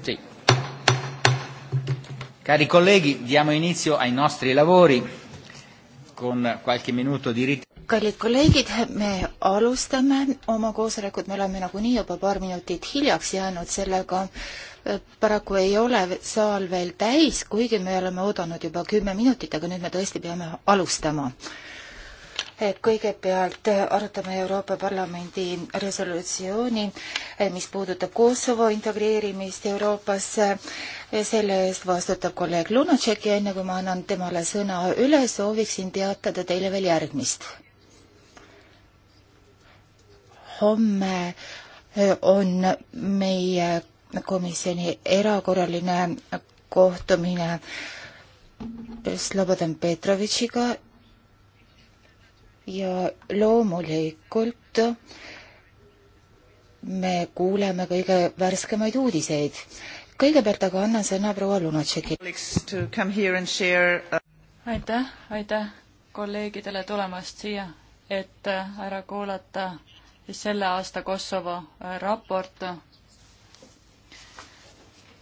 Sì. Cari colleghi, diamo inizio ai nostri lavori con qualche minuto di ritardo. kallid kolleegid, me alustame oma koosolekut, me oleme nagunii juba paar minutit hiljaks jäänud sellega. Äh, paraku ei ole saal veel täis, kuigi me oleme oodanud juba kümme minutit, aga nüüd me tõesti peame alustama et kõigepealt arutame Euroopa Parlamendi resolutsiooni, mis puudutab Kosovo integreerimist Euroopasse. selle eest vastutab kolleeg Lunatšek ja enne kui ma annan temale sõna üle, sooviksin teatada teile veel järgmist. homme on meie komisjoni erakorraline kohtumine Slobodan Petrovitšiga ja loomulikult me kuuleme kõige värskemaid uudiseid. kõigepealt aga annan sõna proua Lunatšekile. Uh, aitäh, aitäh kolleegidele tulemast siia, et äh, ära kuulata siis selle aasta Kosovo äh, raport.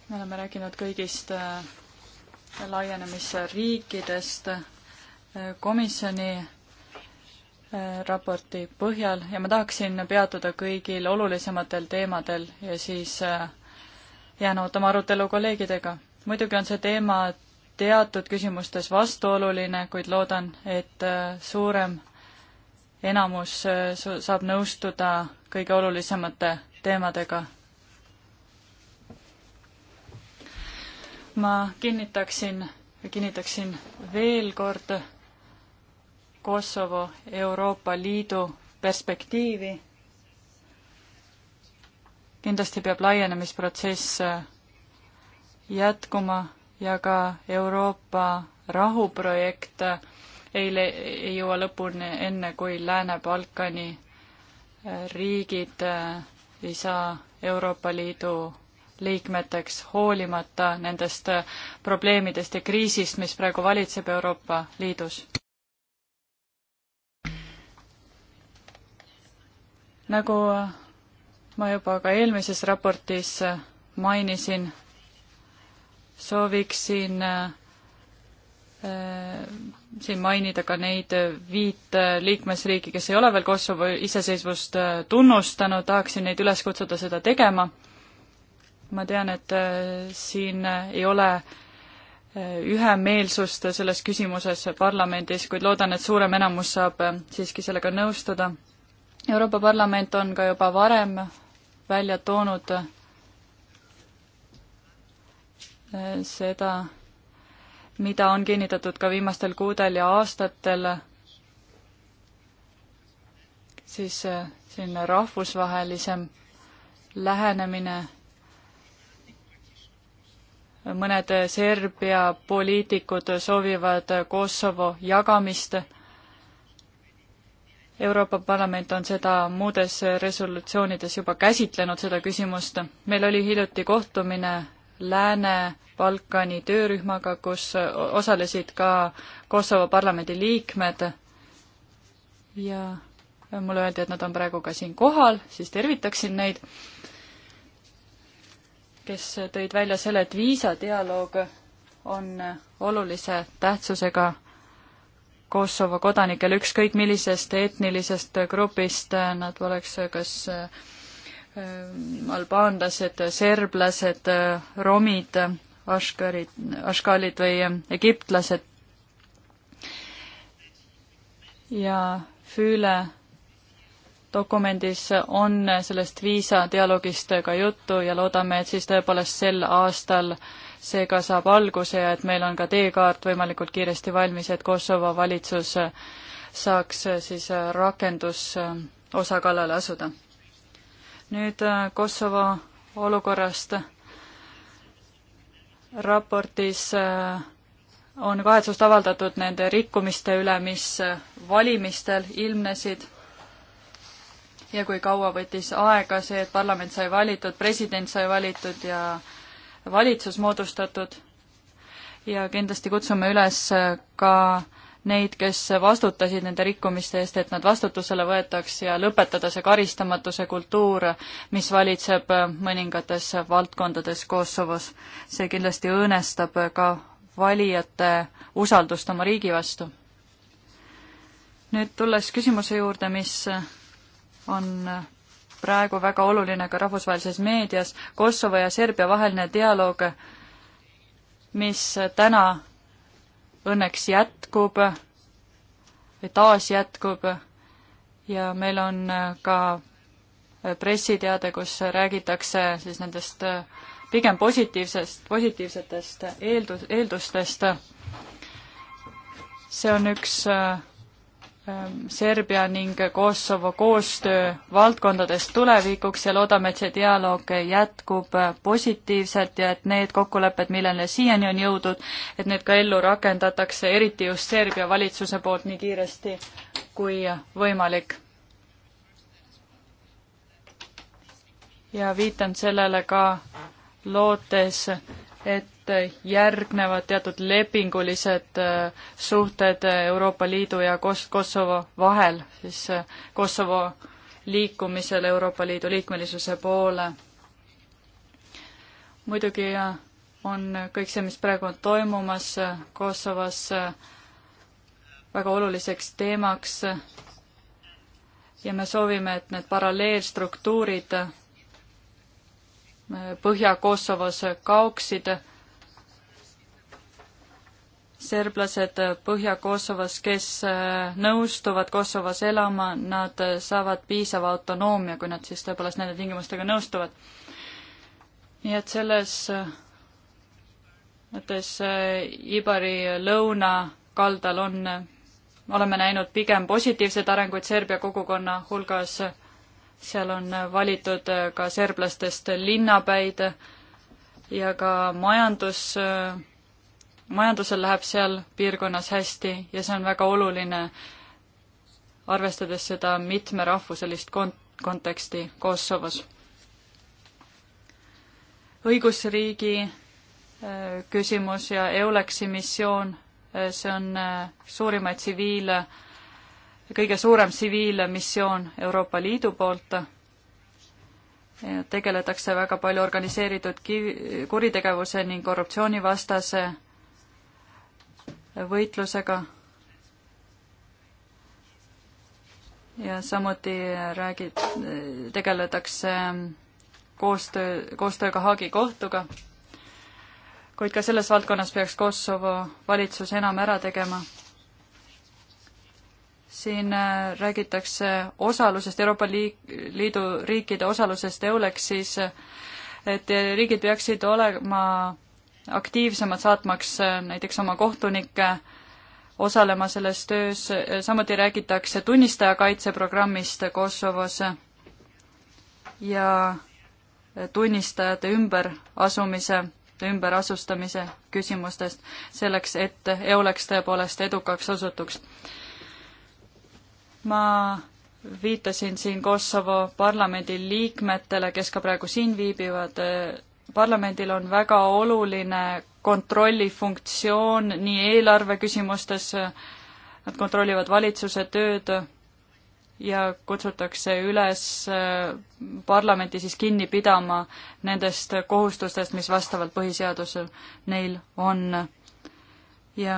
me oleme rääkinud kõigist äh, laienemisriikidest, komisjoni raporti põhjal ja ma tahaksin peatuda kõigil olulisematel teemadel ja siis äh, jään ootama arutelu kolleegidega. muidugi on see teema teatud küsimustes vastuoluline, kuid loodan, et äh, suurem enamus äh, saab nõustuda kõige olulisemate teemadega. ma kinnitaksin, kinnitaksin veel kord Kosovo Euroopa Liidu perspektiivi. kindlasti peab laienemisprotsess äh, jätkuma ja ka Euroopa rahuprojekt äh, ei, ei jõua lõpuni enne, kui Lääne-Balkani äh, riigid ei saa Euroopa Liidu liikmeteks, hoolimata nendest probleemidest ja kriisist, mis praegu valitseb Euroopa Liidus. nagu ma juba ka eelmises raportis mainisin, sooviksin äh, siin mainida ka neid viit liikmesriiki, kes ei ole veel Kosovo iseseisvust äh, tunnustanud, tahaksin neid üles kutsuda seda tegema. ma tean, et äh, siin ei ole ühemeelsust selles küsimuses parlamendis, kuid loodan, et suurem enamus saab siiski sellega nõustuda Euroopa Parlament on ka juba varem välja toonud eh, seda, mida on kinnitatud ka viimastel kuudel ja aastatel, siis eh, selline rahvusvahelisem lähenemine mõned Serbia poliitikud soovivad Kosovo jagamist Euroopa Parlament on seda muudes resolutsioonides juba käsitlenud, seda küsimust. meil oli hiljuti kohtumine Lääne-Balkani töörühmaga, kus osalesid ka Kosovo parlamendi liikmed ja mulle öeldi, et nad on praegu ka siin kohal, siis tervitaksin neid, kes tõid välja selle, et viisadialoog on olulise tähtsusega Kosovo kodanikel, ükskõik millisest etnilisest grupist eh, nad oleks, eh, kas eh, albaanlased, serblased, romid, aškarid, aškalid või egiptlased. ja Füüle dokumendis on sellest viisadialoogist ka juttu ja loodame, et siis tõepoolest sel aastal see ka saab alguse ja et meil on ka teekaart võimalikult kiiresti valmis, et Kosovo valitsus saaks siis rakendusosa kallale asuda. nüüd äh, Kosovo olukorrast. raportis äh, on kahetsust avaldatud nende rikkumiste üle, mis valimistel ilmnesid ja kui kaua võttis aega see, et parlament sai valitud, president sai valitud ja valitsus moodustatud. ja kindlasti kutsume üles ka neid, kes vastutasid nende rikkumiste eest, et nad vastutusele võetaks ja lõpetada see karistamatuse kultuur, mis valitseb mõningates valdkondades Kosovos. see kindlasti õõnestab ka valijate usaldust oma riigi vastu. nüüd tulles küsimuse juurde, mis on praegu väga oluline ka rahvusvahelises meedias Kosovo ja Serbia vaheline dialoog, mis täna õnneks jätkub, taas jätkub ja meil on ka pressiteade, kus räägitakse siis nendest pigem positiivsest, positiivsetest eeldus, eeldustest. see on üks äh, Ähm, Serbia ning Kosovo koostöö valdkondades tulevikuks ja loodame, et see dialoog jätkub äh, positiivselt ja et need kokkulepped, millele siiani on jõudud, et need ka ellu rakendatakse, eriti just Serbia valitsuse poolt nii kiiresti kui võimalik. ja viitan sellele ka lootes, et järgnevad teatud lepingulised äh, suhted äh, Euroopa Liidu ja Kos-, Kosovo vahel, siis äh, Kosovo liikumisel Euroopa Liidu liikmelisuse poole. muidugi on kõik see, mis praegu on toimumas Kosovos, väga oluliseks teemaks ja me soovime, et need paralleelstruktuurid Põhja-Kosovos kaoksid serblased Põhja-Kosovos, kes äh, nõustuvad Kosovos elama, nad äh, saavad piisava autonoomia, kui nad siis tõepoolest nende tingimustega nõustuvad. nii et selles äh, mõttes Ibari lõunakaldal on, oleme näinud pigem positiivseid arenguid Serbia kogukonna hulgas, seal on valitud ka serblastest linnapäid ja ka majandus äh, majandusel läheb seal piirkonnas hästi ja see on väga oluline, arvestades seda mitmerahvuselist kont-, konteksti Kosovos. õigusriigi äh, küsimus ja EULEX-i missioon, äh, see on äh, suurimaid tsiviil, kõige suurem tsiviilmissioon Euroopa Liidu poolt tegeletakse väga palju organiseeritud kiv-, kuritegevuse ning korruptsioonivastase võitlusega. ja samuti räägid, tegeletakse koostöö, koostööga Haagi kohtuga. kuid ka selles valdkonnas peaks Kosovo valitsus enam ära tegema. siin äh, räägitakse osalusest, Euroopa Liidu riikide osalusest EULEX-is, et äh, riigid peaksid olema aktiivsemad, saatmaks äh, näiteks oma kohtunikke osalema selles töös, samuti räägitakse tunnistajakaitseprogrammist Kosovos ja tunnistajate ümberasumise, ümberasustamise küsimustest, selleks et EOLEX e tõepoolest edukaks osutuks. ma viitasin siin Kosovo parlamendi liikmetele, kes ka praegu siin viibivad, parlamendil on väga oluline kontrollifunktsioon nii eelarve küsimustes, nad kontrollivad valitsuse tööd ja kutsutakse üles äh, parlamenti siis kinni pidama nendest kohustustest, mis vastavalt põhiseadusel neil on. ja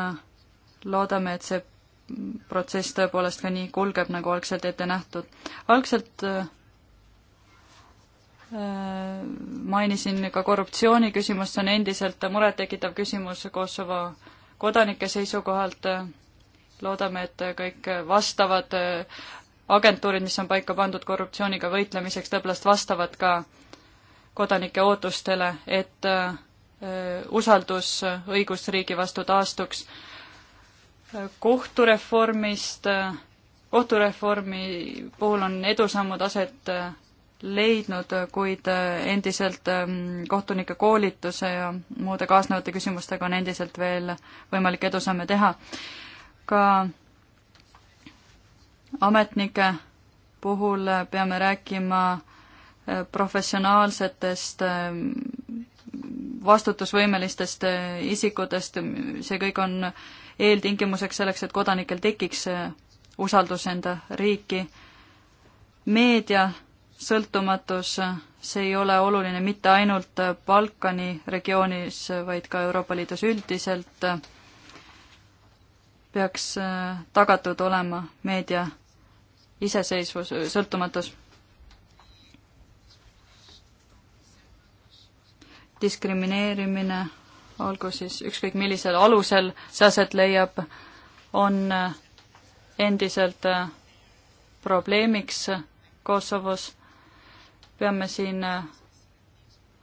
loodame, et see protsess tõepoolest ka nii kulgeb, nagu algselt ette nähtud. algselt äh, Äh, mainisin ka korruptsiooniküsimust, see on endiselt murettekitav küsimus Kosovo kodanike seisukohalt. loodame, et kõik vastavad äh, agentuurid, mis on paika pandud korruptsiooniga võitlemiseks, tõepoolest vastavad ka kodanike ootustele, et äh, usaldus õigusriigi vastu taastuks. kohtureformist, kohtureformi puhul on edusammud aset leidnud, kuid äh, endiselt ähm, kohtunike koolituse ja muude kaasnevate küsimustega on endiselt veel võimalik edusamme teha. ka ametnike puhul peame rääkima äh, professionaalsetest ähm, vastutusvõimelistest äh, isikutest, see kõik on eeltingimuseks selleks, et kodanikel tekiks usaldus enda riiki. meedia sõltumatus, see ei ole oluline mitte ainult Balkani regioonis, vaid ka Euroopa Liidus üldiselt, peaks äh, tagatud olema meedia iseseisvus, sõltumatus. diskrimineerimine, olgu siis ükskõik millisel alusel see aset leiab, on äh, endiselt äh, probleemiks Kosovos peame siin äh,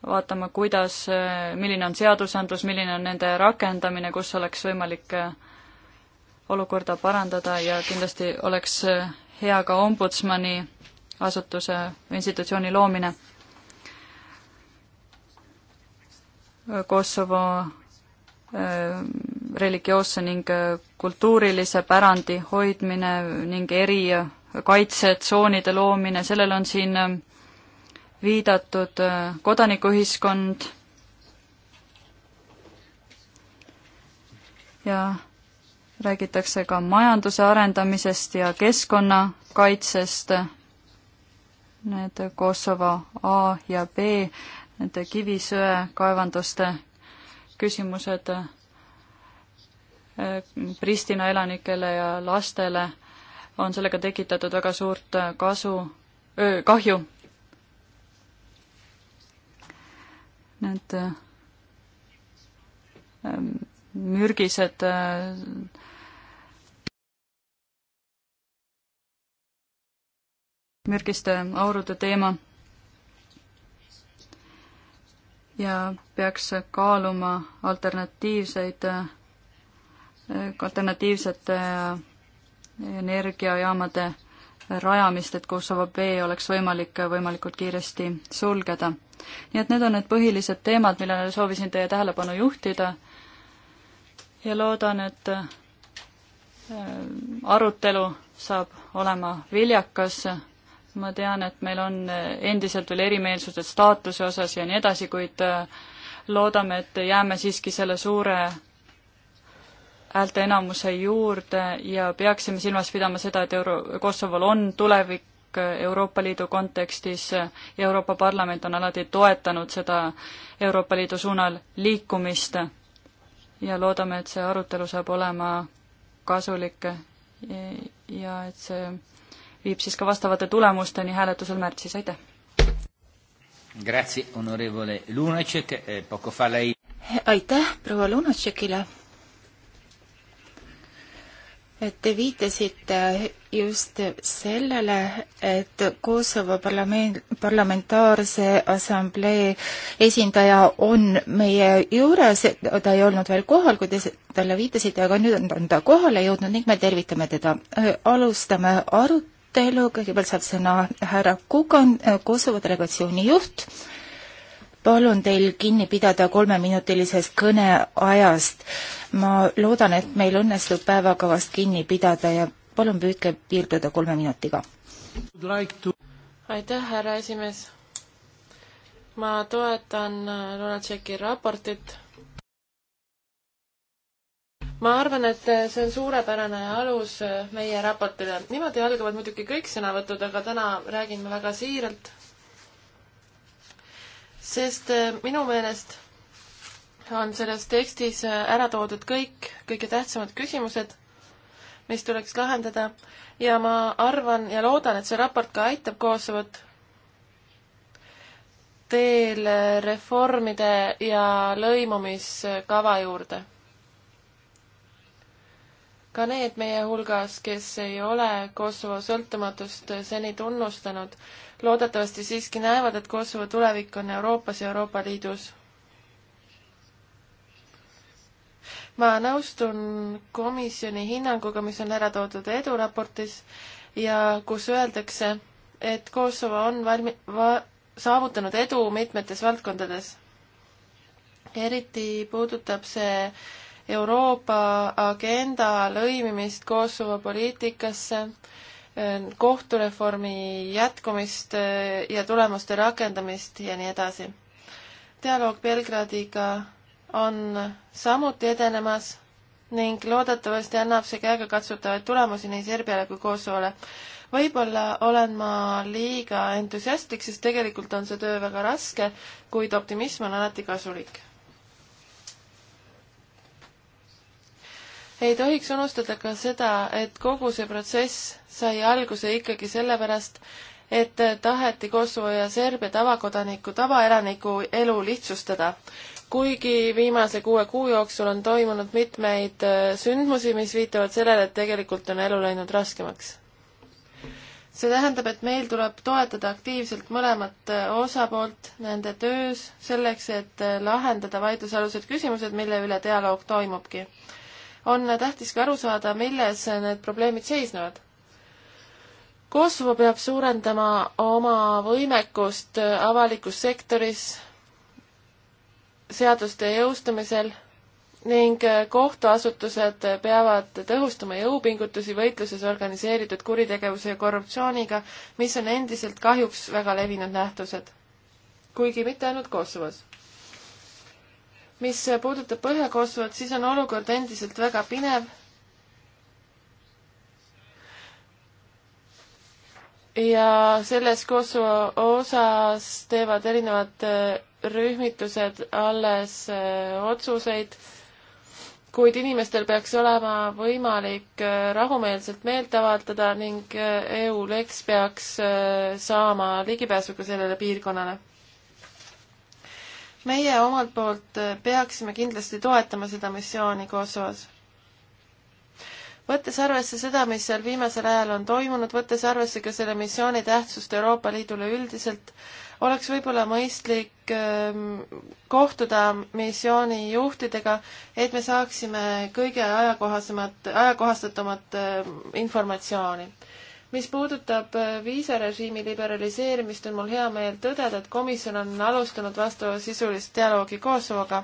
vaatama, kuidas, äh, milline on seadusandlus, milline on nende rakendamine, kus oleks võimalik äh, olukorda parandada ja kindlasti oleks hea ka ombudsmani asutuse või institutsiooni loomine. Kosovo religioosse ning kultuurilise pärandi hoidmine ning eri kaitsetsoonide loomine, sellel on siin viidatud äh, kodanikuühiskond ja räägitakse ka majanduse arendamisest ja keskkonnakaitsest. Need Kosovo A ja B, nende kivisöekaevanduste küsimused äh, Pristina elanikele ja lastele on sellega tekitatud väga suurt äh, kasu, kahju need äh, ähm, mürgised äh, mürgiste aurude teema ja peaks kaaluma alternatiivseid, äh, alternatiivsete energiajaamade rajamist, et Kosovo B oleks võimalik võimalikult kiiresti sulgeda. nii et need on need põhilised teemad, millele soovisin teie tähelepanu juhtida ja loodan, et äh, arutelu saab olema viljakas, ma tean, et meil on endiselt veel erimeelsused staatuse osas ja nii edasi, kuid äh, loodame, et jääme siiski selle suure häälteenamuse juurde ja peaksime silmas pidama seda, et Euro-, Kosovol on tulevik Euroopa Liidu kontekstis ja Euroopa Parlament on alati toetanud seda Euroopa Liidu suunal liikumist ja loodame, et see arutelu saab olema kasulik ja et see viib siis ka vastavate tulemusteni hääletusel märtsis, aitäh! Grazie, onorevole Lunacek, eh, poco fa lei aitäh proua Lunatšekile Te viitasite just sellele, et Kosovo parlament, parlamentaarse assamblee esindaja on meie juures, ta ei olnud veel kohal, kui te talle viitasite, aga nüüd on ta kohale jõudnud ning me tervitame teda. Äh, alustame arutelu, kõigepealt saab sõna härra Kukan, Kosovo delegatsiooni juht palun teil kinni pidada kolmeminutilisest kõneajast. ma loodan, et meil õnnestub päevakavast kinni pidada ja palun püüdke piirduda kolme minutiga. aitäh, härra esimees. ma toetan Lunatšeki raportit. ma arvan, et see on suurepärane alus meie raportile. niimoodi algavad muidugi kõik sõnavõtud, aga täna räägin ma väga siiralt sest äh, minu meelest on selles tekstis äh, ära toodud kõik kõige tähtsamad küsimused, mis tuleks lahendada ja ma arvan ja loodan, et see raport ka aitab Kosovot teel äh, reformide ja lõimumiskava juurde. ka need meie hulgas, kes ei ole Kosovo sõltumatust seni tunnustanud, loodetavasti siiski näevad, et Kosovo tulevik on Euroopas ja Euroopa Liidus. ma nõustun komisjoni hinnanguga, mis on ära toodud eduraportis ja kus öeldakse, et Kosovo on valmi-, va-, saavutanud edu mitmetes valdkondades. eriti puudutab see Euroopa agenda lõimimist Kosovo poliitikasse äh, Äh, kohtureformi jätkumist äh, ja tulemuste rakendamist ja nii edasi. dialoog Belgradiga on samuti edenemas ning loodetavasti annab see käegakatsutavaid tulemusi nii Serbiale kui Kosovole. võib-olla olen ma liiga entusiastlik, sest tegelikult on see töö väga raske, kuid optimism on alati kasulik ei tohiks unustada ka seda, et kogu see protsess sai alguse ikkagi sellepärast, et taheti Kosovo ja Serbia tavakodaniku, tavaelaniku elu lihtsustada. kuigi viimase kuue kuu jooksul on toimunud mitmeid äh, sündmusi, mis viitavad sellele, et tegelikult on elu läinud raskemaks. see tähendab, et meil tuleb toetada aktiivselt mõlemat äh, osapoolt nende töös, selleks et äh, lahendada vaidlusalused küsimused, mille üle dialoog toimubki on tähtis ka aru saada, milles need probleemid seisnevad. Kosovo peab suurendama oma võimekust avalikus sektoris seaduste jõustumisel ning kohtuasutused peavad tõhustama jõupingutusi võitluses organiseeritud kuritegevuse ja korruptsiooniga, mis on endiselt kahjuks väga levinud nähtused. kuigi mitte ainult Kosovos mis puudutab Põhja-Kosovot, siis on olukord endiselt väga pinev. ja selles Kosovo osas teevad erinevad äh, rühmitused alles äh, otsuseid, kuid inimestel peaks olema võimalik äh, rahumeelselt meelt avaldada ning EU-Lex peaks saama ligipääsu ka sellele piirkonnale meie omalt poolt äh, peaksime kindlasti toetama seda missiooni Kosovos. võttes arvesse seda, mis seal viimasel ajal on toimunud, võttes arvesse ka selle missiooni tähtsust Euroopa Liidule üldiselt, oleks võib-olla mõistlik ähm, kohtuda missiooni juhtidega, et me saaksime kõige ajakohasemat, ajakohastatumat äh, informatsiooni mis puudutab äh, viisarežiimi liberaliseerimist, on mul hea meel tõdeda, et komisjon on alustanud vastavasisulist dialoogi Kosovoga,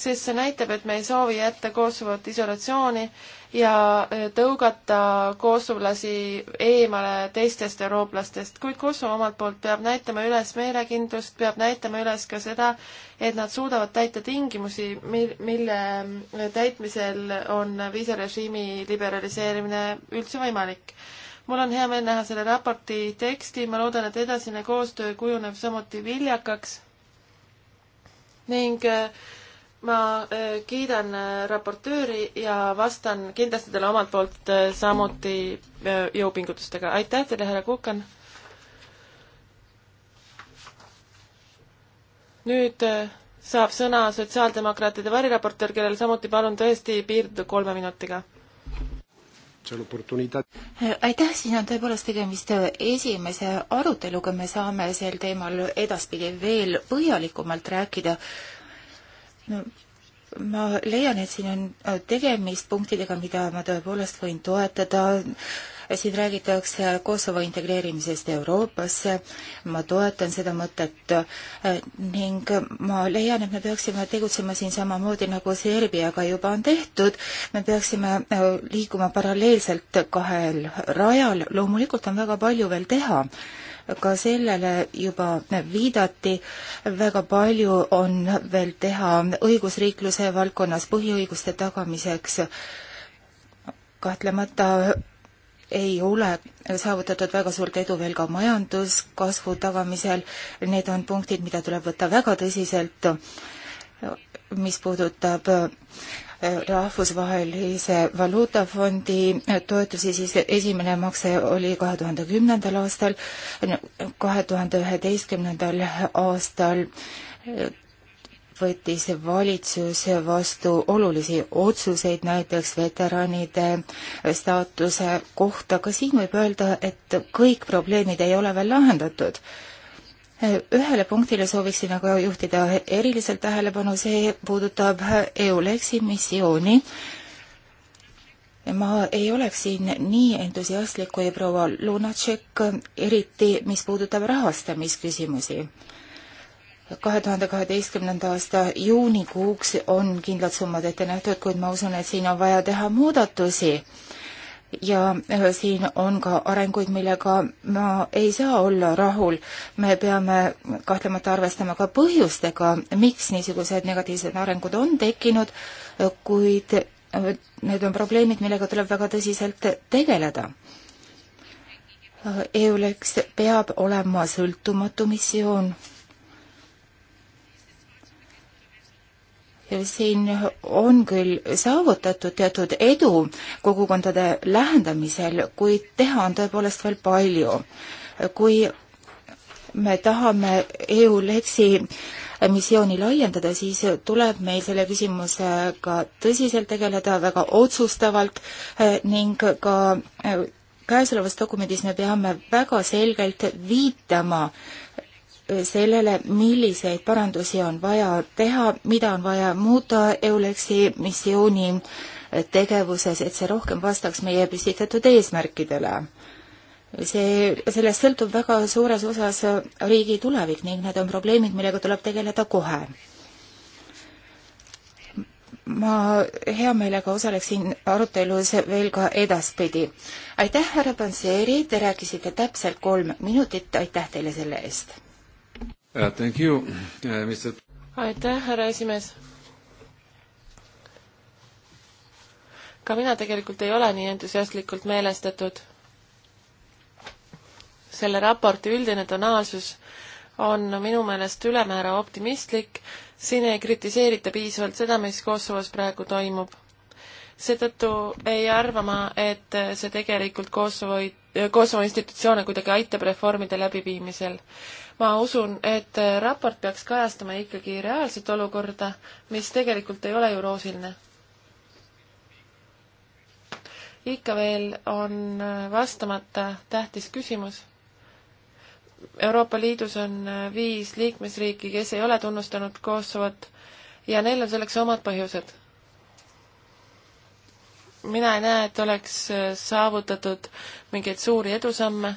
sest see näitab, et me ei soovi jätta Kosovot isolatsiooni ja äh, tõugata kosovlasi eemale teistest eurooplastest, kuid Kosovo omalt poolt peab näitama üles meelekindlust, peab näitama üles ka seda, et nad suudavad täita tingimusi, mil-, mille äh, täitmisel on viisarežiimi liberaliseerimine üldse võimalik mul on hea meel näha selle raporti teksti, ma loodan, et edasine koostöö kujuneb samuti viljakaks ning äh, ma äh, kiidan äh, raportööri ja vastan kindlasti talle omalt poolt samuti jõupingutustega. aitäh teile, härra Kukan! nüüd saab sõna sotsiaaldemokraatide variraportöör, kellel samuti palun tõesti piirduda kolme minutiga aitäh, siin on tõepoolest tegemist esimese aruteluga, me saame sel teemal edaspidi veel põhjalikumalt rääkida no ma leian, et siin on tegemist punktidega, mida ma tõepoolest võin toetada siin räägitakse Kosovo integreerimisest Euroopasse, ma toetan seda mõtet äh, ning ma leian, et me peaksime tegutsema siin samamoodi, nagu Serbiaga juba on tehtud, me peaksime äh, liikuma paralleelselt kahel rajal, loomulikult on väga palju veel teha, ka sellele juba viidati, väga palju on veel teha õigusriikluse valdkonnas põhiõiguste tagamiseks, kahtlemata ei ole saavutatud väga suurt edu veel ka majanduskasvu tagamisel. Need on punktid, mida tuleb võtta väga tõsiselt, mis puudutab äh, rahvusvahelise valuutafondi toetusi, siis esimene makse oli kahe tuhande kümnendal aastal, kahe tuhande üheteistkümnendal aastal võttis valitsus vastu olulisi otsuseid, näiteks veteranide staatuse kohta, ka siin võib öelda, et kõik probleemid ei ole veel lahendatud. ühele punktile sooviksin aga juhtida eriliselt tähelepanu, see puudutab EULEX-i missiooni. ma ei oleks siin nii entusiastlik kui proua Lunatšek, eriti mis puudutab rahastamisküsimusi kahe tuhande kaheteistkümnenda aasta juunikuuks on kindlad summad ette nähtud, kuid ma usun, et siin on vaja teha muudatusi. ja äh, siin on ka arenguid, millega ma ei saa olla rahul. me peame kahtlemata arvestama ka põhjustega, miks niisugused negatiivsed arengud on tekkinud, äh, kuid äh, need on probleemid, millega tuleb väga tõsiselt tegeleda EULEX peab olema sõltumatu missioon siin on küll saavutatud teatud edu kogukondade lähendamisel, kuid teha on tõepoolest veel palju. kui me tahame EU-LEX-i missiooni laiendada, siis tuleb meil selle küsimusega tõsiselt tegeleda, väga otsustavalt ning ka käesolevas dokumendis me peame väga selgelt viitama sellele, milliseid parandusi on vaja teha, mida on vaja muuta EULEX-i missiooni tegevuses, et see rohkem vastaks meie püstitatud eesmärkidele. see, sellest sõltub väga suures osas riigi tulevik ning need on probleemid, millega tuleb tegeleda kohe. ma hea meelega osaleksin arutelus veel ka edaspidi. aitäh, härra Panseri, te rääkisite täpselt kolm minutit, aitäh teile selle eest! Uh, thank you, uh, Mr. aitäh, härra esimees. ka mina tegelikult ei ole nii entusiastlikult meelestatud. selle raporti üldine tonaalsus on minu meelest ülemäära optimistlik, siin ei kritiseerita piisavalt seda, mis Kosovos praegu toimub. seetõttu ei arva ma, et see tegelikult Kosovo, Kosovo institutsioone kuidagi aitab reformide läbiviimisel ma usun, et äh, raport peaks kajastama ikkagi reaalset olukorda, mis tegelikult ei ole ju roosiline. ikka veel on äh, vastamata tähtis küsimus. Euroopa Liidus on äh, viis liikmesriiki, kes ei ole tunnustanud Kosovot ja neil on selleks omad põhjused mina ei näe, et oleks saavutatud mingeid suuri edusamme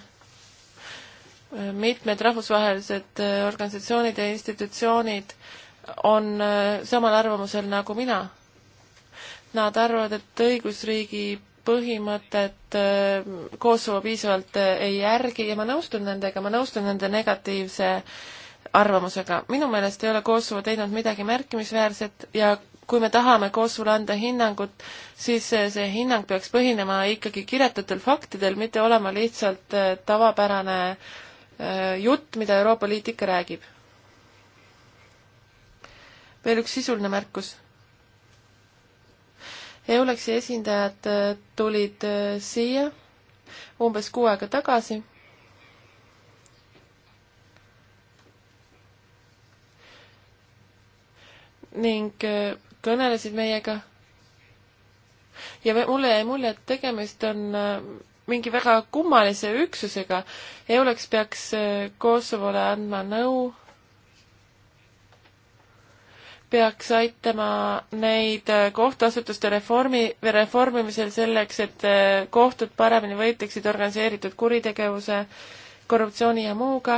mitmed rahvusvahelised äh, organisatsioonid ja institutsioonid on äh, samal arvamusel nagu mina. Nad arvavad, et õigusriigi põhimõtet äh, Kosovo piisavalt ei järgi ja ma nõustun nendega, ma nõustun nende negatiivse arvamusega. minu meelest ei ole Kosovo teinud midagi märkimisväärset ja kui me tahame Kosovole anda hinnangut, siis see hinnang peaks põhinema ikkagi kiretutel faktidel, mitte olema lihtsalt tavapärane äh, Äh, jutt, mida Euroopa Liit ikka räägib. veel üks sisuline märkus. EULEX-i esindajad äh, tulid äh, siia umbes kuu aega tagasi ning kõnelesid meiega ja mulle jäi mulje, et tegemist on mingi väga kummalise üksusega. Eulex peaks äh, Kosovole andma nõu, peaks aitama neid äh, kohtuasutuste reformi, reformimisel selleks, et äh, kohtud paremini võitleksid organiseeritud kuritegevuse äh, korruptsiooni ja muuga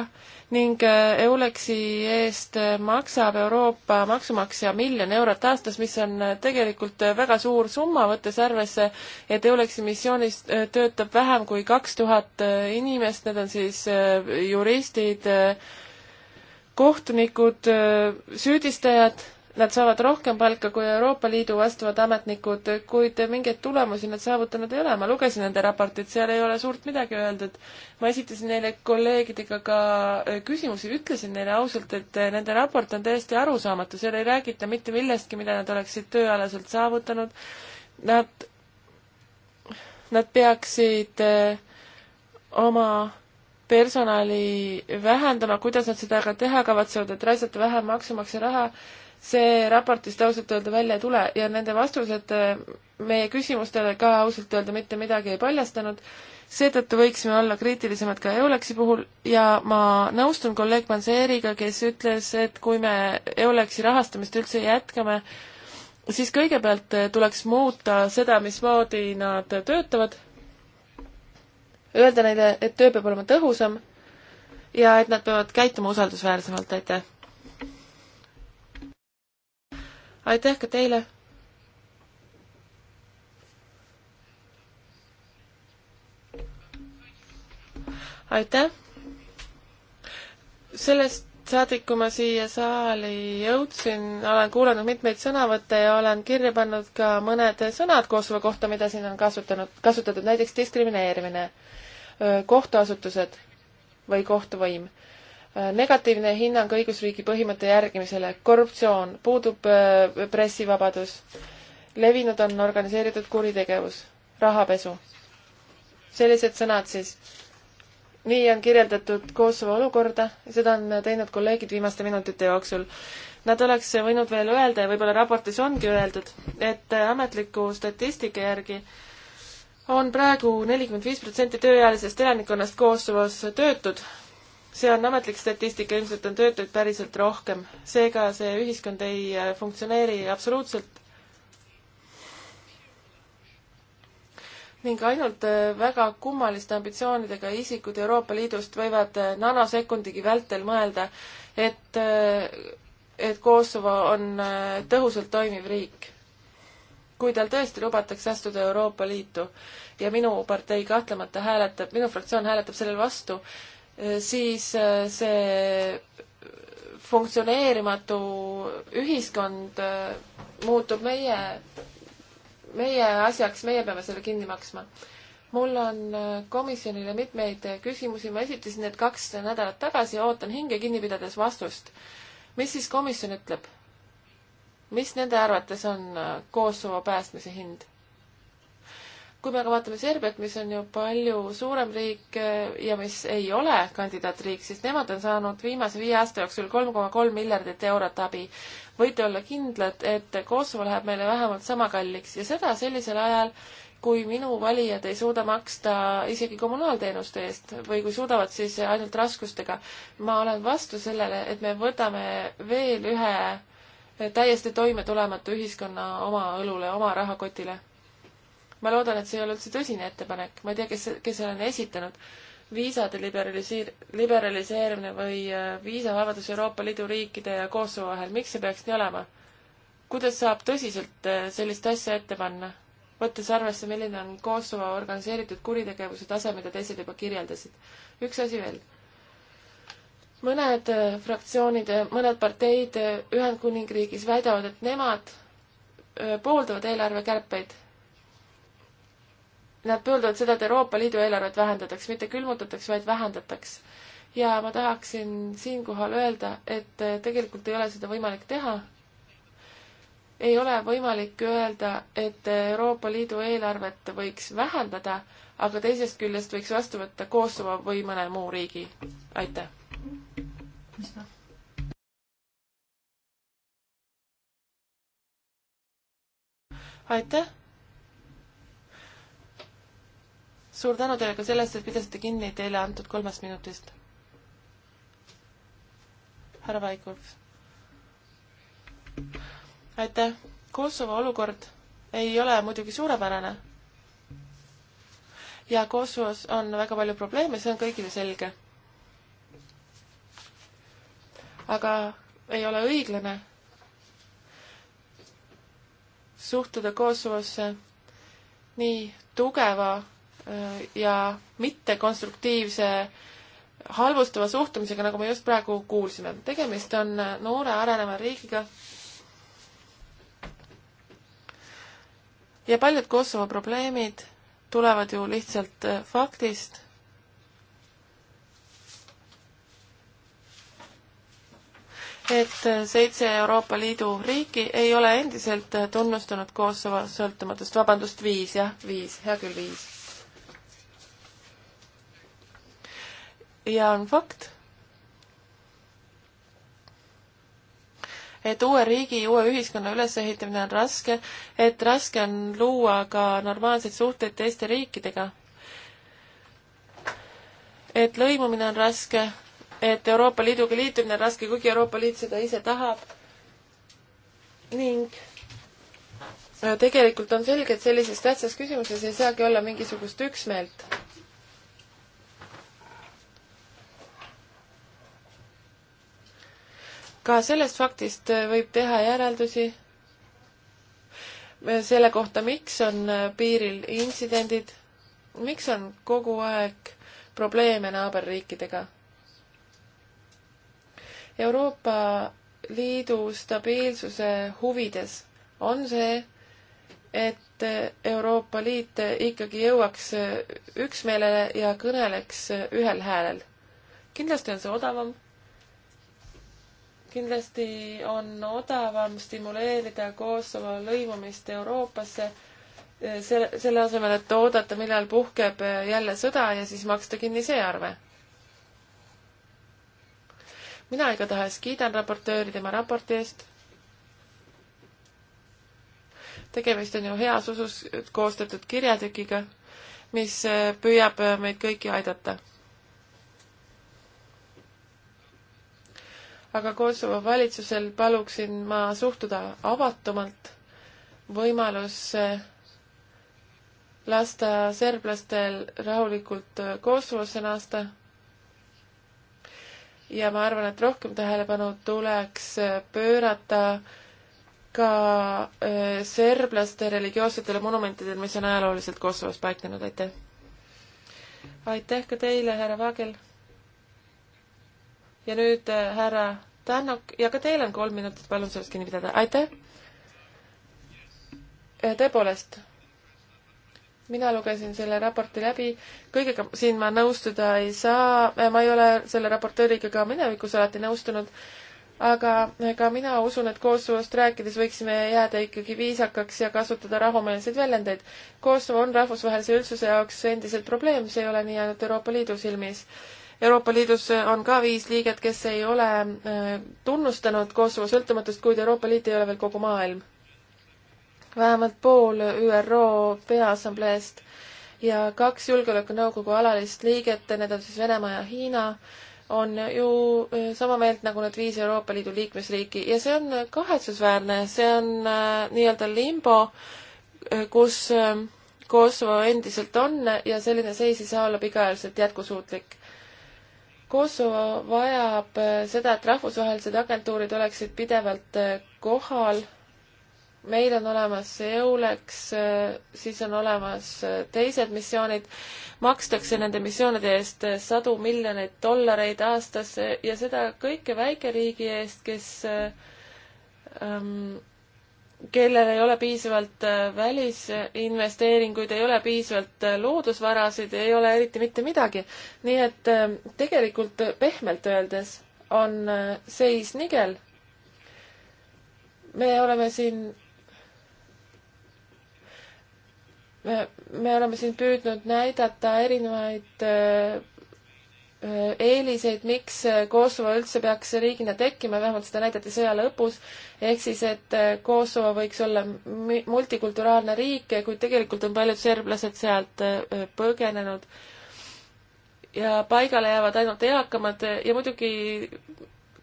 ning äh, Euleksi eest äh, maksab Euroopa maksumaksja miljon eurot aastas, mis on äh, tegelikult väga suur summa, võttes arvesse, et Euleksi missioonis töötab vähem kui kaks tuhat inimest, need on siis juristid, kohtunikud, süüdistajad Nad saavad rohkem palka kui Euroopa Liidu vastavad ametnikud, kuid mingeid tulemusi nad saavutanud ei ole. ma lugesin nende raportit, seal ei ole suurt midagi öeldud. ma esitasin neile kolleegidega ka äh, küsimusi, ütlesin neile ausalt, et äh, nende raport on täiesti arusaamatu, seal ei räägita mitte millestki, mida nad oleksid tööalaselt saavutanud. Nad, nad peaksid äh, oma personali vähendama, kuidas nad seda ka teha kavatsevad, et raisata vähem maksumaksja raha see raportist ausalt öelda välja ei tule ja nende vastused äh, meie küsimustele ka ausalt öelda mitte midagi ei paljastanud, seetõttu võiksime olla kriitilisemad ka EOLEX-i puhul ja ma nõustun kolleeg Manseeriga, kes ütles, et kui me EOLEX-i rahastamist üldse jätkame, siis kõigepealt äh, tuleks muuta seda, mismoodi nad töötavad, öelda neile, et töö peab olema tõhusam ja et nad peavad käituma usaldusväärsemalt, aitäh! aitäh ka teile. aitäh. sellest saadik, kui ma siia saali jõudsin, olen kuulanud mitmeid sõnavõtte ja olen kirja pannud ka mõned sõnad Kosovo kohta, mida siin on kasutanud, kasutatud, näiteks diskrimineerimine, kohtuasutused või kohtuvõim Äh, negatiivne hinnang õigusriigi põhimõtte järgimisele, korruptsioon, puudub äh, pressivabadus, levinud on organiseeritud kuritegevus, rahapesu. sellised sõnad siis. nii on kirjeldatud Kosovo olukorda, seda on teinud kolleegid viimaste minutite jooksul. Nad oleks võinud veel öelda ja võib-olla raportis ongi öeldud, et ametliku statistika järgi on praegu nelikümmend viis protsenti tööealisest elanikkonnast Kosovos töötud see on ametlik statistika, ilmselt on töötuid päriselt rohkem. seega see ühiskond ei äh, funktsioneeri absoluutselt. ning ainult äh, väga kummaliste ambitsioonidega isikud Euroopa Liidust võivad äh, nanosekundigi vältel mõelda, et, et Kosovo on tõhusalt toimiv riik. kui tal tõesti lubatakse astuda Euroopa Liitu ja minu partei kahtlemata hääletab, minu fraktsioon hääletab sellele vastu, Äh, siis äh, see funktsioneerimatu ühiskond äh, muutub meie, meie asjaks, meie peame selle kinni maksma. mul on komisjonile mitmeid küsimusi, ma esitasin need kaks nädalat tagasi ja ootan hinge kinni pidades vastust. mis siis komisjon ütleb? mis nende arvates on Kosovo päästmise hind? kui me aga vaatame Serbiat, mis on ju palju suurem riik eh, ja mis ei ole kandidaatriik, siis nemad on saanud viimase viie aasta jooksul kolm koma kolm miljardit eurot abi. võite olla kindlad, et Kosovo läheb meile vähemalt sama kalliks ja seda sellisel ajal, kui minu valijad ei suuda maksta isegi kommunaalteenuste eest või kui suudavad, siis ainult raskustega. ma olen vastu sellele, et me võtame veel ühe täiesti toimetulematu ühiskonna oma õlule, oma rahakotile ma loodan, et see ei ole üldse tõsine ettepanek, ma ei tea, kes, kes selle on esitanud. viisade liberaliseer-, liberaliseerimine või äh, viisavabadus Euroopa Liidu riikide ja Kosovo vahel, miks see peaks nii olema? kuidas saab tõsiselt äh, sellist asja ette panna? võttes arvesse, milline on Kosovo organiseeritud kuritegevuse tase, mida teised juba kirjeldasid. üks asi veel. mõned äh, fraktsioonid, mõned parteid Ühendkuningriigis väidavad, et nemad pooldavad eelarvekärpeid, nad pöörduvad seda, et Euroopa Liidu eelarvet vähendataks, mitte külmutataks, vaid vähendataks. ja ma tahaksin siinkohal öelda, et tegelikult ei ole seda võimalik teha. ei ole võimalik öelda, et Euroopa Liidu eelarvet võiks vähendada, aga teisest küljest võiks vastu võtta Kosovo või mõne muu riigi. aitäh. mis noh? aitäh suur tänu teile ka sellest, et pidasite kinni teile antud kolmest minutist. härra Vaikulf. aitäh. Kosovo olukord ei ole muidugi suurepärane. ja Kosovos on väga palju probleeme, see on kõigile selge. aga ei ole õiglane suhtuda Kosovosse nii tugeva Äh, ja mittekonstruktiivse halvustava suhtumisega, nagu me just praegu kuulsime. tegemist on äh, noore areneva riigiga. ja paljud Kosovo probleemid tulevad ju lihtsalt äh, faktist et seitse Euroopa Liidu riiki ei ole endiselt tunnustanud Kosovo sõltumatust, vabandust, viis jah, viis, hea küll, viis. ja on fakt, et uue riigi, uue ühiskonna ülesehitamine on raske, et raske on luua ka normaalseid suhteid teiste riikidega. et lõimumine on raske, et Euroopa Liiduga liitumine on raske, kuigi Euroopa Liit seda ise tahab. ning äh, tegelikult on selge, et sellises tähtsas küsimuses ei saagi olla mingisugust üksmeelt ka sellest faktist äh, võib teha järeldusi äh, selle kohta, miks on äh, piiril intsidendid, miks on kogu aeg probleeme naaberriikidega. Euroopa Liidu stabiilsuse huvides on see, et Euroopa Liit ikkagi jõuaks üksmeelele ja kõneleks ühel häälel. kindlasti on see odavam kindlasti on odavam stimuleerida Kosovo lõimumist Euroopasse, eh, selle, selle asemel, et oodata, millal puhkeb eh, jälle sõda ja siis maksta kinni see arve. mina igatahes kiidan raportööri tema raporti eest. tegemist on ju heas usus koostatud kirjatükiga, mis eh, püüab meid kõiki aidata aga Kosovo valitsusel paluksin ma suhtuda avatumalt võimalusse lasta serblastel rahulikult Kosovosse naasta. ja ma arvan, et rohkem tähelepanu tuleks pöörata ka äh, serblaste religioossetele monumentidele, mis on ajalooliselt Kosovos paiknenud, aitäh! aitäh ka teile, härra Vagel! ja nüüd äh, härra Tänak ja ka teil on kolm minutit, palun sellest kinni pidada, aitäh! Äh, tõepoolest, mina lugesin selle raporti läbi, kõigega siin ma nõustuda ei saa, äh, ma ei ole selle raportööriga ka minevikus alati nõustunud, aga ka mina usun, et Kosovost rääkides võiksime jääda ikkagi viisakaks ja kasutada rahumeelseid väljendeid. Kosovo on rahvusvahelise üldsuse jaoks endiselt probleem, see ei ole nii ainult Euroopa Liidu silmis Euroopa Liidus on ka viis liiget, kes ei ole äh, tunnustanud Kosovo sõltumatust, kuid Euroopa Liit ei ole veel kogu maailm. vähemalt pool ÜRO Peaassambleest ja kaks Julgeolekunõukogu alalist liiget, need on siis Venemaa ja Hiina, on ju äh, sama meelt nagu need viis Euroopa Liidu liikmesriiki ja see on kahetsusväärne, see on äh, nii-öelda limbo, äh, kus äh, Kosovo endiselt on ja selline seis ei saa olla pikaajaliselt jätkusuutlik. Kosovo vajab äh, seda, et rahvusvahelised agentuurid oleksid pidevalt äh, kohal. meil on olemas EULEX, äh, siis on olemas teised missioonid, makstakse nende missioonide eest sadu miljoneid dollareid aastas ja seda kõike väikeriigi eest, kes ähm, kellel ei ole piisavalt äh, välisinvesteeringuid, ei ole piisavalt äh, loodusvarasid, ei ole eriti mitte midagi. nii et ähm, tegelikult pehmelt öeldes on äh, seis nigel. me oleme siin, me, me oleme siin püüdnud näidata erinevaid Äh, eeliseid, miks äh, Kosovo üldse peaks riigina tekkima, vähemalt seda näidati sõja lõpus, ehk siis, et äh, Kosovo võiks olla multikulturaalne riik, kuid tegelikult on paljud serblased sealt põgenenud. ja paigale jäävad ainult eakamad ja muidugi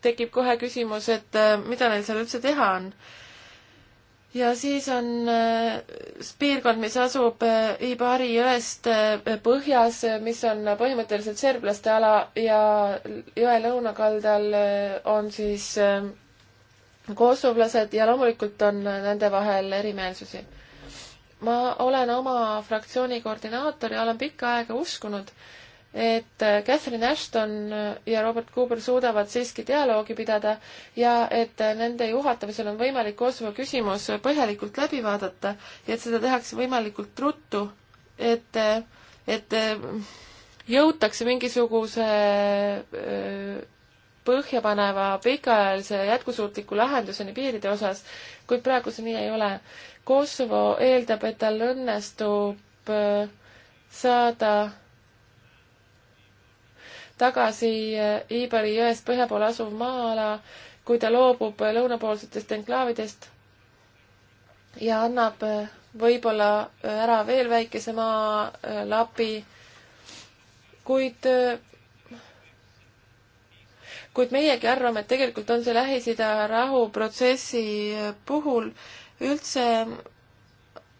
tekib kohe küsimus, et mida neil seal üldse teha on ja siis on äh, piirkond, mis asub äh, Ibari jõest äh, põhjas, mis on põhimõtteliselt serblaste ala ja jõe lõunakaldal on siis kosovlased ja loomulikult on nende vahel erimeelsusi. ma olen oma fraktsiooni koordinaator ja olen pikka aega uskunud, et äh, Catherine Ashton äh, ja Robert Cooper suudavad siiski dialoogi pidada ja et äh, nende juhatamisel on võimalik Kosovo küsimus põhjalikult läbi vaadata ja et seda tehakse võimalikult ruttu, et, et jõutakse mingisuguse põhjapaneva pikaajalise jätkusuutliku lahenduseni piiride osas, kuid praegu see nii ei ole. Kosovo eeldab, et tal õnnestub saada tagasi eh, Iibari jõest põhja pool asuv maa-ala, kui ta loobub eh, lõunapoolsetest enklaavidest ja annab eh, võib-olla ära veel väikese maalapi, kuid, kuid meiegi arvame, et tegelikult on see Lähis-Ida rahuprotsessi puhul üldse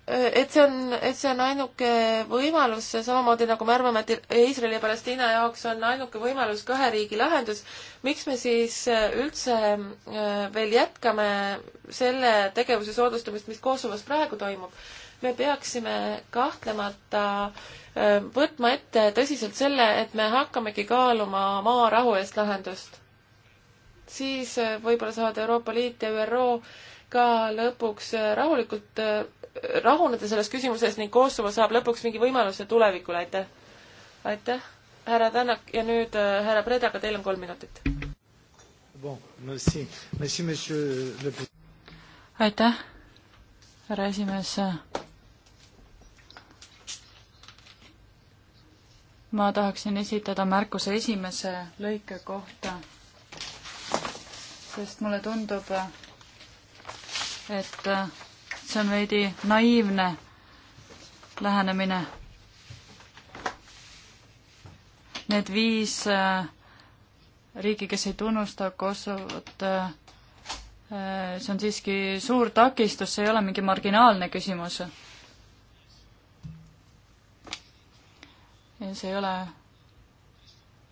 et see on, et see on ainuke võimalus, samamoodi nagu me arvame, et Iisraeli ja Palestiina jaoks on ainuke võimalus kahe riigi lahendus, miks me siis äh, üldse äh, veel jätkame selle tegevuse soodustamist, mis Kosovos praegu toimub? me peaksime kahtlemata äh, võtma ette tõsiselt selle, et me hakkamegi kaaluma maarahu eest lahendust. siis võib-olla saavad Euroopa Liit ja ÜRO ka lõpuks äh, rahulikult äh, rahuneda selles küsimuses ning Kosovo saab lõpuks mingi võimaluse tulevikule, aitäh! aitäh, härra Tänak ja nüüd äh, härra Preda, aga teil on kolm minutit. aitäh, härra esimees. ma tahaksin esitada märkuse esimese lõike kohta, sest mulle tundub, et äh, see on veidi naiivne lähenemine. Need viis äh, riiki, kes ei tunnusta Kosovot, äh, see on siiski suur takistus, see ei ole mingi marginaalne küsimus. ja see ei ole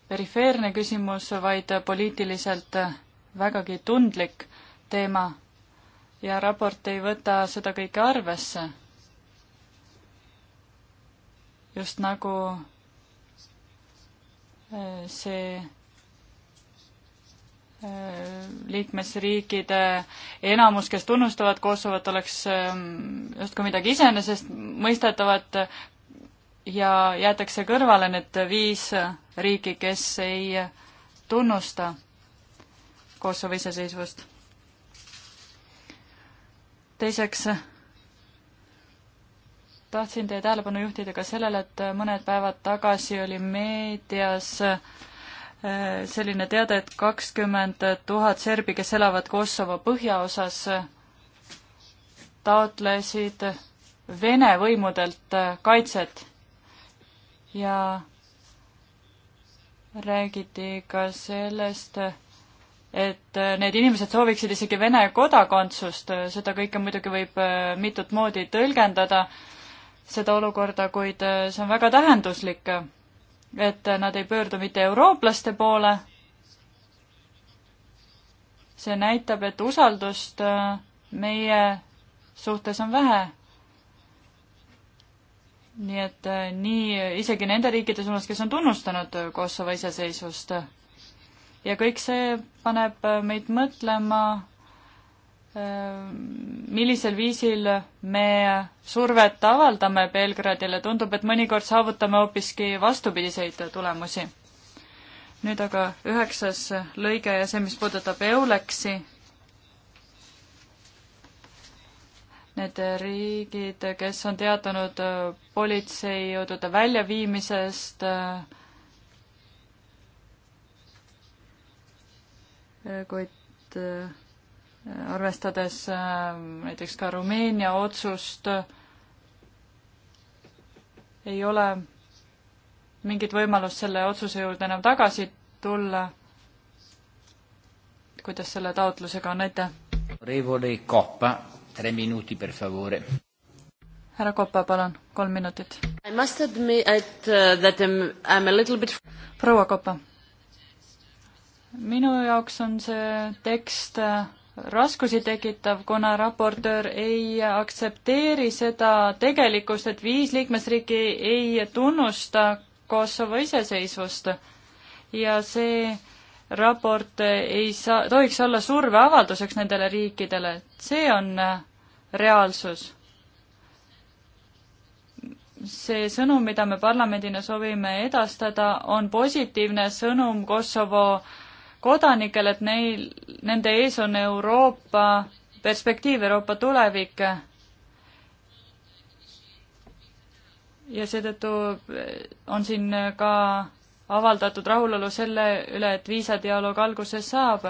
perifeerne küsimus, vaid poliitiliselt vägagi tundlik teema ja raport ei võta seda kõike arvesse. just nagu äh, see äh, liikmesriikide enamus, kes tunnustavad Kosovot, oleks ähm, justkui midagi iseenesestmõistetavat ja jäetakse kõrvale need viis riiki, kes ei tunnusta Kosovo iseseisvust teiseks tahtsin teie tähelepanu juhtida ka sellele, et mõned päevad tagasi oli meedias eh, selline teade, et kakskümmend tuhat serbi, kes elavad Kosovo põhjaosas, taotlesid Vene võimudelt eh, kaitset ja räägiti ka sellest, et äh, need inimesed sooviksid isegi Vene kodakondsust, äh, seda kõike muidugi võib äh, mitut moodi tõlgendada, seda olukorda, kuid see on väga tähenduslik, et nad ei pöördu mitte eurooplaste poole, see näitab, et usaldust meie suhtes on vähe. nii et nii isegi nende riikide suunas, kes on tunnustanud Kosovo iseseisvust ja kõik see paneb äh, meid mõtlema, äh, millisel viisil me survet avaldame Belgradile, tundub, et mõnikord saavutame hoopiski vastupidiseid tulemusi. nüüd aga üheksas lõige ja see, mis puudutab Euleksi, need riigid, kes on teatanud politseijõudude väljaviimisest äh, kuid äh, arvestades äh, näiteks ka Rumeenia otsust, ei ole mingit võimalust selle otsuse juurde enam tagasi tulla. kuidas selle taotlusega on, aitäh! Revole Coppa, tre minuti per favore. härra Koppa, palun, kolm minutit. Uh, bit... proua Koppa minu jaoks on see tekst äh, raskusi tekitav, kuna raportöör ei aktsepteeri seda tegelikkust, et viis liikmesriiki ei tunnusta Kosovo iseseisvust. ja see raport ei saa, tohiks olla surveavalduseks nendele riikidele, see on äh, reaalsus. see sõnum, mida me parlamendina soovime edastada, on positiivne sõnum Kosovo äh, kodanikel, et neil, nende ees on Euroopa perspektiiv, Euroopa tulevik. ja seetõttu eh, on siin ka avaldatud rahulolu selle üle, et viisadialoog alguse saab.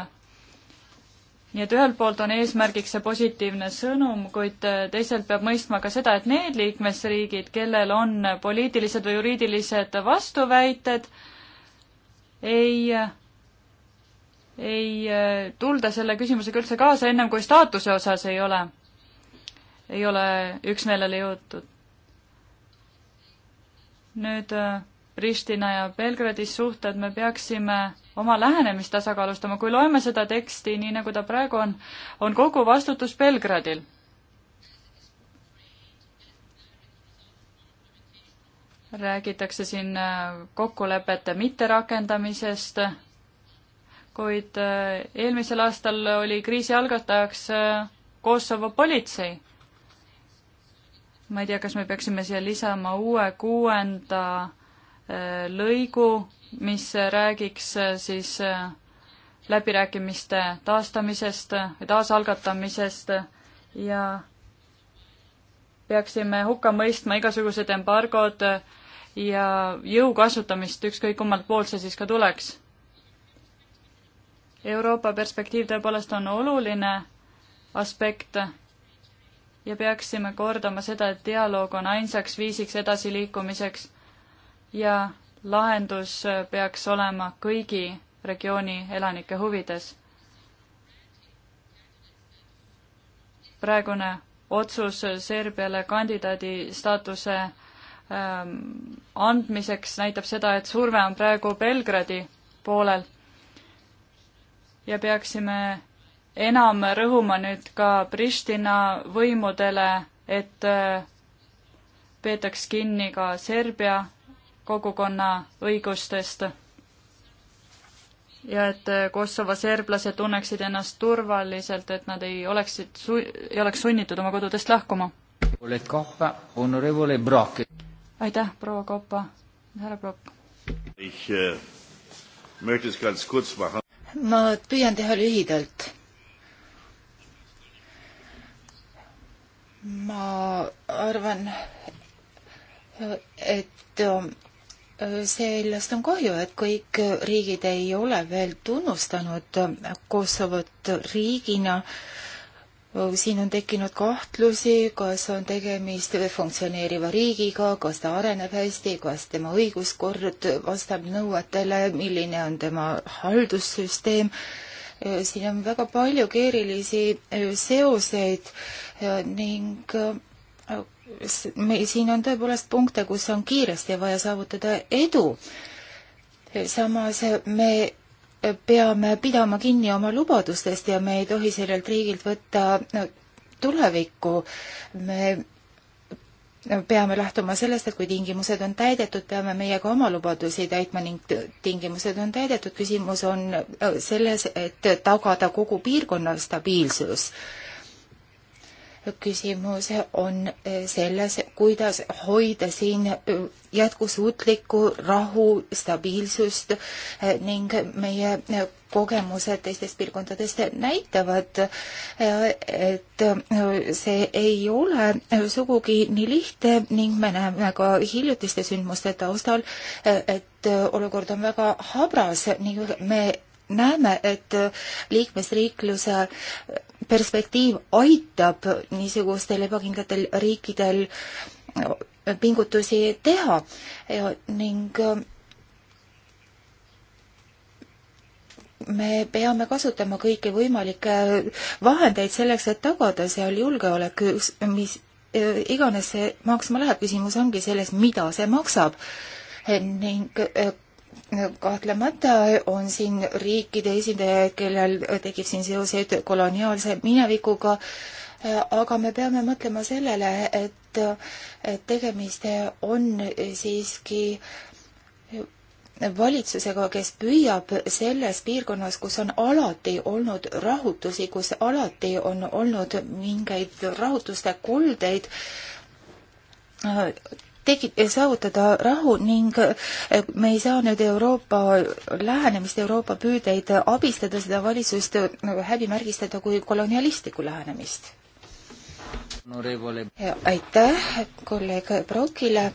nii et ühelt poolt on eesmärgiks see positiivne sõnum, kuid eh, teiselt peab mõistma ka seda, et need liikmesriigid, kellel on poliitilised või juriidilised vastuväited, ei ei äh, tulda selle küsimusega üldse kaasa, ennem kui staatuse osas ei ole, ei ole üksmeelele jõutud. nüüd äh, Pristina ja Belgradis suhted, me peaksime oma lähenemist tasakaalustama, kui loeme seda teksti nii, nagu ta praegu on, on kogu vastutus Belgradil. räägitakse siin äh, kokkulepete mitterakendamisest kuid äh, eelmisel aastal oli kriisi algatajaks äh, Kosovo politsei. ma ei tea, kas me peaksime siia lisama uue kuuenda äh, lõigu, mis räägiks siis läbirääkimiste taastamisest või taasalgatamisest ja peaksime hukka mõistma igasugused embargod ja jõu kasutamist, ükskõik kummalt poolt see siis ka tuleks Euroopa perspektiiv tõepoolest on oluline aspekt ja peaksime kordama seda, et dialoog on ainsaks viisiks edasiliikumiseks ja lahendus peaks olema kõigi regiooni elanike huvides. praegune otsus Serbiale kandidaadi staatuse ähm, andmiseks näitab seda, et surve on praegu Belgradi poolel ja peaksime enam rõhuma nüüd ka Pristina võimudele, et äh, peetaks kinni ka Serbia kogukonna õigustest ja et äh, Kosovo serblased tunneksid ennast turvaliselt, et nad ei oleksid, ei oleks sunnitud oma kodudest lahkuma. aitäh, proua Koppa, härra Brock. Äh, ma püüan teha lühidalt. ma arvan, et äh, sellest on kahju, et kõik riigid ei ole veel tunnustanud Kosovot riigina äh, siin on tekkinud kahtlusi, kas on tegemist funktsioneeriva riigiga, kas ta areneb hästi, kas tema õiguskord vastab nõuetele, milline on tema haldussüsteem. siin on väga palju keerulisi seoseid ning äh, siin on tõepoolest punkte, kus on kiiresti vaja saavutada edu. samas me peame pidama kinni oma lubadustest ja me ei tohi sellelt riigilt võtta tulevikku. me peame lähtuma sellest, et kui tingimused on täidetud, peame meie ka oma lubadusi täitma ning tingimused on täidetud. küsimus on äh, selles, et tagada kogu piirkonna stabiilsus küsimus on eh, selles, kuidas hoida siin eh, jätkusuutlikku rahu, stabiilsust eh, ning meie kogemused teistest piirkondadest näitavad, et see ei ole sugugi nii lihtne ning me näeme ka hiljutiste sündmuste taustal, et olukord on väga habras ning me näeme, et liikmesriikluse perspektiiv aitab niisugustel ebakindlatel riikidel pingutusi teha ja, ning äh, me peame kasutama kõiki võimalikke vahendeid selleks, et tagada seal julgeolek, mis äh, iganes see maksma läheb, küsimus ongi selles, mida see maksab ning äh, kahtlemata on siin riikide esindajaid, kellel tekib siin seoseid koloniaalse minevikuga, aga me peame mõtlema sellele, et, et tegemist on siiski valitsusega, kes püüab selles piirkonnas, kus on alati olnud rahutusi, kus alati on olnud mingeid rahutuste koldeid, tegi, saavutada rahu ning eh, me ei saa nüüd Euroopa lähenemist, Euroopa püüdeid abistada seda valitsust nagu eh, häbimärgistada kui kolonialistlikku lähenemist. aitäh kolleeg Brokile.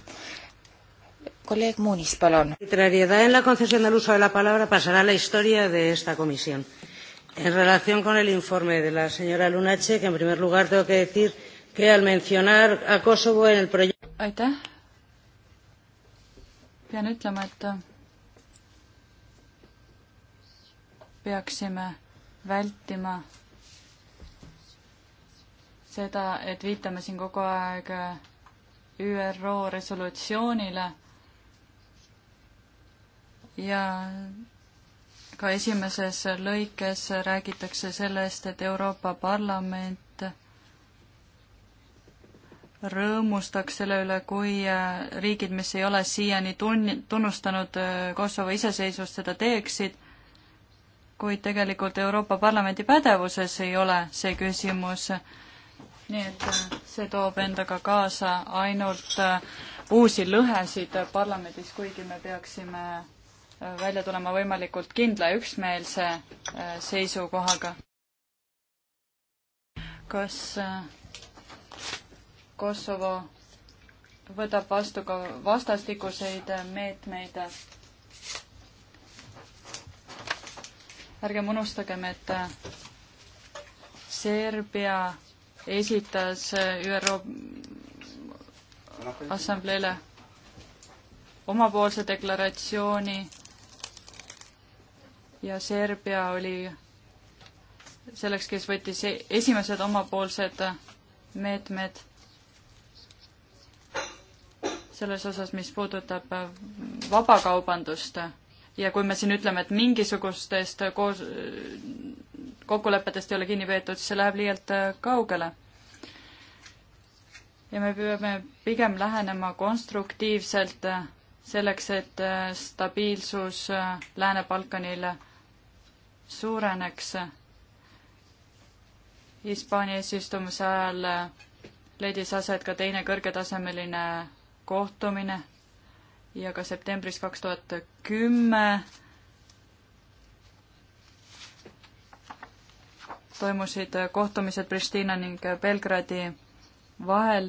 kolleeg Muunis, palun. Arbitrariedad en la concesión del uso de la palabra pasará a la historia de esta comisión. En relación con el informe de la señora Lunache, que en primer lugar tengo que decir que al mencionar a Kosovo en el proyecto. Aitäh, pean ütlema, et peaksime vältima seda, et viitame siin kogu aeg ÜRO resolutsioonile ja ka esimeses lõikes räägitakse sellest, et Euroopa Parlament rõõmustaks selle üle, kui äh, riigid, mis ei ole siiani tun-, tunnustanud äh, Kosovo iseseisvust, seda teeksid, kuid tegelikult Euroopa Parlamendi pädevuses ei ole see küsimus. nii et äh, see toob endaga kaasa ainult uusi lõhesid parlamendis, kuigi me peaksime välja tulema võimalikult kindla ja üksmeelse seisukohaga. kas Kosovo võtab vastu ka vastastikuseid meetmeid. ärgem unustagem, et Serbia esitas ÜRO assambleele omapoolse deklaratsiooni ja Serbia oli selleks, kes võttis e-, esimesed omapoolsed meetmed selles osas, mis puudutab äh, vabakaubandust ja kui me siin ütleme, et mingisugustest koos, kokkulepetest ei ole kinni peetud, siis see läheb liialt äh, kaugele. ja me peame pigem lähenema konstruktiivselt äh, selleks, et stabiilsus Lääne-Balkanil suureneks. Hispaania eesistumise ajal leidis aset ka teine kõrgetasemeline kohtumine ja ka septembris kaks tuhat kümme toimusid kohtumised Pristina ning Belgradi vahel,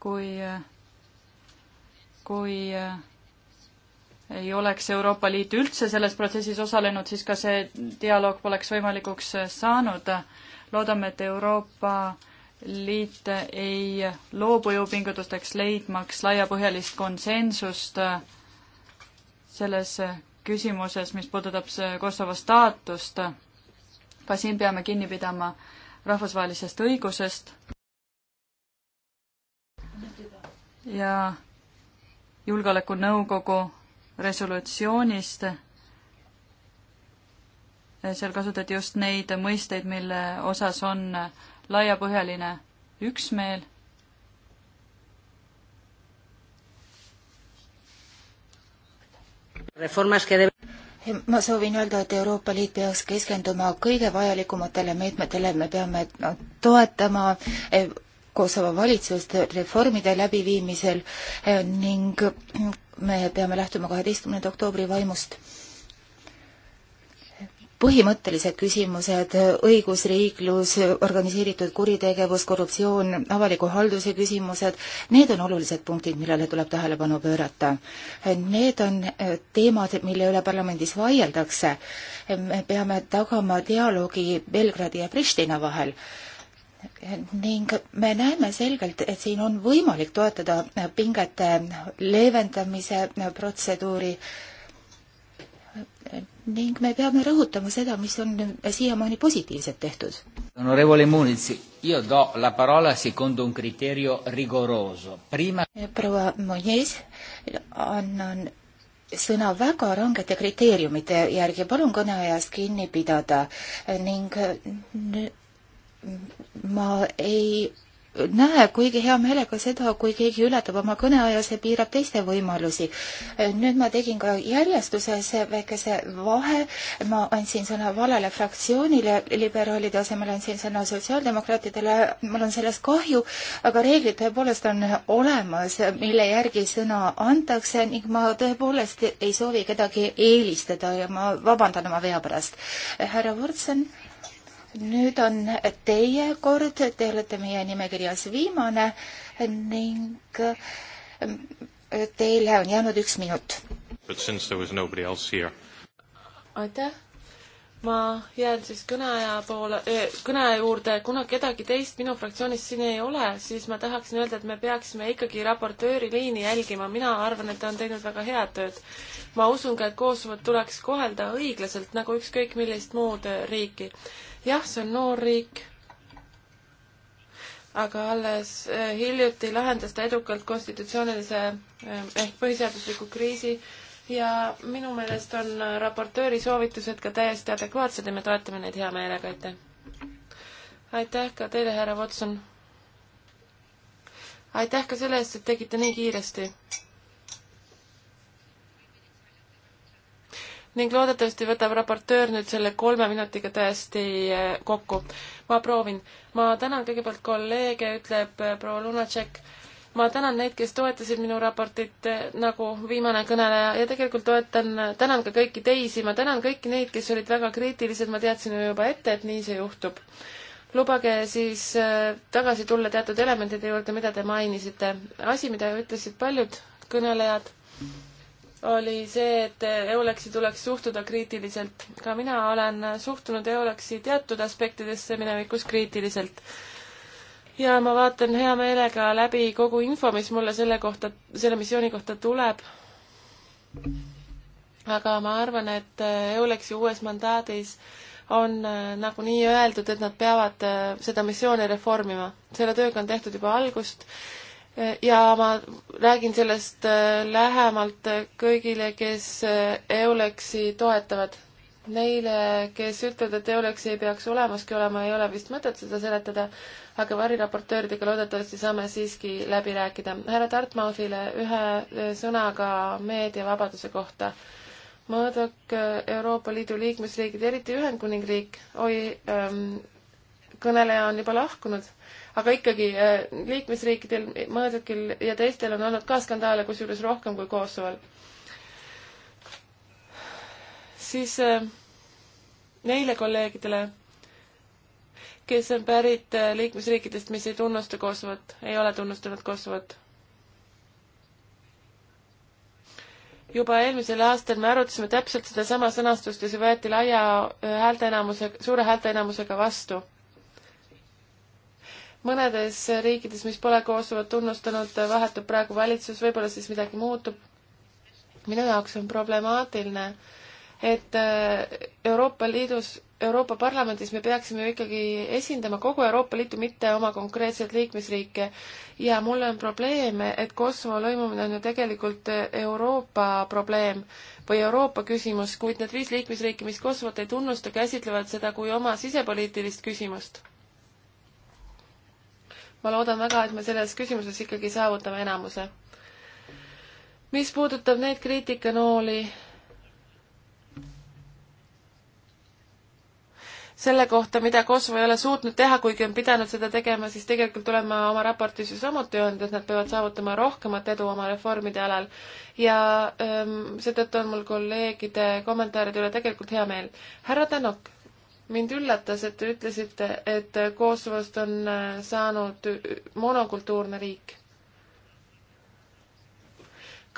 kui, kui ei oleks Euroopa Liit üldse selles protsessis osalenud, siis ka see dialoog poleks võimalikuks saanud. loodame, et Euroopa Liit ei loobu jõupingutusteks leidmaks laiapõhjalist konsensust äh, selles äh, küsimuses, mis puudutab Kosovo staatust. ka siin peame kinni pidama rahvusvahelisest õigusest. ja julgeolekunõukogu resolutsioonist äh, seal kasutati just neid mõisteid, mille osas on laiapõhjaline üksmeel. ma soovin öelda, et Euroopa Liit peaks keskenduma kõige vajalikumatele meetmetele, me peame toetama e, Kosovo valitsust reformide läbiviimisel e, ning mm, me peame lähtuma kaheteistkümnenda oktoobri vaimust põhimõttelised küsimused, õigusriiklus, organiseeritud kuritegevus, korruptsioon, avaliku halduse küsimused, need on olulised punktid, millele tuleb tähelepanu pöörata. Need on äh, teemad, mille üle parlamendis vaieldakse. me peame tagama dialoogi Belgradi ja Pristina vahel ning me näeme selgelt, et siin on võimalik toetada pingete leevendamise protseduuri äh, ning me peame rõhutama seda, mis on siiamaani positiivselt tehtud. Onorevole Muniz, io do la parola secondo un criterio rigoroso. Prima... proua Muniz, annan sõna väga rangete kriteeriumite järgi, palun kõneajast kinni pidada ning ma ei näe kuigi hea meelega seda, kui keegi ületab oma kõneaja, see piirab teiste võimalusi. nüüd ma tegin ka järjestuses väikese vahe, ma andsin sõna valele fraktsioonile, liberaalide asemel andsin sõna sotsiaaldemokraatidele, mul on sellest kahju, aga reeglid tõepoolest on olemas, mille järgi sõna antakse ning ma tõepoolest ei soovi kedagi eelistada ja ma vabandan oma vea pärast. härra Võrtsen nüüd on teie kord, te olete meie nimekirjas viimane ning ähm, teile on jäänud üks minut. aitäh, ma jään siis kõneaja poole eh,, kõneaja juurde, kuna kedagi teist minu fraktsioonist siin ei ole, siis ma tahaksin öelda, et me peaksime ikkagi raportööri liini jälgima, mina arvan, et ta on teinud väga head tööd. ma usun ka, et Kosovot tuleks kohelda õiglaselt, nagu ükskõik millist muud riiki jah, see on noor riik, aga alles eh, hiljuti lahendas ta edukalt konstitutsioonilise eh, ehk põhiseadusliku kriisi ja minu meelest on eh, raportööri soovitused ka täiesti adekvaatsed ja me toetame neid hea meelega, aitäh! aitäh ka teile, härra Watson! aitäh ka selle eest, et tegite nii kiiresti! ning loodetavasti võtab raportöör nüüd selle kolme minutiga täiesti eh, kokku. ma proovin. ma tänan kõigepealt kolleege, ütleb eh, proua Lunatšek ma tänan neid, kes toetasid minu raportit eh, nagu viimane kõneleja ja tegelikult toetan, tänan ka kõiki teisi, ma tänan kõiki neid, kes olid väga kriitilised, ma teadsin ju juba ette, et nii see juhtub. lubage siis tagasi tulla teatud elementide juurde, mida te mainisite. asi, mida ütlesid paljud kõnelejad oli see, et EOLEX-i tuleks suhtuda kriitiliselt. ka mina olen suhtunud EOLEX-i teatud aspektidesse minevikus kriitiliselt. ja ma vaatan hea meelega läbi kogu info, mis mulle selle kohta, selle missiooni kohta tuleb. aga ma arvan, et EOLEX-i uues mandaadis on äh, nagunii öeldud, et nad peavad äh, seda missiooni reformima. selle tööga on tehtud juba algust ja ma räägin sellest äh, lähemalt äh, kõigile, kes äh, EOLEX-i toetavad. Neile, kes ütlevad, et EOLEX ei peaks olemaski olema, ei ole vist mõtet seda seletada, aga variraportööridega loodetavasti saame siiski läbi rääkida. härra Tartmausile ühe sõnaga meediavabaduse kohta. mõõdake Euroopa Liidu liikmesriigid, eriti Ühendkuningriik, oi ähm,, kõneleja on juba lahkunud aga ikkagi äh, liikmesriikidel, mõõdukil ja teistel on olnud ka skandaale, kusjuures rohkem kui Kosoval. siis äh, neile kolleegidele, kes on pärit äh, liikmesriikidest, mis ei tunnusta Kosovot, ei ole tunnustanud Kosovot juba eelmisel aastal me arutasime täpselt sedasama sõnastust ja see võeti laia häälteenamuse, suure häälteenamusega vastu mõnedes riikides, mis pole Kosovot tunnustanud, vahetub praegu valitsus, võib-olla siis midagi muutub. minu jaoks on problemaatiline, et äh, Euroopa Liidus, Euroopa Parlamendis me peaksime ju ikkagi esindama kogu Euroopa Liitu, mitte oma konkreetseid liikmesriike. ja mul on probleem, et Kosovo lõimumine on ju tegelikult äh, Euroopa probleem või Euroopa küsimus, kuid need viis liikmesriiki, mis Kosovot ei tunnusta, käsitlevad seda kui oma sisepoliitilist küsimust ma loodan väga, et me selles küsimuses ikkagi saavutame enamuse. mis puudutab neid kriitikanooli, selle kohta, mida Kosovo ei ole suutnud teha, kuigi on pidanud seda tegema, siis tegelikult olen ma oma raportis ju samuti öelnud, et nad peavad saavutama rohkemat edu oma reformide alal. ja ähm, seetõttu on mul kolleegide kommentaaride üle tegelikult hea meel. härra Tänok mind üllatas, et te ütlesite, et Kosovost on äh, saanud äh, monokultuurne riik.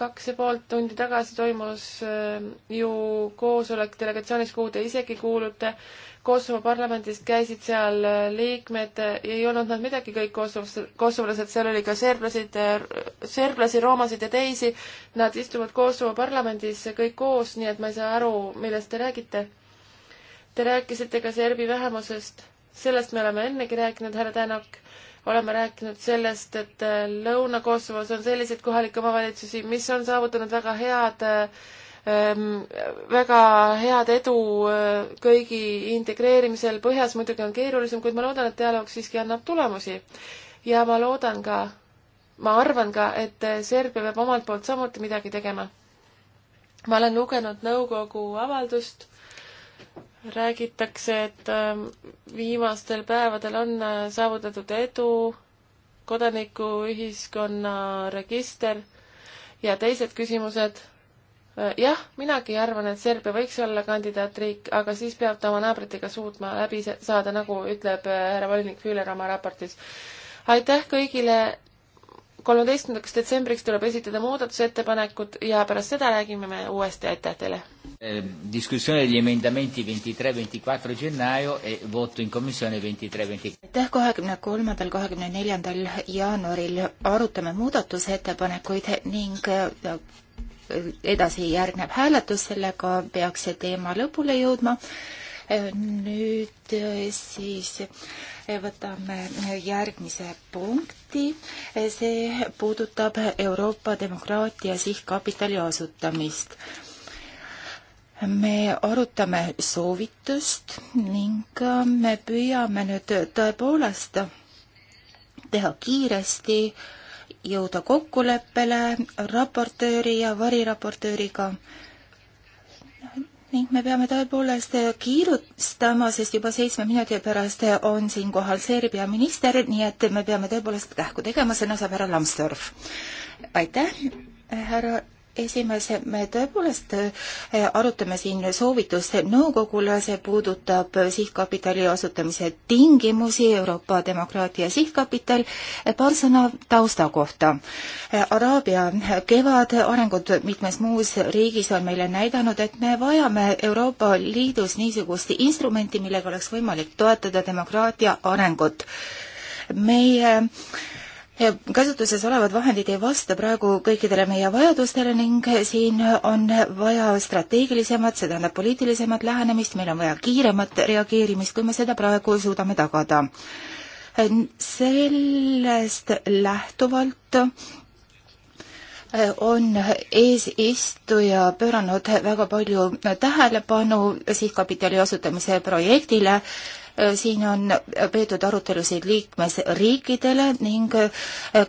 kaks ja pool tundi tagasi toimus äh, ju koosolek delegatsioonis, kuhu te isegi kuulute. Kosovo parlamendist käisid seal liikmed, ei olnud nad midagi kõik kosovos, kosovolased, seal oli ka serblasid, serblasi, roomasid ja teisi. Nad istuvad Kosovo parlamendis kõik koos, nii et ma ei saa aru, millest te räägite Te rääkisite ka serbi vähemusest, sellest me oleme ennegi rääkinud, härra Tänak, oleme rääkinud sellest, et äh, Lõuna-Kosovos on selliseid kohalikke omavalitsusi, mis on saavutanud väga head ähm, väga head edu äh, kõigi integreerimisel, põhjas muidugi on keerulisem, kuid ma loodan, et dialoog siiski annab tulemusi. ja ma loodan ka, ma arvan ka, et äh, Serbia peab omalt poolt samuti midagi tegema. ma olen lugenud nõukogu avaldust räägitakse, et ähm, viimastel päevadel on äh, saavutatud edu, kodanikuühiskonna register ja teised küsimused. Äh, jah, minagi arvan, et Serbia võiks olla kandidaatriik, aga siis peab ta oma naabritega suutma läbi saada, nagu ütleb äh, härra volinik Füüler oma raportis. aitäh kõigile kolmeteistkümnendaks detsembriks tuleb esitada muudatusettepanekud ja pärast seda räägime me uuesti, aitäh teile! Eh, e aitäh, kahekümne kolmandal, kahekümne neljandal jaanuaril arutame muudatusettepanekuid ning eh, edasi järgneb hääletus, sellega peaks see teema lõpule jõudma. Eh, nüüd siis võtame järgmise punkti. see puudutab Euroopa demokraatia sihtkapitali asutamist. me arutame soovitust ning me püüame nüüd tõepoolest teha kiiresti, jõuda kokkuleppele raportööri ja variraportööriga ning me peame tõepoolest kiirustama, sest juba seitsme minuti pärast on siin kohal Seeri peaminister, nii et me peame tõepoolest kähku tegema, sõna saab härra Lambsdorff. aitäh, härra esimees, me tõepoolest äh, arutame siin soovitust nõukogule, see puudutab äh, sihtkapitali asutamise tingimusi, Euroopa Demokraatia Sihtkapital. Äh, paar sõna tausta kohta. Araabia kevad, arengud mitmes muus riigis on meile näidanud, et me vajame Euroopa Liidus niisugust instrumenti, millega oleks võimalik toetada demokraatia arengut meie kasutuses olevad vahendid ei vasta praegu kõikidele meie vajadustele ning siin on vaja strateegilisemat, see tähendab poliitilisemat lähenemist, meil on vaja kiiremat reageerimist, kui me seda praegu suudame tagada. sellest lähtuvalt on eesistuja pööranud väga palju tähelepanu sihtkapitali asutamise projektile Äh, siin on peetud arutelusid liikmesriikidele ning äh,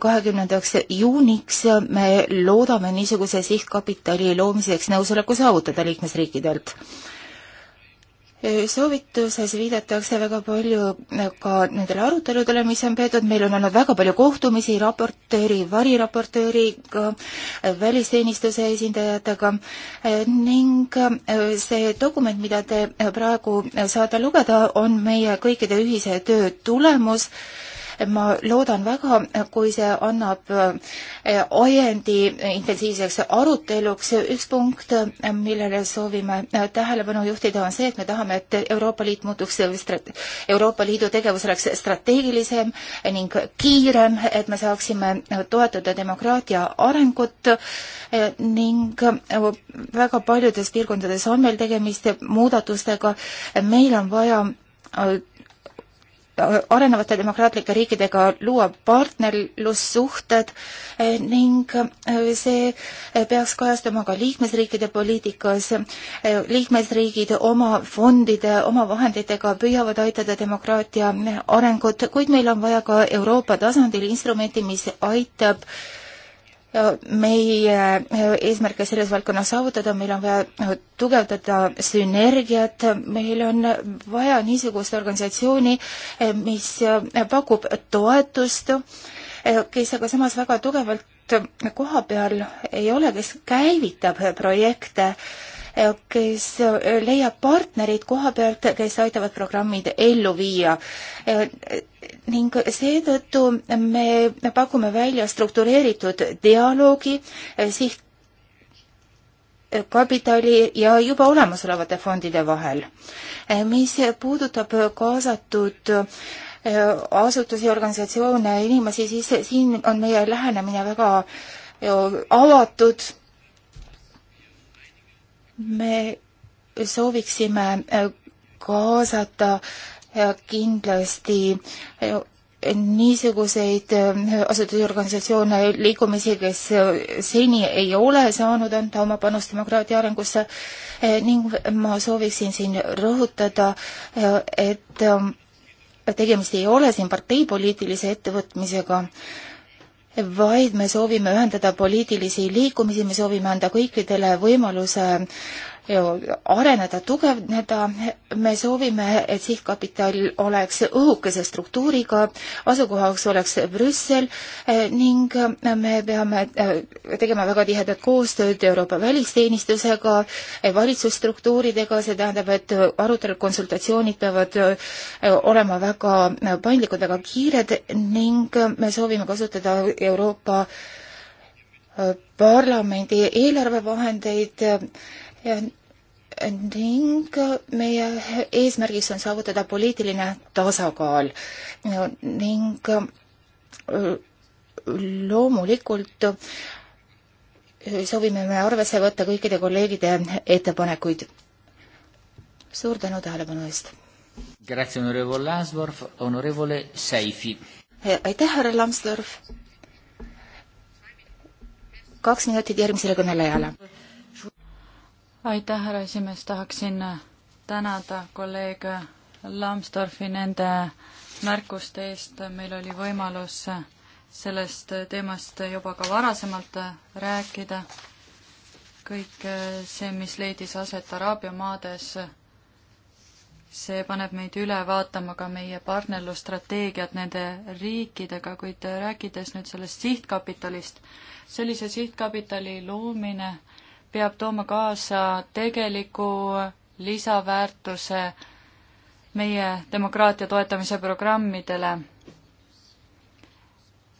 kahekümnendaks juuniks me loodame niisuguse sihtkapitali loomiseks nõusoleku saavutada liikmesriikidelt soovituses viidatakse väga palju äh, ka nendele aruteludele, mis on peetud, meil on olnud väga palju kohtumisi raportööri, variraportööriga, äh, välisteenistuse esindajatega äh, ning see dokument, mida te praegu saate lugeda, on meie kõikide ühise töö tulemus ma loodan väga, kui see annab eh, ajendi intensiivseks aruteluks. üks punkt, millele soovime eh, tähelepanu juhtida, on see, et me tahame, et Euroopa Liit muutuks, Euroopa Liidu tegevus oleks strateegilisem ning kiirem, et me saaksime toetada demokraatia arengut eh, ning väga paljudes piirkondades on meil tegemist muudatustega. meil on vaja arenevate demokraatlike riikidega luua partnerlussuhted eh, ning eh, see eh, peaks kajastuma ka liikmesriikide poliitikas. liikmesriigid oma fondide, oma vahenditega püüavad aitada demokraatia arengut, kuid meil on vaja ka Euroopa tasandil instrumenti, mis aitab äh, meie eh, eesmärke selles valdkonnas saavutada, meil on vaja eh, tugevdada sünergiat, meil on vaja niisugust organisatsiooni, eh, mis pakub toetust, kes aga samas väga tugevalt koha peal ei ole, kes käivitab projekte, kes leiab partnerid koha pealt, kes aitavad programmid ellu viia ning seetõttu me pakume välja struktureeritud dialoogi eh, siht kapitali ja juba olemasolevate fondide vahel. Eh, mis puudutab kaasatud eh, asutusi, organisatsioone, inimesi, siis siin on meie lähenemine väga avatud. me sooviksime kaasata äh, kindlasti äh, niisuguseid äh, asutusorganisatsioone, liikumisi, kes äh, seni ei ole saanud anda oma panust demokraatia arengusse ning ma sooviksin siin rõhutada, et tegemist ei ole siin parteipoliitilise ettevõtmisega, vaid me soovime ühendada poliitilisi liikumisi, me soovime anda kõikidele võimaluse areneda, tugevneda. me soovime, et sihtkapital oleks õhukese struktuuriga, asukohaks oleks Brüssel eh, ning me peame eh, tegema väga tihedat koostööd Euroopa välisteenistusega, eh, valitsusstruktuuridega, see tähendab, et arutelud, konsultatsioonid peavad olema väga paindlikud, väga kiired ning me soovime kasutada Euroopa parlamendi eelarvevahendeid ning meie eesmärgiks on saavutada poliitiline tasakaal ning äh, loomulikult äh, soovime me arvesse võtta kõikide kolleegide ettepanekuid. suur tänu tähelepanu eest! Äh, aitäh, härra Lambsdorff! kaks minutit järgmisele kõnelejale aitäh, härra esimees, tahaksin tänada kolleeg Lambsdorfi nende märkuste eest, meil oli võimalus sellest teemast juba ka varasemalt rääkida. kõik see, mis leidis aset Araabia maades, see paneb meid üle vaatama ka meie partnerlusstrateegiat nende riikidega, kuid rääkides nüüd sellest sihtkapitalist, sellise sihtkapitali loomine peab tooma kaasa tegeliku lisaväärtuse meie demokraatia toetamise programmidele.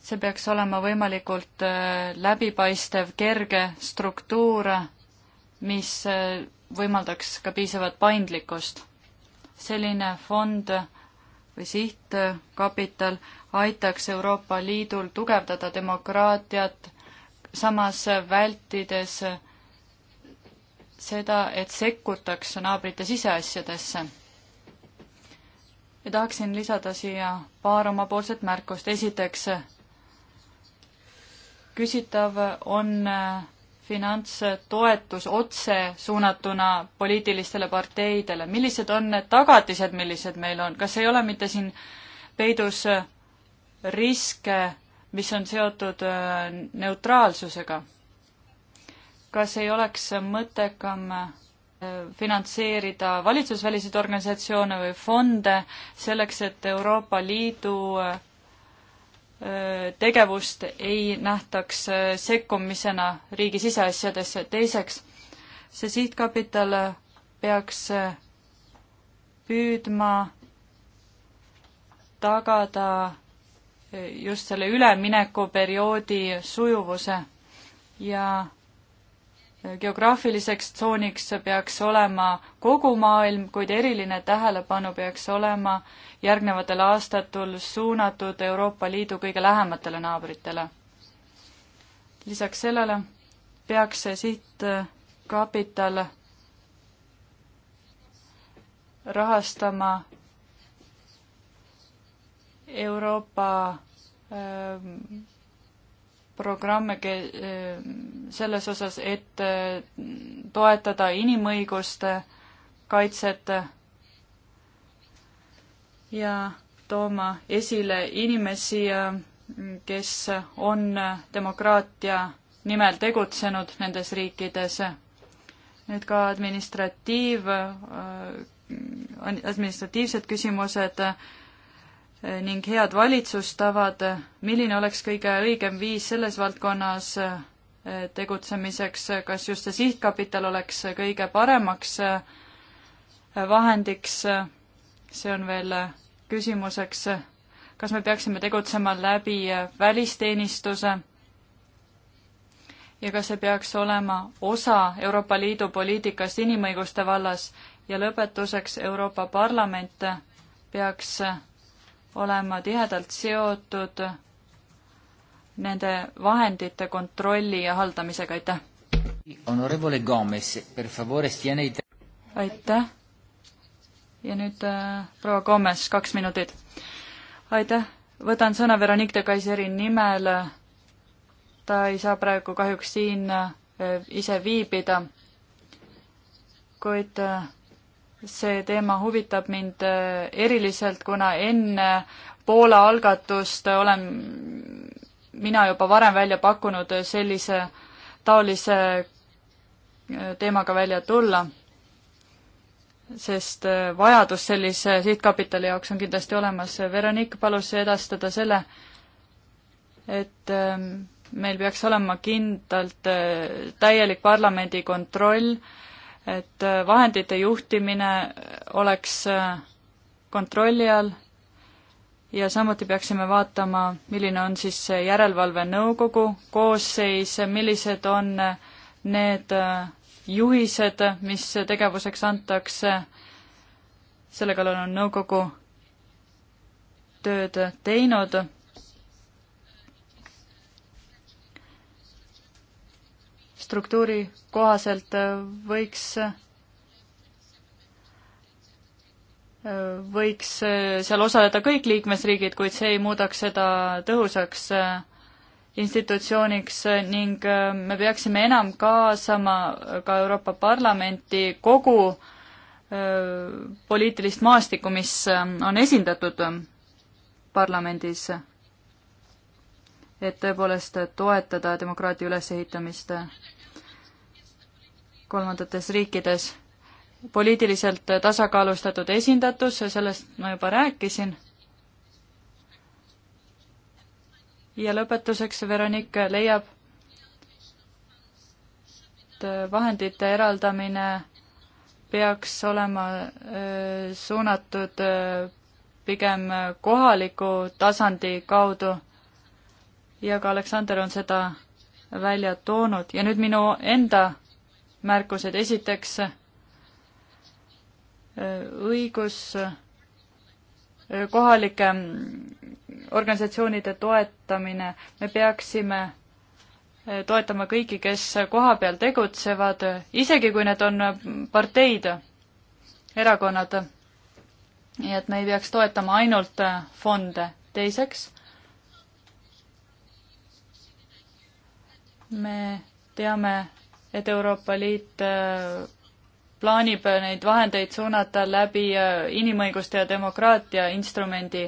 see peaks olema võimalikult äh, läbipaistev, kerge struktuur, mis äh, võimaldaks ka piisavat paindlikkust. selline fond või sihtkapital aitaks Euroopa Liidul tugevdada demokraatiat, samas vältides seda, et sekkutakse naabrite siseasjadesse. ja tahaksin lisada siia paar omapoolset märkust. esiteks, küsitav on äh, finantstoetus otse suunatuna poliitilistele parteidele. millised on need tagatised, millised meil on, kas ei ole mitte siin peidus äh, riske, mis on seotud äh, neutraalsusega? kas ei oleks mõttekam äh, finantseerida valitsusväliseid organisatsioone või fonde selleks, et Euroopa Liidu äh, tegevust ei nähtaks äh, sekkumisena riigi siseasjadesse. teiseks, see sihtkapital peaks püüdma tagada just selle üleminekuperioodi sujuvuse ja geograafiliseks tsooniks peaks olema kogu maailm, kuid eriline tähelepanu peaks olema järgnevatel aastatel suunatud Euroopa Liidu kõige lähematele naabritele. lisaks sellele peaks see sihtkapital rahastama Euroopa öö, ähm, programme selles osas, et äh, toetada inimõiguste kaitset ja tooma esile inimesi, äh, kes on demokraatia nimel tegutsenud nendes riikides. nüüd ka administratiiv, äh, administratiivsed küsimused ning head valitsustavad, milline oleks kõige õigem viis selles valdkonnas eh, tegutsemiseks, kas just see sihtkapital oleks kõige paremaks eh, vahendiks, see on veel küsimuseks, kas me peaksime tegutsema läbi eh, välisteenistuse ja kas see peaks olema osa Euroopa Liidu poliitikast inimõiguste vallas ja lõpetuseks Euroopa Parlament peaks olema tihedalt seotud nende vahendite kontrolli ja haldamisega, aitäh! aitäh! ja nüüd äh, proua Gomes, kaks minutit. aitäh, võtan sõna Veronique de Kaiseri nimel. ta ei saa praegu kahjuks siin äh, ise viibida, kuid äh, see teema huvitab mind äh, eriliselt, kuna enne Poola algatust olen mina juba varem välja pakkunud sellise taolise äh, teemaga välja tulla, sest äh, vajadus sellise sihtkapitali jaoks on kindlasti olemas. Veronique palus edastada selle, et ähm, meil peaks olema kindlalt täielik parlamendi kontroll äh, et äh, vahendite juhtimine oleks äh, kontrolli all ja samuti peaksime vaatama, milline on siis see järelevalvenõukogu koosseis, millised on äh, need juhised, mis tegevuseks antakse, selle kallal on nõukogu tööd teinud struktuuri kohaselt äh, võiks, äh, võiks äh, seal osaleda kõik liikmesriigid, kuid see ei muudaks seda tõhusaks institutsiooniks ning me peaksime enam kaasama ka Euroopa Parlamenti kogu poliitilist maastikku, mis on esindatud parlamendis, et tõepoolest toetada demokraatia ülesehitamist kolmandates riikides. poliitiliselt tasakaalustatud esindatus, sellest ma juba rääkisin. ja lõpetuseks Veronique leiab, et vahendite eraldamine peaks olema suunatud pigem kohaliku tasandi kaudu ja ka Aleksander on seda välja toonud ja nüüd minu enda märkused. esiteks õigus kohalike mm, organisatsioonide toetamine, me peaksime toetama kõiki, kes kohapeal tegutsevad, isegi kui need on mm, parteid, erakonnad. nii et me ei peaks toetama ainult fonde. teiseks, me teame, et Euroopa Liit äh, plaanib neid vahendeid suunata läbi äh, inimõiguste ja demokraatia instrumendi.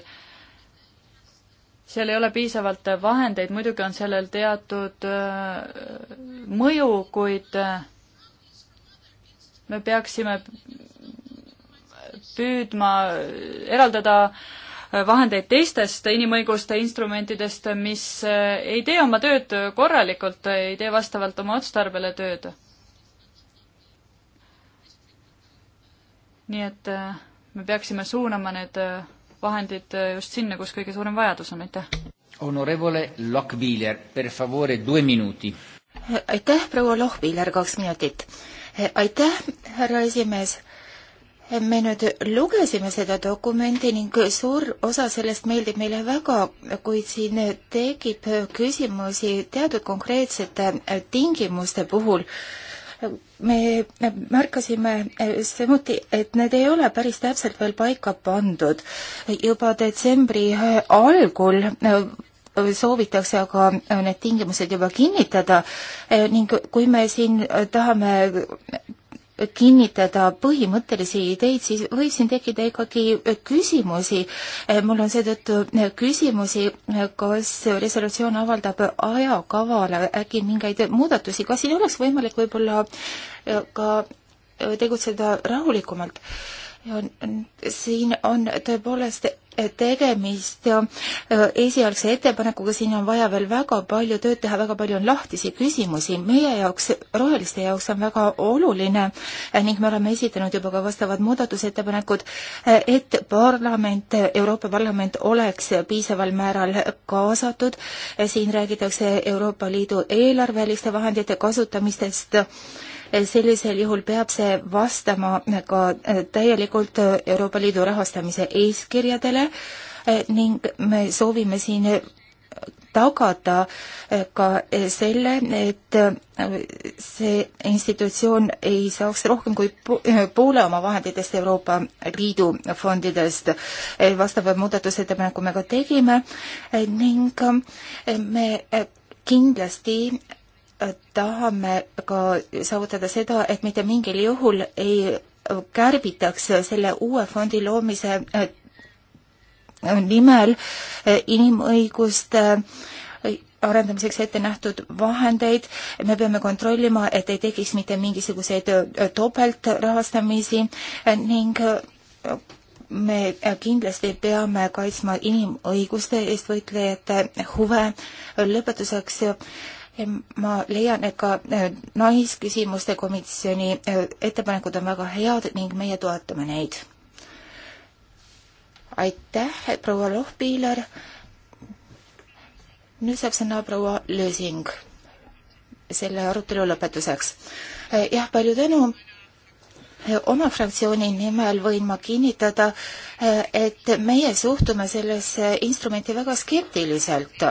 seal ei ole piisavalt äh, vahendeid, muidugi on sellel teatud mõju, kuid me peaksime püüdma eraldada äh, vahendeid teistest inimõiguste instrumentidest, mis eh, ei tee oma tööd korralikult, ei tee vastavalt oma otstarbele tööd. nii et eh, me peaksime suunama need eh, vahendid just sinna, kus kõige suurem vajadus on, aitäh. Honorevole Lockbiller, per favore, due minuti. aitäh, proua Lockbiller, kaks minutit. aitäh, härra esimees me nüüd lugesime seda dokumenti ning suur osa sellest meeldib meile väga, kuid siin tekib küsimusi teatud konkreetsete tingimuste puhul me märkasime samuti, et need ei ole päris täpselt veel paika pandud. juba detsembri algul soovitakse aga need tingimused juba kinnitada ning kui me siin tahame kinnitada põhimõttelisi ideid, siis võib siin tekkida ikkagi küsimusi. Eh, mul on seetõttu eh, küsimusi, eh, kas resolutsioon avaldab ajakavale äkki mingeid muudatusi, kas siin oleks võimalik võib-olla ka tegutseda rahulikumalt? siin on tõepoolest tegemist esialgse ettepanekuga, siin on vaja veel väga palju tööd teha, väga palju on lahtisi küsimusi. meie jaoks, roheliste jaoks on väga oluline eh, ning me oleme esitanud juba ka vastavad muudatusettepanekud, eh, et parlament, Euroopa Parlament oleks piisaval määral kaasatud. Eh, siin räägitakse Euroopa Liidu eelarveliste vahendite kasutamistest sellisel juhul peab see vastama ka täielikult Euroopa Liidu rahastamise eeskirjadele ning me soovime siin tagada ka selle, et see institutsioon ei saaks rohkem kui poole oma vahenditest Euroopa Liidu fondidest. vastava muudatusettepaneku me ka tegime ning me kindlasti tahame ka saavutada seda, et mitte mingil juhul ei kärbitaks selle uue fondi loomise äh, nimel äh, inimõiguste äh, arendamiseks ette nähtud vahendeid, me peame kontrollima, et ei tekiks mitte mingisuguseid topeltrahastamisi ning me kindlasti peame kaitsma inimõiguste eest võitlejate huve. lõpetuseks ma leian, et ka äh, Naisküsimuste komisjoni äh, ettepanekud on väga head ning meie toetame neid. aitäh, proua Lohpiiler. nüüd saab sõna proua Lösing selle arutelu lõpetuseks. Äh, jah, palju tänu oma fraktsiooni nimel võin ma kinnitada, et meie suhtume sellesse instrumenti väga skeptiliselt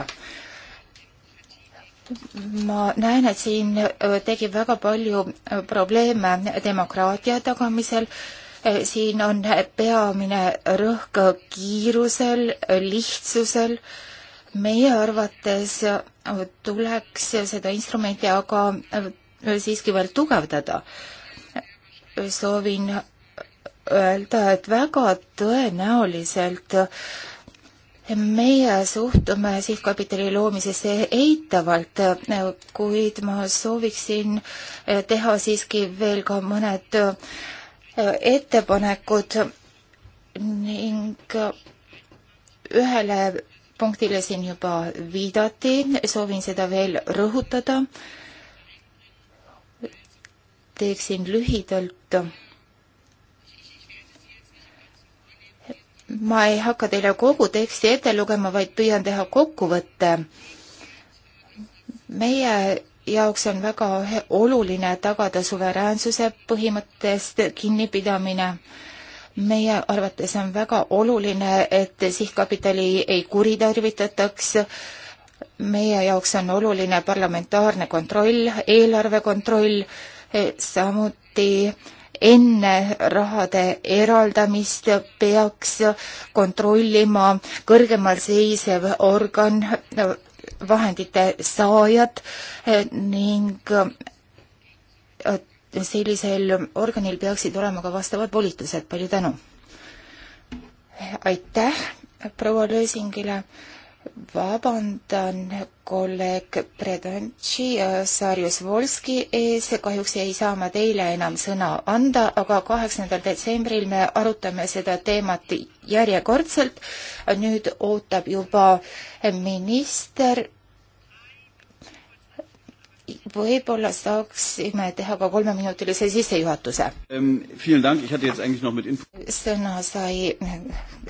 ma näen, et siin tekib väga palju probleeme demokraatia tagamisel. siin on peamine rõhk kiirusel, lihtsusel. meie arvates tuleks seda instrumenti aga siiski veel tugevdada. soovin öelda, et väga tõenäoliselt meie suhtume sihtkapitali loomisesse eitavalt, kuid ma sooviksin eh, teha siiski veel ka mõned eh, ettepanekud ning ühele punktile siin juba viidati, soovin seda veel rõhutada. teeksin lühidalt ma ei hakka teile kogu teksti ette lugema, vaid püüan teha kokkuvõtte. meie jaoks on väga oluline tagada suveräänsuse põhimõttest kinnipidamine. meie arvates on väga oluline, et sihtkapitali ei kuritarvitataks. meie jaoks on oluline parlamentaarne kontroll, eelarve kontroll, eh, samuti enne rahade eraldamist peaks kontrollima kõrgemal seisev organ vahendite saajad ning sellisel organil peaksid olema ka vastavad volitused. palju tänu! aitäh proua Lösingile vabandan kolleeg Predantši äh, Sarjus Volski ees, kahjuks ei saa ma teile enam sõna anda, aga kaheksandal detsembril me arutame seda teemat järjekordselt. nüüd ootab juba minister. võib-olla saaksime teha ka kolmeminutilise sissejuhatuse ähm,. sõna sai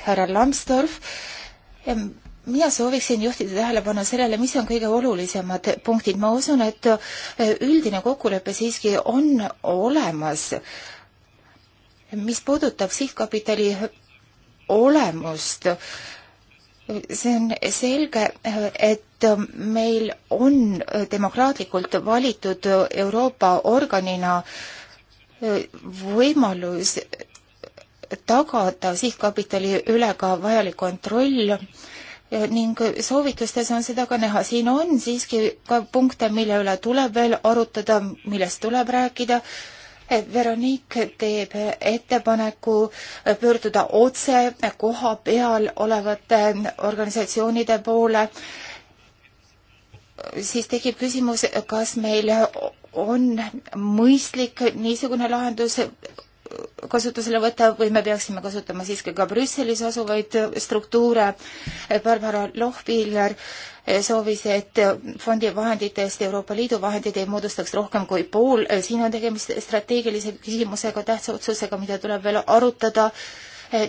härra Lambsdorff ähm, mina sooviksin juhtida tähelepanu sellele, mis on kõige olulisemad punktid. ma usun, et äh, üldine kokkulepe siiski on olemas, mis puudutab sihtkapitali olemust. see on selge, et meil on demokraatlikult valitud Euroopa organina äh, võimalus tagada sihtkapitali üle ka vajalik kontroll ning soovitustes on seda ka näha. siin on siiski ka punkte, mille üle tuleb veel arutada, millest tuleb rääkida. Veronique teeb ettepaneku pöörduda otse koha peal olevate organisatsioonide poole. siis tekib küsimus, kas meil on mõistlik niisugune lahendus kasutusele võtta või me peaksime kasutama siiski ka Brüsselis asuvaid äh, struktuure. Äh, Barbara Lohviller äh, soovis, et fondi vahenditest Euroopa Liidu vahendid ei moodustaks rohkem kui pool. siin on tegemist strateegilise küsimusega, tähtsa otsusega, mida tuleb veel arutada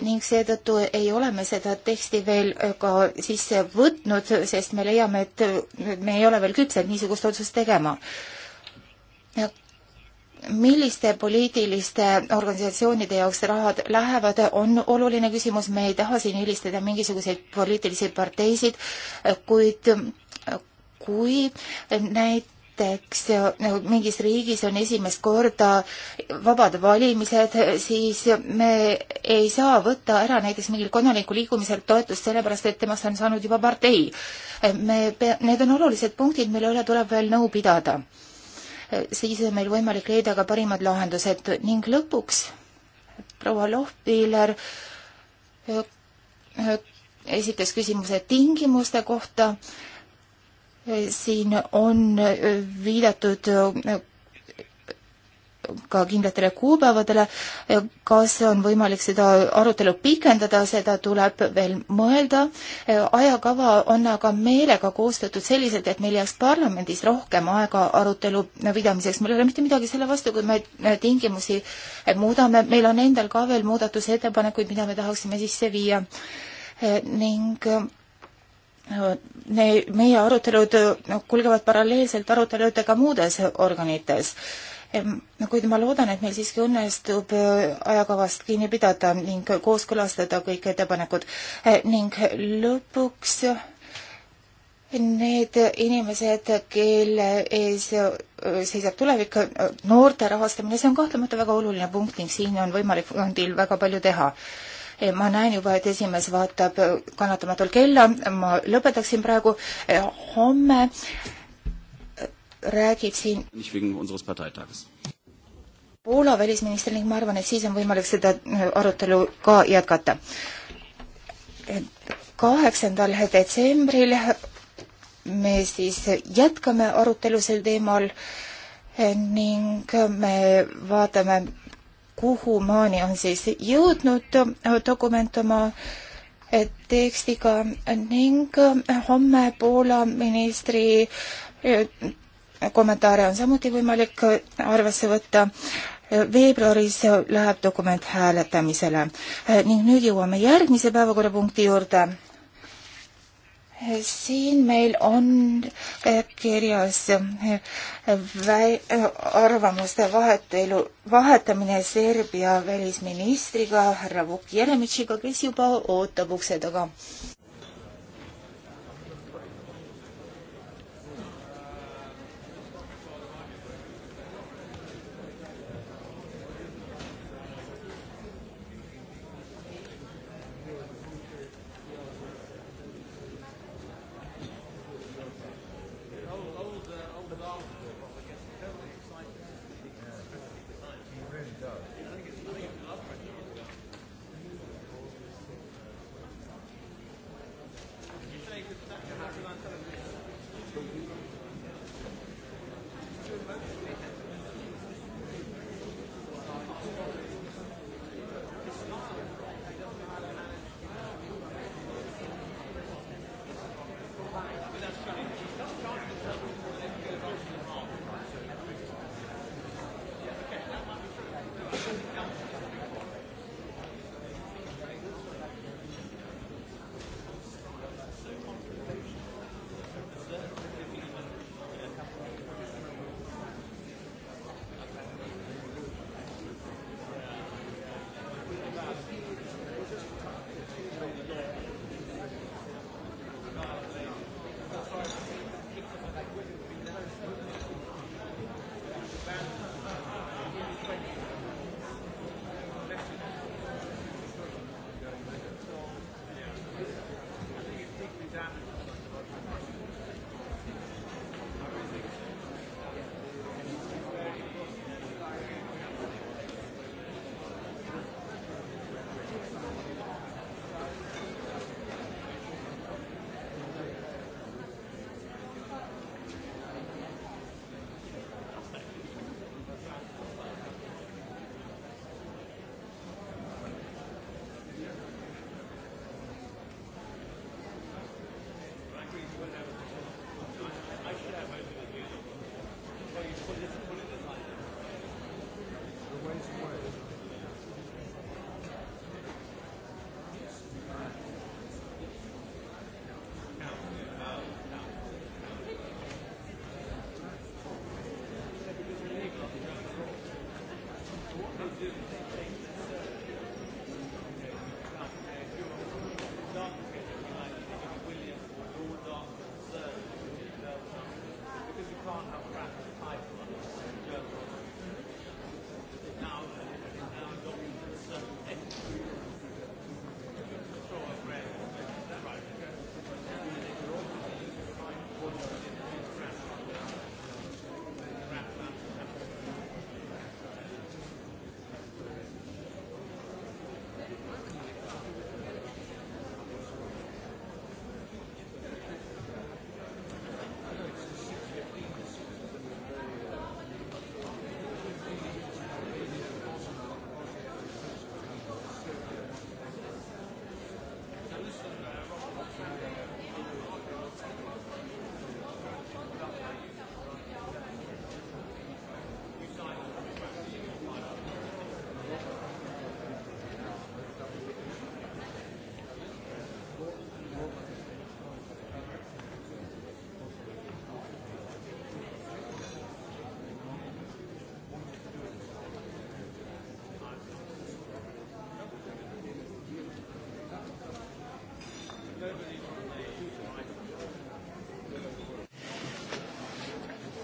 ning seetõttu ei ole me seda teksti veel ka sisse võtnud, sest me leiame, et me ei ole veel küpsed niisugust otsust tegema milliste poliitiliste organisatsioonide jaoks rahad lähevad, on oluline küsimus, me ei taha siin eelistada mingisuguseid poliitilisi parteisid, kuid kui näiteks mingis riigis on esimest korda vabad valimised, siis me ei saa võtta ära näiteks mingil kodanikuliikumiselt toetust, sellepärast et temast on saanud juba partei. me pea-, need on olulised punktid, mille üle tuleb veel nõu pidada siis on meil võimalik leida ka parimad lahendused ning lõpuks proua Lohpiller eh, eh, esitas küsimuse tingimuste kohta. Eh, siin on viidatud ka kindlatele kuupäevadele. kas on võimalik seda arutelu pikendada, seda tuleb veel mõelda. ajakava on aga meelega koostatud selliselt, et meil jääks parlamendis rohkem aega arutelu pidamiseks. mul ei ole mitte midagi selle vastu, kui me tingimusi muudame, meil on endal ka veel muudatusettepanekuid, mida me tahaksime sisse viia ning meie arutelud no, kulgevad paralleelselt aruteludega muudes organites kuid ma loodan, et meil siiski õnnestub äh, ajakavast kinni pidada ning kooskõlastada kõik ettepanekud äh, ning lõpuks äh, Need inimesed, kelle ees seisab tulevik, noorte rahastamine, see on kahtlemata väga oluline punkt ning siin on võimalik fondil väga palju teha. ma näen juba, et esimees vaatab kannatamatult kella, ma lõpetaksin praegu homme räägib siin Poola välisminister ning ma arvan, et siis on võimalik seda äh, arutelu ka jätkata. kaheksandal detsembril me siis jätkame arutelu sel teemal äh, ning me vaatame, kuhu maani on siis jõudnud äh, dokument oma tekstiga ning homme Poola ministri kommentaare on samuti võimalik arvesse võtta. veebruaris läheb dokument hääletamisele ning nüüd jõuame järgmise päevakorrapunkti juurde. siin meil on eh, kirjas eh, väi-, eh, arvamuste vahetelu, vahetamine Serbia välisministriga härra Vuk Jeremitšiga, kes juba ootab ukse taga.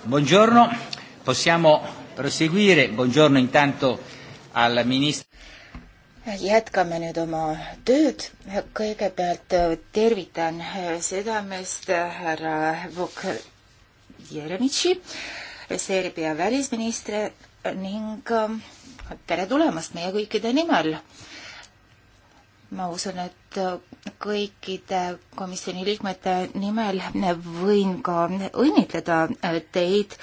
Buongiorno, possiamo proseguire. Buongiorno intanto al ministro. jätkame nüüd oma tööd. kõigepealt äh, tervitan äh, südamest äh, härra Vuk Jeremitši, Serbia välisministri ning tere tulemast meie kõikide nimel ma usun, et äh, kõikide komisjoni liikmete nimel võin ka õnnitleda äh, teid.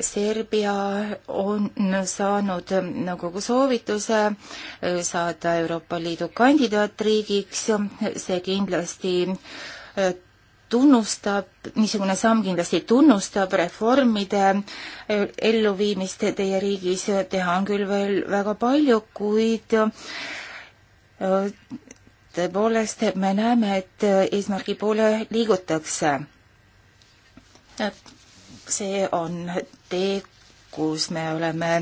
Serbia on saanud nõukogu soovituse äh, saada Euroopa Liidu kandidaatriigiks, see kindlasti tunnustab, niisugune samm kindlasti tunnustab reformide äh, elluviimist teie riigis, teha on küll veel väga palju, kuid äh, tõepoolest me näeme, et äh, eesmärgi poole liigutakse. see on tee, kus me oleme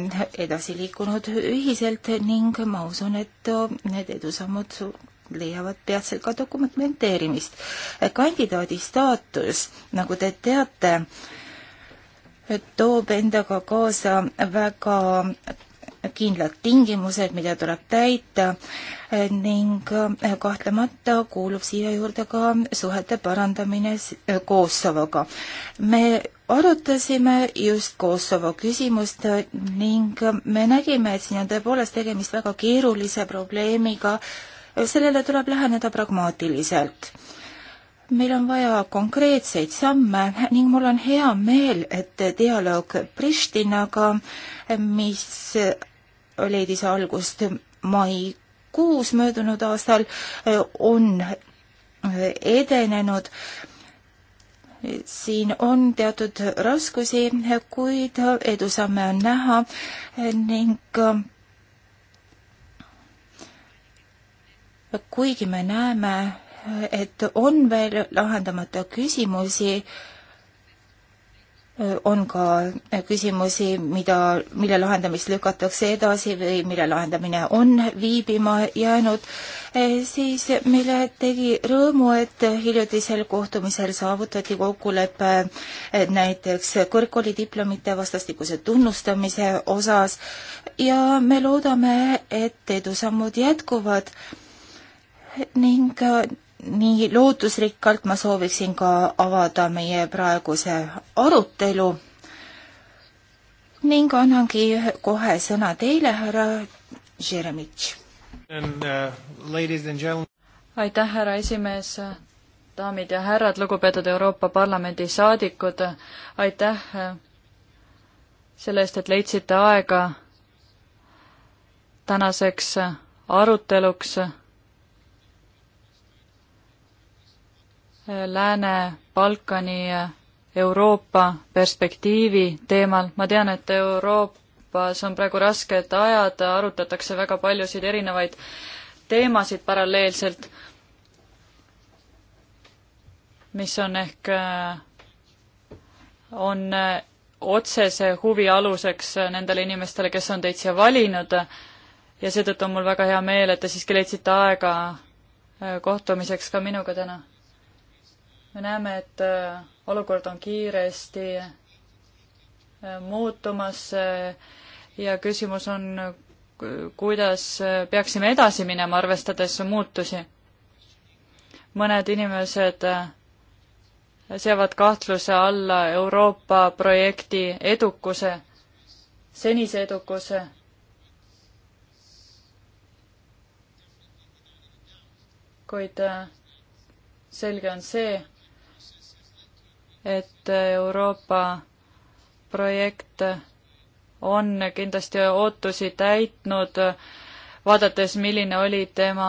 edasi liikunud ühiselt ning ma usun, et need edusammud leiavad peatselt ka dokumenteerimist. kandidaadi staatus, nagu te teate, toob endaga kaasa väga kindlad tingimused, mida tuleb täita ning kahtlemata kuulub siia juurde ka suhete parandamine Kosovoga. me arutasime just Kosovo küsimust ning me nägime, et siin on tõepoolest tegemist väga keerulise probleemiga, sellele tuleb läheneda pragmaatiliselt. meil on vaja konkreetseid samme ning mul on hea meel, et dialoog Pristinaga, mis leidis algust maikuus möödunud aastal, on edenenud siin on teatud raskusi, kuid edusamme on näha ning kuigi me näeme, et on veel lahendamata küsimusi, on ka küsimusi, mida, mille lahendamist lükatakse edasi või mille lahendamine on viibima jäänud, siis meile tegi rõõmu, et hiljutisel kohtumisel saavutati kokkulepe näiteks kõrgkoolidiplomite vastastikuse tunnustamise osas ja me loodame, et edusammud jätkuvad ning äh, nii lootusrikkalt ma sooviksin ka avada meie praeguse arutelu ning annangi kohe sõna teile, härra Jeremitš. Uh, aitäh, härra esimees, daamid ja härrad, lugupeetud Euroopa Parlamendi saadikud, aitäh äh, selle eest, et leidsite aega tänaseks äh, aruteluks Lääne-Balkani Euroopa perspektiivi teemal. ma tean, et Euroopas on praegu rasked ajad, arutatakse väga paljusid erinevaid teemasid paralleelselt, mis on ehk, on otsese huvi aluseks nendele inimestele, kes on teid siia valinud ja seetõttu on mul väga hea meel, et te siiski leidsite aega eh, kohtumiseks ka minuga täna me näeme, et äh, olukord on kiiresti äh, muutumas äh, ja küsimus on, kuidas peaksime edasi minema, arvestades muutusi. mõned inimesed seavad kahtluse alla Euroopa projekti edukuse, senise edukuse. kuid selge on see, et Euroopa projekt on kindlasti ootusi täitnud, vaadates, milline oli tema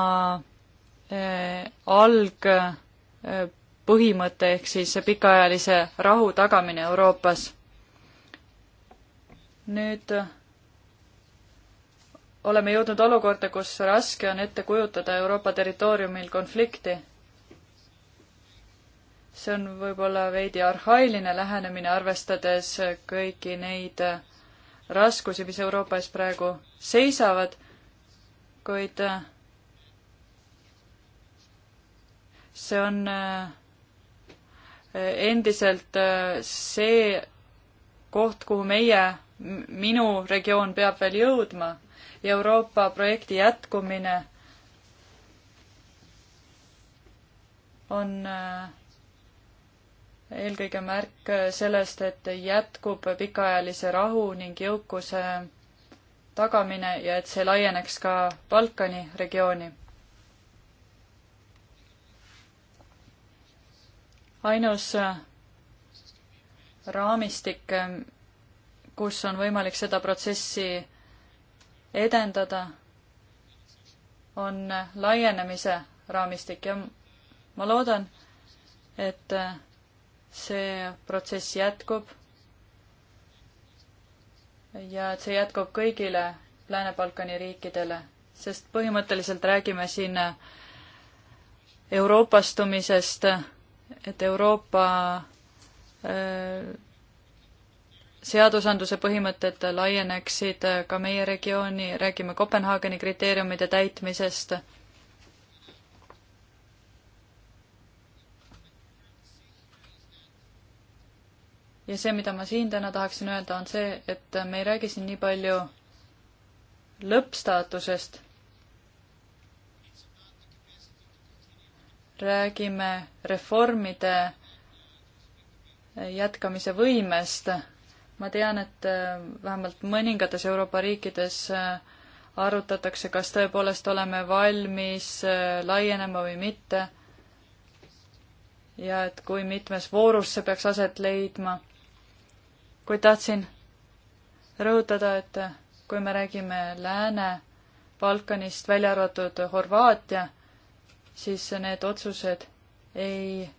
eh, algpõhimõte eh, ehk siis pikaajalise rahu tagamine Euroopas. nüüd oleme jõudnud olukorda, kus raske on ette kujutada Euroopa territooriumil konflikti see on võib-olla veidi arhailine lähenemine, arvestades kõiki neid raskusi, mis Euroopa ees praegu seisavad, kuid äh, see on äh, endiselt äh, see koht, kuhu meie, minu regioon peab veel jõudma. Euroopa projekti jätkumine on äh, eelkõige märk sellest, et jätkub pikaajalise rahu ning jõukuse tagamine ja et see laieneks ka Balkani regiooni. ainus raamistik, kus on võimalik seda protsessi edendada, on laienemise raamistik ja ma loodan, et see protsess jätkub. ja et see jätkub kõigile Lääne-Balkani riikidele, sest põhimõtteliselt räägime siin euroopastumisest, et Euroopa äh, seadusandluse põhimõtted laieneksid ka meie regiooni, räägime Kopenhaageni kriteeriumide täitmisest ja see, mida ma siin täna tahaksin öelda, on see, et me ei räägi siin nii palju lõppstaatusest. räägime reformide jätkamise võimest. ma tean, et äh, vähemalt mõningates Euroopa riikides äh, arutatakse, kas tõepoolest oleme valmis äh, laienema või mitte. ja et kui mitmes voorus see peaks aset leidma kuid tahtsin rõhutada, et kui me räägime Lääne-Balkanist, välja arvatud Horvaatia, siis need otsused ei,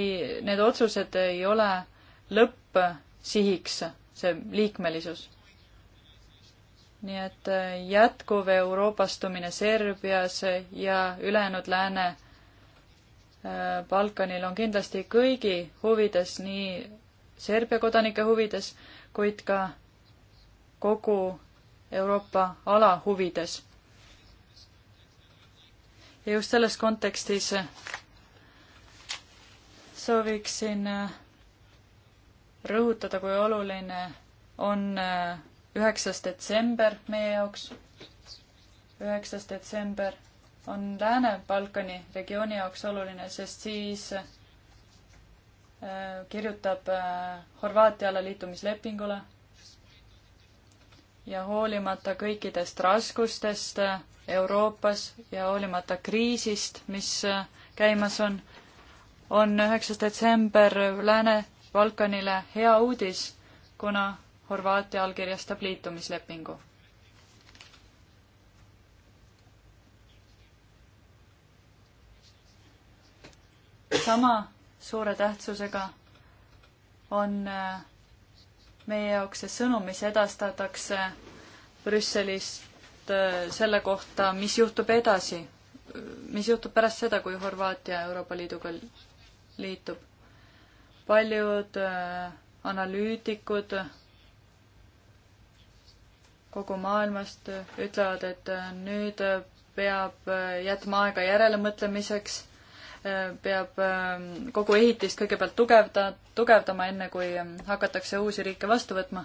ei, need otsused ei ole lõppsihiks, see liikmelisus. nii et jätkuv euroopastumine Serbias ja ülejäänud Lääne Balkanil on kindlasti kõigi huvides, nii Serbia kodanike huvides, kuid ka kogu Euroopa ala huvides. ja just selles kontekstis sooviksin äh, rõhutada, kui oluline on äh, üheksas detsember meie jaoks, üheksas detsember on Lääne-Balkani regiooni jaoks oluline, sest siis äh, kirjutab äh, Horvaatiale liitumislepingule ja hoolimata kõikidest raskustest äh, Euroopas ja hoolimata kriisist, mis käimas on, on üheksas detsember Lääne-Balkanile hea uudis, kuna Horvaatia allkirjastab liitumislepingu sama suure tähtsusega on äh, meie jaoks see sõnum, mis edastatakse Brüsselist äh, selle kohta, mis juhtub edasi, mis juhtub pärast seda, kui Horvaatia Euroopa Liiduga liitub. paljud äh, analüütikud kogu maailmast ütlevad, et nüüd peab jätma aega järelemõtlemiseks peab ähm, kogu ehitist kõigepealt tugevda, tugevdama, enne kui ähm, hakatakse uusi riike vastu võtma.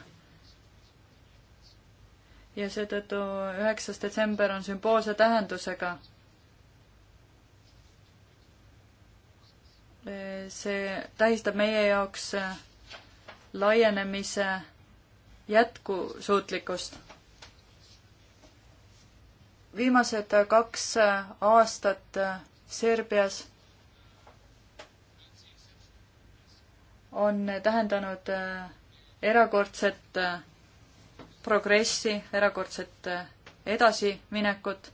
ja seetõttu üheksas detsember on sümboolse tähendusega. Äh, see tähistab meie jaoks äh, laienemise jätkusuutlikkust viimased äh, kaks aastat Serbias on tähendanud äh, erakordset äh, progressi, erakordset äh, edasiminekut.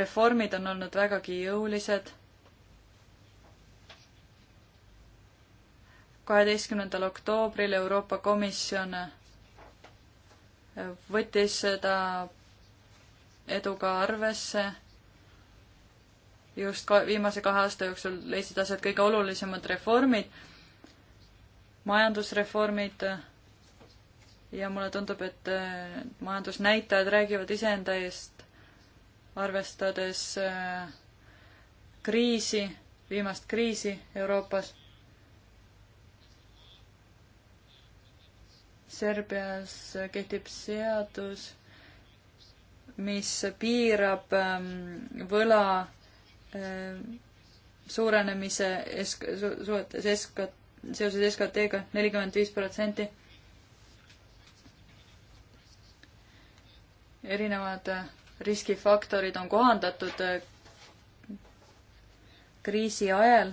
reformid on olnud vägagi jõulised. kaheteistkümnendal oktoobril Euroopa Komisjon võttis seda edu ka arvesse. just ka viimase kahe aasta jooksul leidsid aset kõige olulisemad reformid majandusreformid ja mulle tundub, et äh, majandusnäitajad räägivad iseenda eest, arvestades äh, kriisi, viimast kriisi Euroopas. Serbias kehtib seadus, mis piirab ähm, võla äh, suurenemise esk-, suhetes SKT seoses SKT-ga nelikümmend viis protsenti. erinevad äh, riskifaktorid on kohandatud äh, kriisi ajal.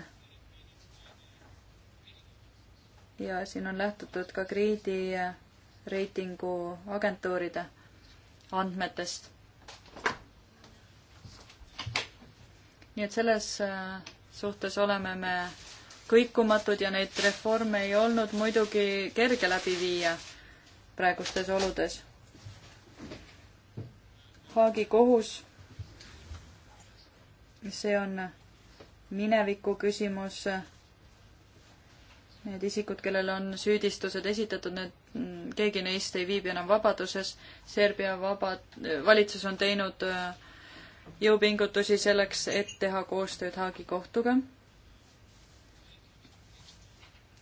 ja siin on lähtutud ka krediidireitingu äh, agentuuride andmetest. nii et selles suhtes oleme me kõikumatud ja neid reforme ei olnud muidugi kerge läbi viia praegustes oludes. Haagi kohus, see on mineviku küsimus. Need isikud, kellel on süüdistused esitatud, need, keegi neist ei viibi enam vabaduses. Serbia vaba, valitsus on teinud äh, jõupingutusi selleks, et teha koostööd Haagi kohtuga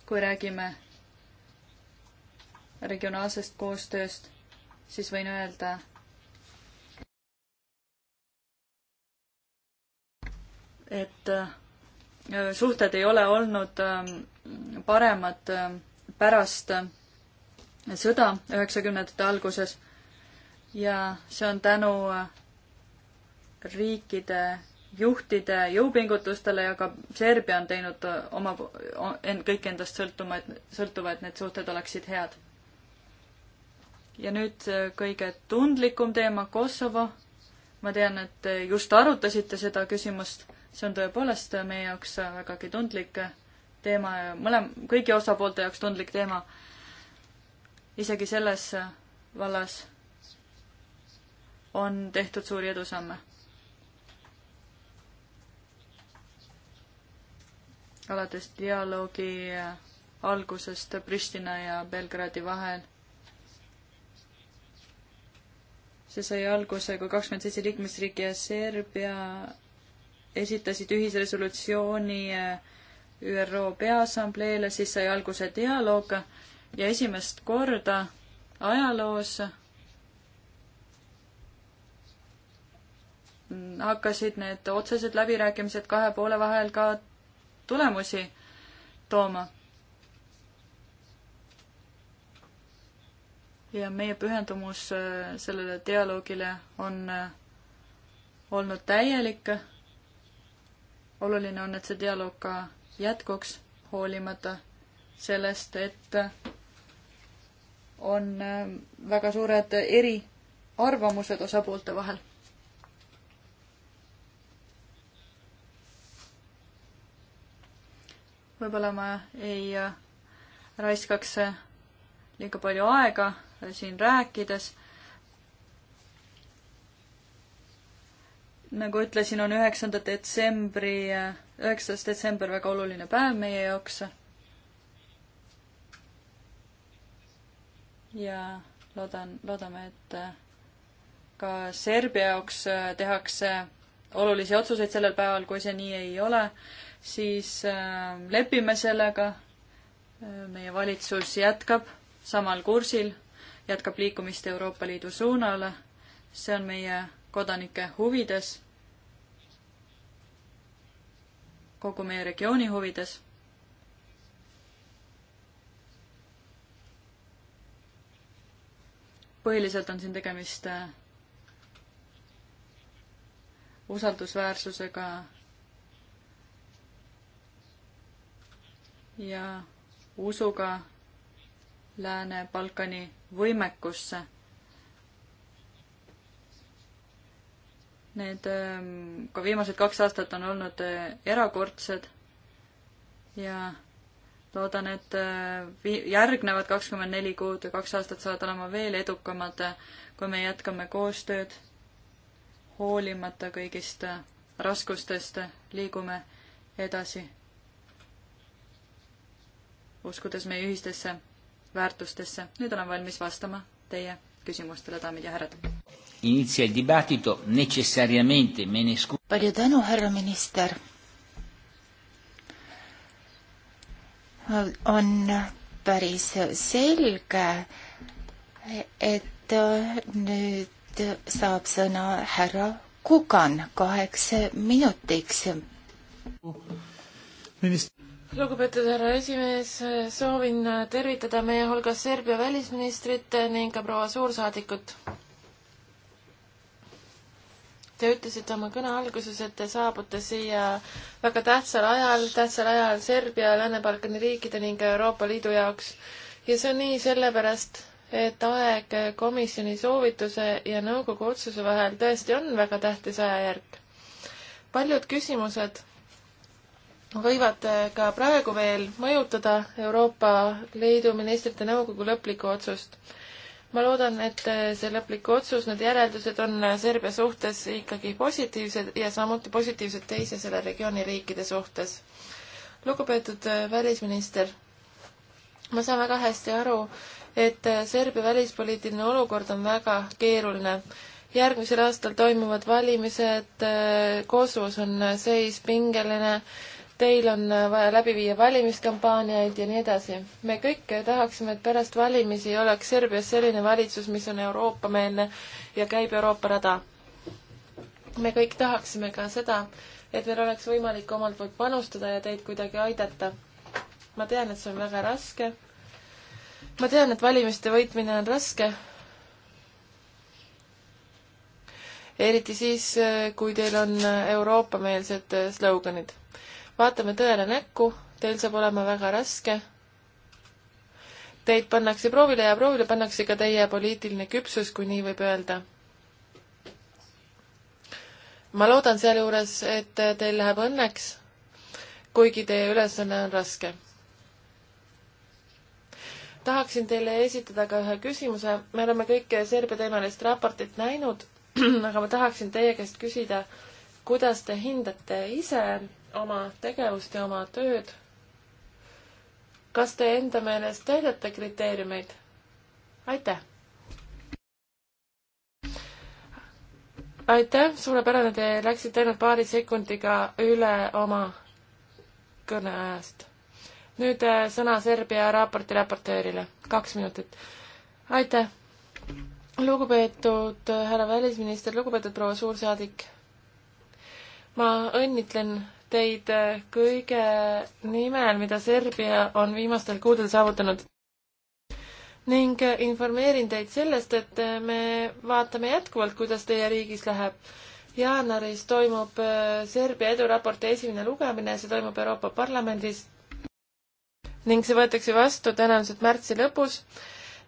kui räägime regionaalsest koostööst, siis võin öelda, et äh, suhted ei ole olnud äh, paremad äh, pärast sõda üheksakümnendate alguses ja see on tänu riikide juhtide jõupingutustele ja ka Serbia on teinud oma, end, kõik endast sõltuma, et, sõltuva, et need suhted oleksid head. ja nüüd äh, kõige tundlikum teema, Kosovo. ma tean, et te äh, just arutasite seda küsimust, see on tõepoolest äh, meie jaoks vägagi tundlik teema ja mõlem-, kõigi osapoolte jaoks tundlik teema. isegi selles vallas on tehtud suuri edusamme alates dialoogi algusest Pristina ja Belgradi vahel. see sai alguse, kui kakskümmend seitse liikmesriiki ja Serbia esitasid ühisresolutsiooni ÜRO Peaassambleele, siis sai alguse dialoog ja esimest korda ajaloos hakkasid need otsesed läbirääkimised kahe poole vahel ka tulemusi tooma. ja meie pühendumus äh, sellele dialoogile on äh, olnud täielik. oluline on, et see dialoog ka jätkuks, hoolimata sellest, et äh, on väga suured eriarvamused osapoolte vahel. võib-olla ma ei äh, raiskaks äh, liiga palju aega äh, siin rääkides. nagu ütlesin, on üheksanda detsembri, üheksas detsember väga oluline päev meie jaoks. ja loodan, loodame, et ka Serbia jaoks tehakse olulisi otsuseid sellel päeval, kui see nii ei ole, siis äh, lepime sellega. Äh, meie valitsus jätkab samal kursil, jätkab liikumist Euroopa Liidu suunale. see on meie kodanike huvides, kogu meie regiooni huvides põhiliselt on siin tegemist äh, usaldusväärsusega ja usuga Lääne-Balkani võimekusse. Need ähm, ka viimased kaks aastat on olnud äh, erakordsed ja loodan, et äh, järgnevad kakskümmend neli kuud ja kaks aastat saavad olema veel edukamad, äh, kui me jätkame koostööd. hoolimata kõigist raskustest liigume edasi uskudes meie ühistesse väärtustesse. nüüd olen valmis vastama teie küsimustele, daamid ja härrad. palju tänu, härra minister. on päris selge, et nüüd saab sõna härra Kukan kaheks minutiks lugupeetud härra esimees, soovin tervitada meie hulgas Serbia välisministrit ning ka proua suursaadikut. Te ütlesite oma kõne alguses, et te saabute siia väga tähtsal ajal, tähtsal ajal Serbia, Lääne-Balkani riikide ning Euroopa Liidu jaoks. ja see on nii sellepärast, et aeg komisjoni soovituse ja nõukogu otsuse vahel tõesti on väga tähtis ajajärk. paljud küsimused võivad äh, ka praegu veel mõjutada Euroopa Liidu ministrite nõukogu lõplikku otsust. ma loodan, et äh, see lõplik otsus, need järeldused on äh, Serbia suhtes ikkagi positiivsed ja samuti positiivsed teise selle regiooni riikide suhtes. lugupeetud välisminister, ma saan väga hästi aru, et Serbia välispoliitiline olukord on väga keeruline järgmisel aastal toimuvad valimised, Kosovos on seis pingeline, teil on äh, vaja läbi viia valimiskampaaniaid ja nii edasi. me kõik tahaksime, et pärast valimisi oleks Serbias selline valitsus, mis on Euroopa-meelne ja käib Euroopa rada. me kõik tahaksime ka seda, et meil oleks võimalik omalt poolt panustada ja teid kuidagi aidata. ma tean, et see on väga raske. ma tean, et valimiste võitmine on raske. eriti siis, äh, kui teil on äh, Euroopa-meelsed sloganid vaatame tõele näkku, teil saab olema väga raske. Teid pannakse proovile ja proovile pannakse ka teie poliitiline küpsus, kui nii võib öelda. ma loodan sealjuures, et teil läheb õnneks, kuigi teie ülesanne on raske tahaksin teile esitada ka ühe küsimuse. me oleme kõike Serbia-teemalist raportit näinud, aga ma tahaksin teie käest küsida, kuidas te hindate ise oma tegevust ja oma tööd. kas te enda meelest täidate kriteeriumeid? aitäh! aitäh, suurepärane, te läksite ainult paari sekundiga üle oma kõneajast. nüüd äh, sõna Serbia raporti raportöörile, kaks minutit. aitäh! lugupeetud äh, härra välisminister, lugupeetud proua suursaadik, ma õnnitlen teid äh, kõige nimel, mida Serbia on viimastel kuudel saavutanud. ning äh, informeerin teid sellest, et äh, me vaatame jätkuvalt, kuidas teie riigis läheb. jaanuaris toimub Serbia eduraporti esimene lugemine, see toimub Euroopa Parlamendis ning see võetakse vastu tõenäoliselt märtsi lõpus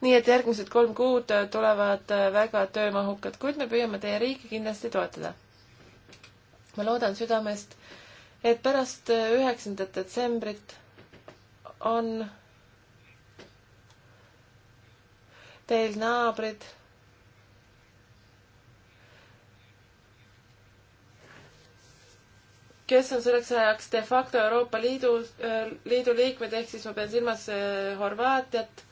nii et järgmised kolm kuud tulevad väga töömahukad, kuid me püüame teie riiki kindlasti toetada. ma loodan südamest, et pärast äh, üheksandat detsembrit on teil naabrid, kes on selleks ajaks de facto Euroopa Liidu, äh, liidu liikmed, ehk siis ma pean silmas äh, Horvaatiat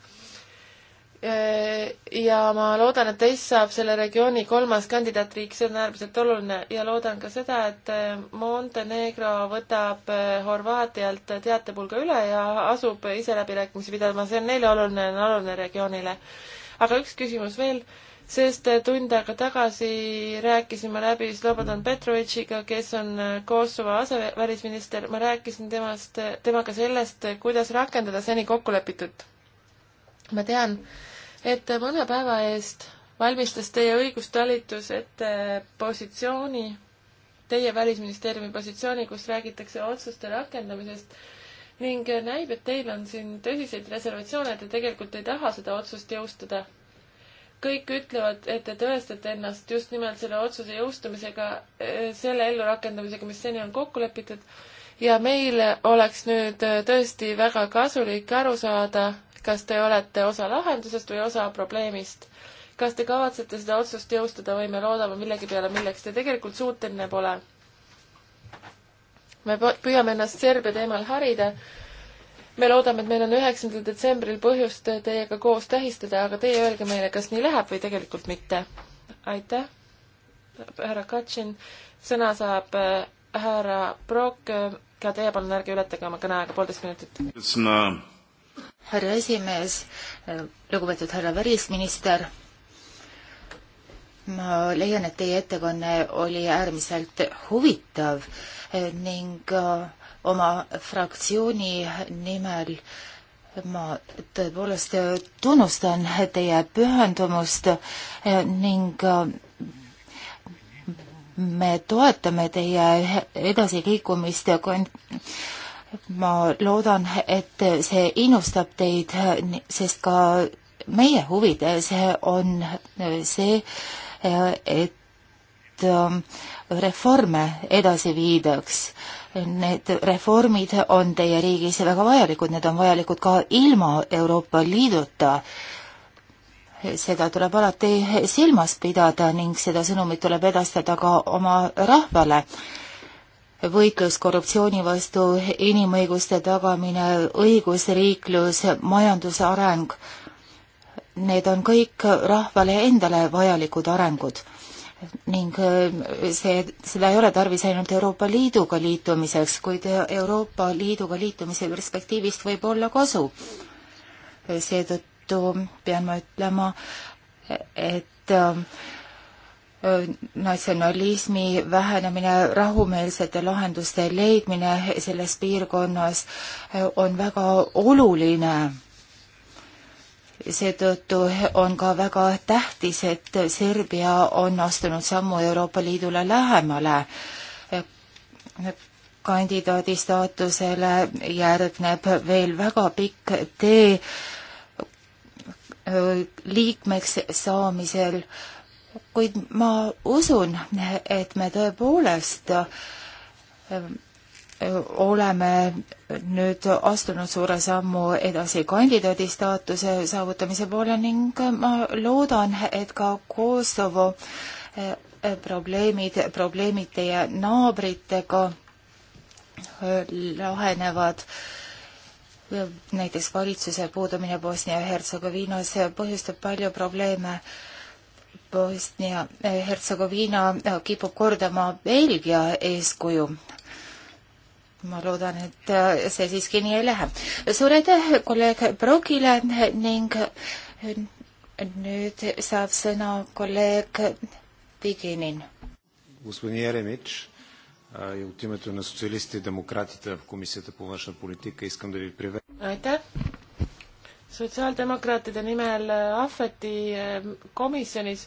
ja ma loodan, et teist saab selle regiooni kolmas kandidaatriik, see on äärmiselt oluline ja loodan ka seda, et äh, Montenegro võtab äh, Horvaatialt teatepulga üle ja asub ise läbirääkimisi pidama, see on neile oluline, on oluline regioonile. aga üks küsimus veel sest äh, tund aega tagasi rääkisime läbi Slobodan Petrovitšiga, kes on Kosovo asevälisminister, ma rääkisin temast, temaga sellest, kuidas rakendada seni kokkulepitut. ma tean, et mõne päeva eest valmistas teie õigustalitus ette positsiooni, teie Välisministeeriumi positsiooni, kus räägitakse otsuste rakendamisest ning näib, et teil on siin tõsiseid reservatsioone, te tegelikult ei taha seda otsust jõustada. kõik ütlevad, et te tõestate ennast just nimelt selle otsuse jõustumisega, äh, selle ellurakendamisega, mis seni on kokku lepitud ja meil oleks nüüd tõesti väga kasulik aru saada, kas te olete osa lahendusest või osa probleemist? kas te kavatsete seda otsust jõustada või me loodame millegi peale, milleks te tegelikult suuteline pole? me püüame ennast Serbia teemal harida. me loodame, et meil on üheksandal detsembril põhjust teiega koos tähistada, aga teie öelge meile, kas nii läheb või tegelikult mitte. aitäh, härra Katšin. sõna saab äh, härra Prokk, ka teie palun ärge ületage oma kõneaega poolteist minutit härra esimees, lugupeetud härra välisminister, ma leian, et teie ettekanne oli äärmiselt huvitav ning äh, oma fraktsiooni nimel ma tõepoolest tunnustan teie pühendumust ning äh, me toetame teie edasiliikumist ma loodan, et see innustab teid, sest ka meie huvides on see, et ähm, reforme edasi viidaks. Need reformid on teie riigis väga vajalikud, need on vajalikud ka ilma Euroopa Liiduta seda tuleb alati silmas pidada ning seda sõnumit tuleb edastada ka oma rahvale võitlus korruptsiooni vastu, inimõiguste tagamine, õigusriiklus, majanduse areng, need on kõik rahvale endale vajalikud arengud. ning äh, see, seda ei ole tarvis ainult Euroopa Liiduga liitumiseks, kuid Euroopa Liiduga liitumise perspektiivist võib olla kasu. seetõttu pean ma ütlema, et äh, natsionalismi vähenemine, rahumeelsete lahenduste leidmine selles piirkonnas eh, on väga oluline. seetõttu on ka väga tähtis, et Serbia on astunud sammu Euroopa Liidule lähemale eh, kandidaadi staatusele järgneb veel väga pikk tee eh, liikmeks saamisel kuid ma usun, et me tõepoolest ähm, oleme nüüd astunud suure sammu edasi kandidaadi staatuse saavutamise poole ning ma loodan, et ka Kosovo äh, probleemid, probleemid teie naabritega äh, lahenevad näiteks valitsuse puudumine Bosnia-Hertsegoviinas põhjustab palju probleeme Bosnia-Hertsegoviina kipub kordama Belgia eeskuju. ma loodan, et äh, see siiski nii ei lähe. suur aitäh kolleeg Brokile ning nüüd saab sõna kolleeg Diginin. господин Еремич, и äh, от името на социалистите и демократите в Комисията по външна политика искам да ви приветствам. Aitäh! sotsiaaldemokraatide nimel Ahveti komisjonis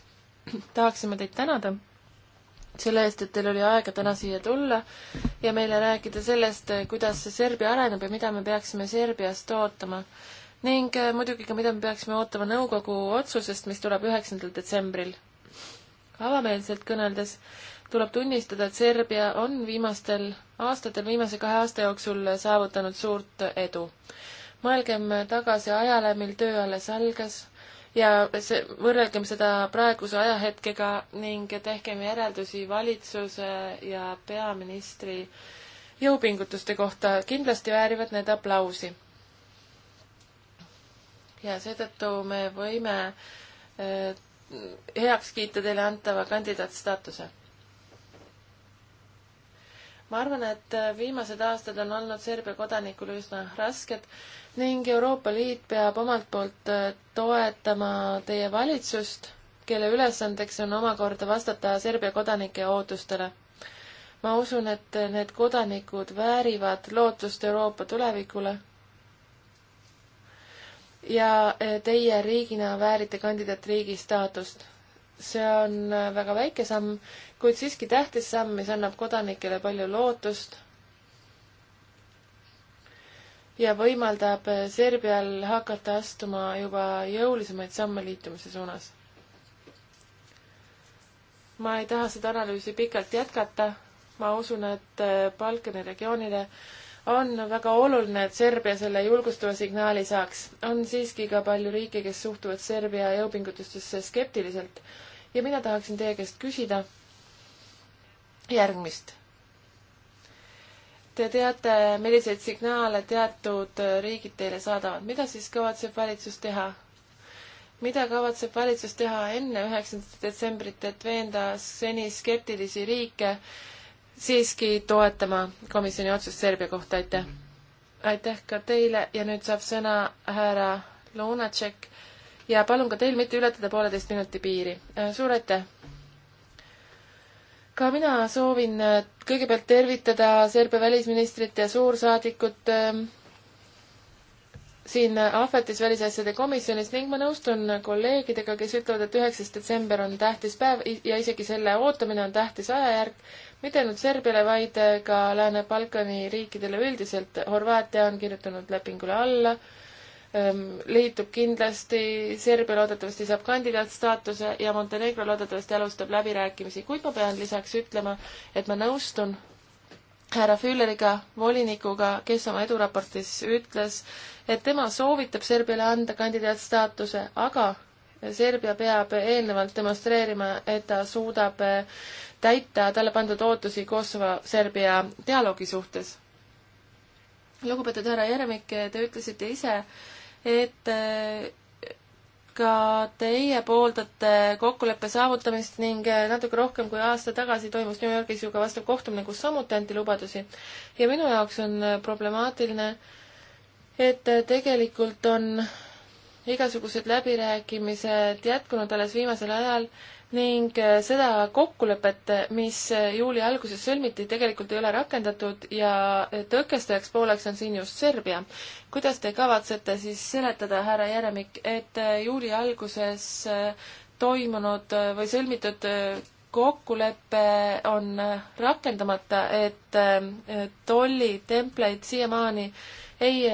tahaksime teid tänada selle eest, et teil oli aega täna siia tulla ja meile rääkida sellest, kuidas Serbia areneb ja mida me peaksime Serbiast ootama. ning äh, muidugi ka, mida me peaksime ootama nõukogu otsusest, mis tuleb üheksandal detsembril. avameelselt kõneldes tuleb tunnistada, et Serbia on viimastel aastatel, viimase kahe aasta jooksul saavutanud suurt edu. mõelgem tagasi ajale, mil töö alles algas ja see, võrrelgem seda praeguse ajahetkega ning tehkem järeldusi valitsuse ja peaministri jõupingutuste kohta, kindlasti väärivad need aplausi. ja seetõttu me võime eh, heaks kiita teile antava kandidaatstaatuse ma arvan, et äh, viimased aastad on olnud Serbia kodanikul üsna rasked ning Euroopa Liit peab omalt poolt äh, toetama teie valitsust, kelle ülesandeks on omakorda vastata Serbia kodanike ootustele. ma usun, et äh, need kodanikud väärivad lootust Euroopa tulevikule. ja teie riigina väärite kandidaatriigi staatust see on äh, väga väike samm, kuid siiski tähtis samm, mis annab kodanikele palju lootust ja võimaldab äh, Serbial hakata astuma juba jõulisemaid samme liitumise suunas. ma ei taha seda analüüsi pikalt jätkata, ma usun, et äh, Balkani regioonile on väga oluline, et Serbia selle julgustava signaali saaks. on siiski ka palju riike, kes suhtuvad Serbia jõupingutustesse skeptiliselt ja mina tahaksin teie käest küsida järgmist. Te teate, milliseid signaale teatud riigid teile saadavad, mida siis kavatseb valitsus teha? mida kavatseb valitsus teha enne üheksandat detsembrit, et veenda seni skeptilisi riike siiski toetama komisjoni otsust Serbia kohta, aitäh! aitäh ka teile ja nüüd saab sõna härra Lunatšek ja palun ka teil mitte ületada pooleteist minuti piiri. Äh, suur aitäh! ka mina soovin äh, kõigepealt tervitada Serbia välisministrit ja suursaadikut ähm, siin ahvetis välisasjade komisjonis ning ma nõustun kolleegidega, kes ütlevad, et üheksas detsember on tähtis päev ja isegi selle ootamine on tähtis ajajärk, mitte ainult Serbiale, vaid äh, ka Lääne-Balkani riikidele üldiselt. Horvaatia on kirjutanud lepingule alla Ehm, liitub kindlasti, Serbia loodetavasti saab kandidaatstaatuse ja Montenegro loodetavasti alustab läbirääkimisi, kuid ma pean lisaks ütlema, et ma nõustun härra Fülleriga, volinikuga, kes oma eduraportis ütles, et tema soovitab Serbiale anda kandidaatstaatuse, aga Serbia peab eelnevalt demonstreerima, et ta suudab eh, täita talle pandud ootusi Kosovo-Serbia dialoogi suhtes. lugupeetud härra Jeremik, te ütlesite ise, et äh, ka teie pooldate kokkuleppe saavutamist ning äh, natuke rohkem kui aasta tagasi toimus New Yorgis ju ka vastav kohtumine, kus samuti anti lubadusi. ja minu jaoks on äh, problemaatiline, et tegelikult on igasugused läbirääkimised jätkunud alles viimasel ajal ning äh, seda kokkulepet, mis äh, juuli alguses sõlmiti, tegelikult ei ole rakendatud ja äh, tõkestajaks pooleks on siin just Serbia. kuidas te kavatsete siis seletada, härra Jeremik, et juuli alguses toimunud või sõlmitud kokkulepe on rakendamata, et tollitempleid siiamaani ei,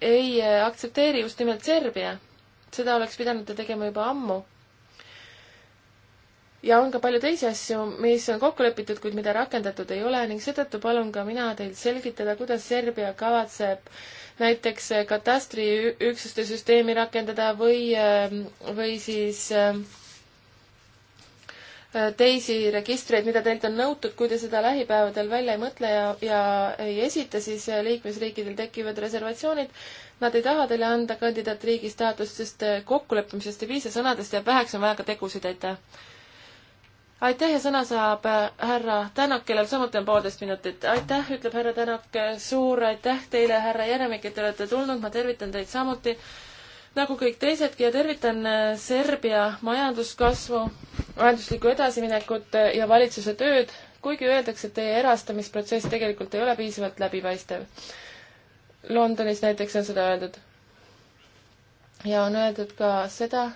ei aktsepteeri just nimelt Serbia? seda oleks pidanud ta tegema juba ammu ja on ka palju teisi asju, mis on kokku lepitud, kuid mida rakendatud ei ole ning seetõttu palun ka mina teilt selgitada, kuidas Serbia kavatseb näiteks katastriüksuste süsteemi rakendada või, ähm, või siis ähm, äh, teisi registreid, mida teilt on nõutud, kui te seda lähipäevadel välja ei mõtle ja, ja ei esita, siis äh, liikmesriikidel tekivad reservatsioonid. Nad ei taha teile anda kandidaatriigi staatust, sest äh, kokkuleppimisest ei piisa, sõnadest jääb väheks, on vaja ka tegusid, aitäh aitäh ja sõna saab äh, härra Tänak, kellel samuti on poolteist minutit. aitäh, ütleb härra Tänak, suur aitäh teile, härra Jeremik, et te olete tulnud, ma tervitan teid samuti nagu kõik teisedki ja tervitan äh, Serbia majanduskasvu, majanduslikku edasiminekut äh, ja valitsuse tööd, kuigi öeldakse, et teie erastamisprotsess tegelikult ei ole piisavalt läbipaistev. Londonis näiteks on seda öeldud. ja on öeldud ka seda,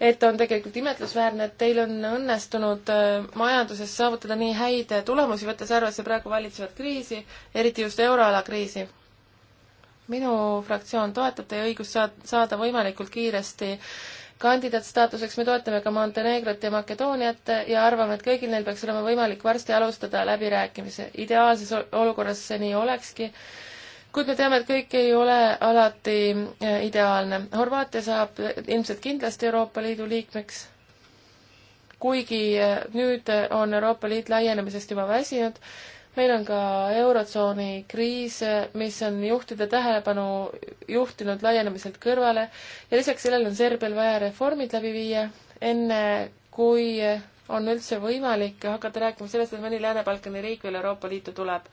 et on tegelikult imetlusväärne, et teil on õnnestunud äh, majanduses saavutada nii häid äh, tulemusi, võttes arvesse praegu valitsevat kriisi, eriti just euroala kriisi. minu fraktsioon toetab teie õigust saad-, saada võimalikult kiiresti kandidaatstaatuseks, me toetame ka Montenegrot ja Makedooniat ja arvame, et kõigil neil peaks olema võimalik varsti alustada läbirääkimisi. ideaalses olukorras see nii olekski kuid me teame, et kõik ei ole alati äh, ideaalne. Horvaatia saab ilmselt kindlasti Euroopa Liidu liikmeks, kuigi äh, nüüd äh, on Euroopa Liit laienemisest juba väsinud, meil on ka Eurotsooni kriis, mis on juhtide tähelepanu juhtinud laienemiselt kõrvale ja lisaks sellele on Serbial vaja reformid läbi viia, enne kui on üldse võimalik hakata rääkima sellest, et mõni Lääne-Balkani riik veel Euroopa Liitu tuleb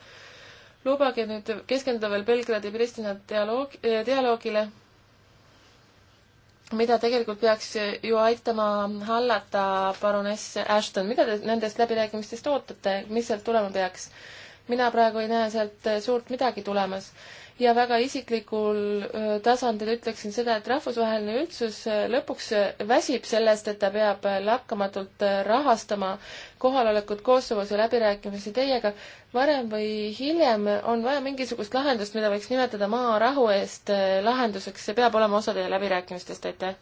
lubage nüüd keskenduda veel Belgradi-Pristina dialoog, eh, dialoogile, mida tegelikult peaks ju aitama hallata baroness Ashton. mida te nendest läbirääkimistest ootate, mis sealt tulema peaks? mina praegu ei näe sealt eh, suurt midagi tulemas ja väga isiklikul tasandil ütleksin seda, et rahvusvaheline üldsus lõpuks väsib sellest, et ta peab lakkamatult rahastama kohalolekut Kosovos ja läbirääkimisi teiega. varem või hiljem on vaja mingisugust lahendust, mida võiks nimetada maarahu eest lahenduseks, see peab olema osa teie läbirääkimistest, aitäh!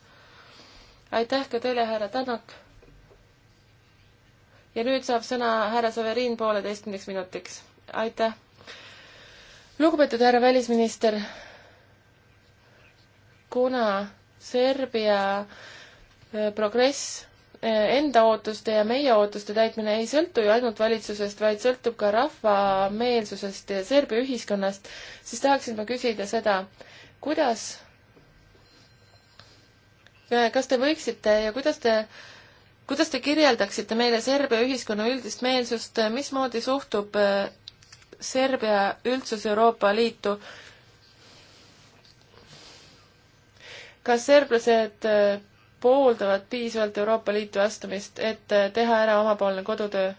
aitäh ka teile, härra Tänak! ja nüüd saab sõna härra Severin pooleteistkümneks minutiks. aitäh! lugupeetud härra välisminister, kuna Serbia äh, progress äh, enda ootuste ja meie ootuste täitmine ei sõltu ju ainult valitsusest, vaid sõltub ka rahva meelsusest ja Serbia ühiskonnast, siis tahaksin ma küsida seda, kuidas, äh, kas te võiksite ja kuidas te, kuidas te kirjeldaksite meile Serbia ühiskonna üldist meelsust, mismoodi suhtub Serbia üldsus Euroopa Liitu. kas serblased äh, pooldavad piisavalt Euroopa Liitu astumist, et äh, teha ära omapoolne kodutöö?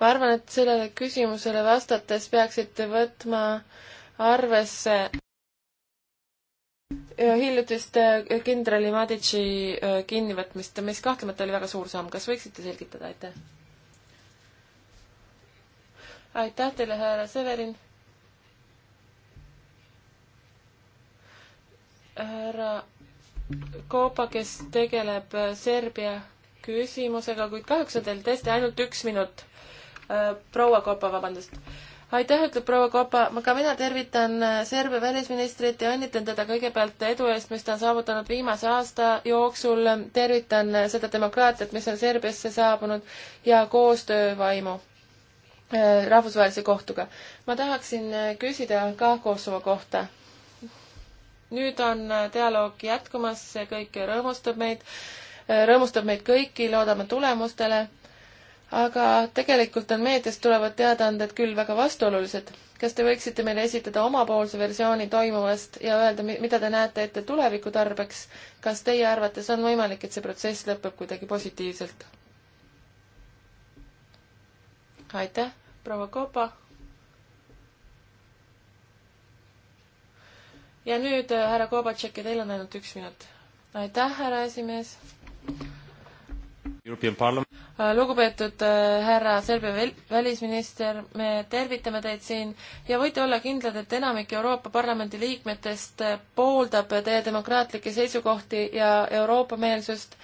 ma arvan, et sellele küsimusele vastates peaksite võtma arvesse hiljutist kindrali Maditši kinnivõtmist, mis kahtlemata oli väga suur samm, kas võiksite selgitada, aitäh? aitäh teile, härra Severin. härra Koopa, kes tegeleb Serbia küsimusega, kuid kahjuks on teil tõesti ainult üks minut. proua Koopa, vabandust aitäh, ütleb proua Kopa, ka mina tervitan äh, Serbia välisministrit ja õnnitlen teda kõigepealt edu eest, mis ta on saavutanud viimase aasta jooksul. tervitan äh, seda demokraatiat, mis on Serbiasse saabunud ja koostöövaimu äh, rahvusvahelise kohtuga. ma tahaksin küsida ka Kosovo kohta nüüd on dialoog jätkumas, see kõik rõõmustab meid, rõõmustab meid kõiki, loodame tulemustele aga tegelikult on meediast tulevad teadaanded küll väga vastuolulised. kas te võiksite meile esitada omapoolse versiooni toimuvast ja öelda, mida te näete ette tuleviku tarbeks? kas teie arvates on võimalik, et see protsess lõpeb kuidagi positiivselt? aitäh, proua Kopa. ja nüüd äh, härra Kobatšek ja teil on ainult üks minut. aitäh, härra esimees. Euroopa Parlament. Äh, lugupeetud äh, härra Serbia välisminister, me tervitame teid siin ja võite olla kindlad, et enamik Euroopa Parlamendi liikmetest äh, pooldab teie demokraatlikke seisukohti ja Euroopa-meelsust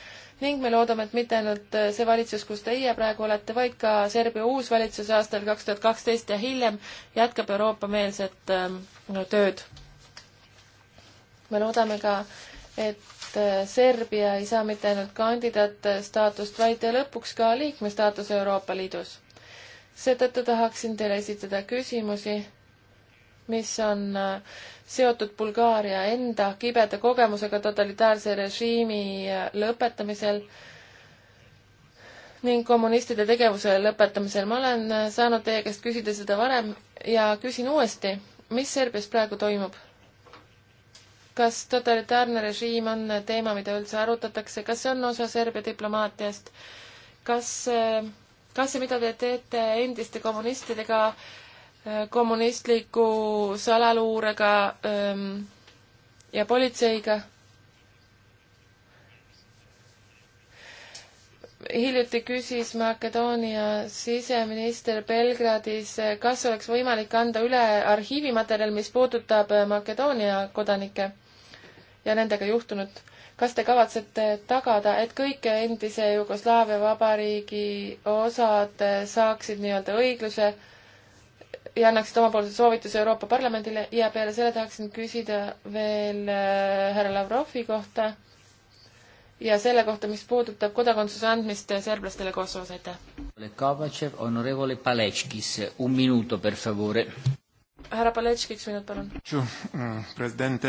ning me loodame, et mitte ainult see valitsus, kus teie praegu olete, vaid ka Serbia uus valitsus aastal kaks tuhat kaksteist ja hiljem jätkab Euroopa-meelset ähm, tööd. me loodame ka, et et äh, Serbia ei saa mitte ainult kandidaatstaatust, vaid lõpuks ka liikmestaatuse Euroopa Liidus. seetõttu tahaksin teile esitada küsimusi, mis on äh, seotud Bulgaaria enda kibeda kogemusega totalitaarse režiimi äh, lõpetamisel ning kommunistide tegevuse lõpetamisel. ma olen saanud teie käest küsida seda varem ja küsin uuesti, mis Serbias praegu toimub? kas totalitaarne režiim on teema, mida üldse arutatakse, kas see on osa Serbia diplomaatiast, kas, eh, kas ja mida te teete endiste kommunistidega, eh, kommunistliku salaluurega ehm, ja politseiga? hiljuti küsis Makedoonia siseminister Belgradis, eh, kas oleks võimalik anda üle arhiivimaterjal, mis puudutab Makedoonia kodanikke ja nendega juhtunut. kas te kavatsete tagada, et kõik endise Jugoslaavia vabariigi osad saaksid nii-öelda õigluse ja annaksid omapoolse soovituse Euroopa Parlamendile ja peale selle tahaksin küsida veel äh, härra Lavrovi kohta ja selle kohta, mis puudutab kodakondsuse andmist serblastele Kosovos, aitäh. Kovatšev, honorevole Paletškis, un minuto per favore. härra Paletški, üks minut, palun. Mm, president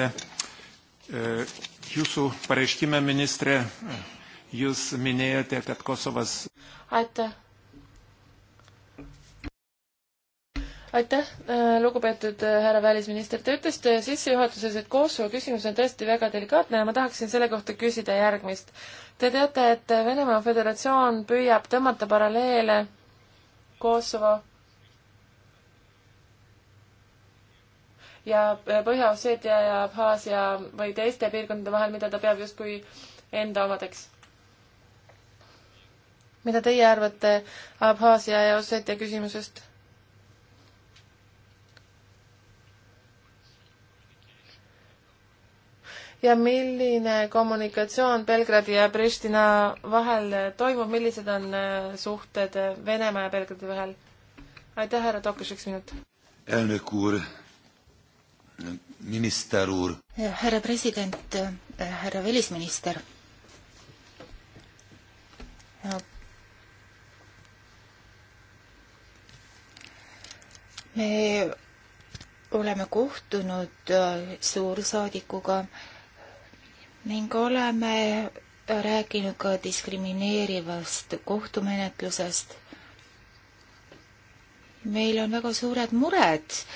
E, jūsų pareiškime, ministrė, jūs minėjote, kad Kosovas. aitäh. aitäh, e, lugupeetud e, härra välisminister, te ütlesite sissejuhatuses, et Kosovo küsimus on tõesti väga delikaatne ja ma tahaksin selle kohta küsida järgmist. Te teate, et Venemaa Föderatsioon püüab tõmmata paralleele Kosovo ja Põhja-Osseetia ja Abhaasia või teiste piirkondade vahel, mida ta peab justkui enda omadeks. mida teie arvate Abhaasia ja Osseetia küsimusest? ja milline kommunikatsioon Belgradi ja Pristina vahel toimub, millised on äh, suhted Venemaa ja Belgradi vahel? aitäh, härra Tokuš, üks minut. Elnök úr, minister Uur. härra president, härra välisminister. me oleme kohtunud äh, suursaadikuga ning oleme rääkinud ka diskrimineerivast kohtumenetlusest. meil on väga suured mured äh,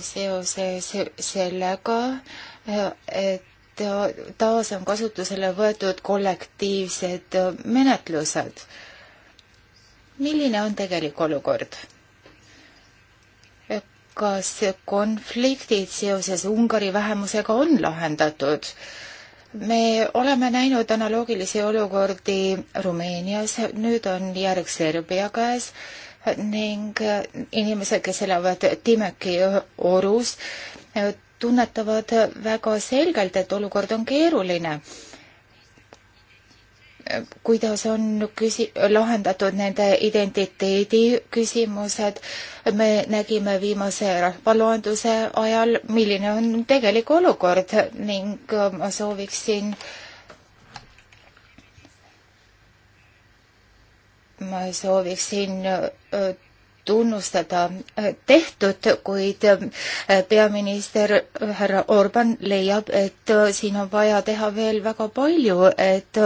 seoses sellega, et taas on kasutusele võetud kollektiivsed menetlused. milline on tegelik olukord? kas konfliktid seoses Ungari vähemusega on lahendatud? me oleme näinud analoogilisi olukordi Rumeenias, nüüd on järg Serbia käes ning äh, inimesed, kes elavad Timeki orus, äh, tunnetavad väga selgelt, et olukord on keeruline. kuidas on küsi-, lahendatud nende identiteedi küsimused, me nägime viimase rahvaloenduse ajal, milline on tegelik olukord ning äh, ma sooviksin äh, ma sooviksin äh, tunnustada äh, tehtud, kuid äh, peaminister härra Orban leiab, et siin on vaja teha veel väga palju, et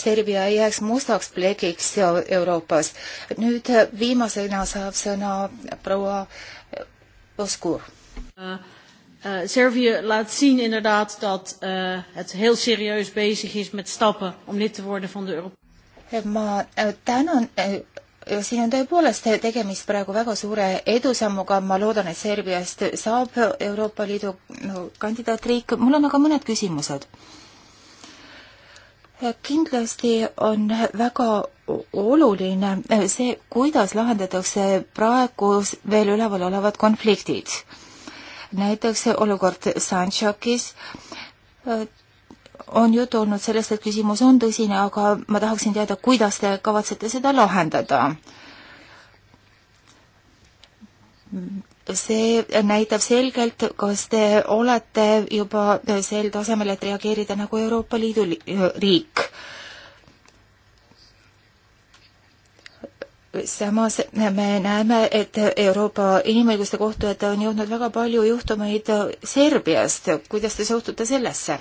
Serbia ei jääks mustaks plekiks Euroopas. nüüd viimasena saab sõna proua Oskur uh,. Uh, Servië laat zien inderdaad dat uh, het heel serieus bezig is met stappen om lid te worden van de Europese ma äh, tänan äh, äh, siin on tõepoolest tegemist praegu väga suure edusammuga, ma loodan, et Serbiast saab Euroopa Liidu kandidaatriik, mul on aga mõned küsimused. kindlasti on väga oluline see, kuidas lahendatakse praegu veel üleval olevad konfliktid. näiteks olukord Sandžakis, on juttu olnud sellest, et küsimus on tõsine, aga ma tahaksin teada, kuidas te kavatsete seda lahendada? see näitab selgelt, kas te olete juba sel tasemel, et reageerida nagu Euroopa Liidu riik. samas me näeme, et Euroopa Inimõiguste Kohtu ette on jõudnud väga palju juhtumeid Serbiast, kuidas te suhtute sellesse?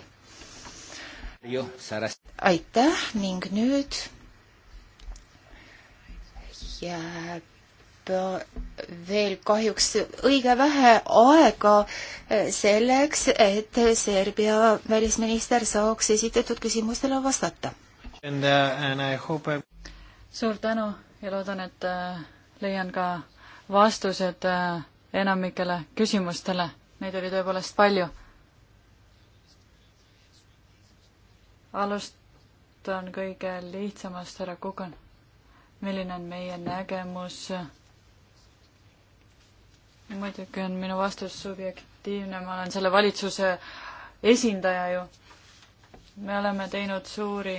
aitäh ning nüüd jääb äh, veel kahjuks õige vähe aega äh, selleks, et Serbia välisminister saaks esitatud küsimustele vastata. Uh, I... suur tänu ja loodan, et äh, leian ka vastused enamikele küsimustele, neid oli tõepoolest palju alustan kõige lihtsamast, härra Kukan. milline on meie nägemus? muidugi on minu vastus subjektiivne, ma olen selle valitsuse esindaja ju. me oleme teinud suuri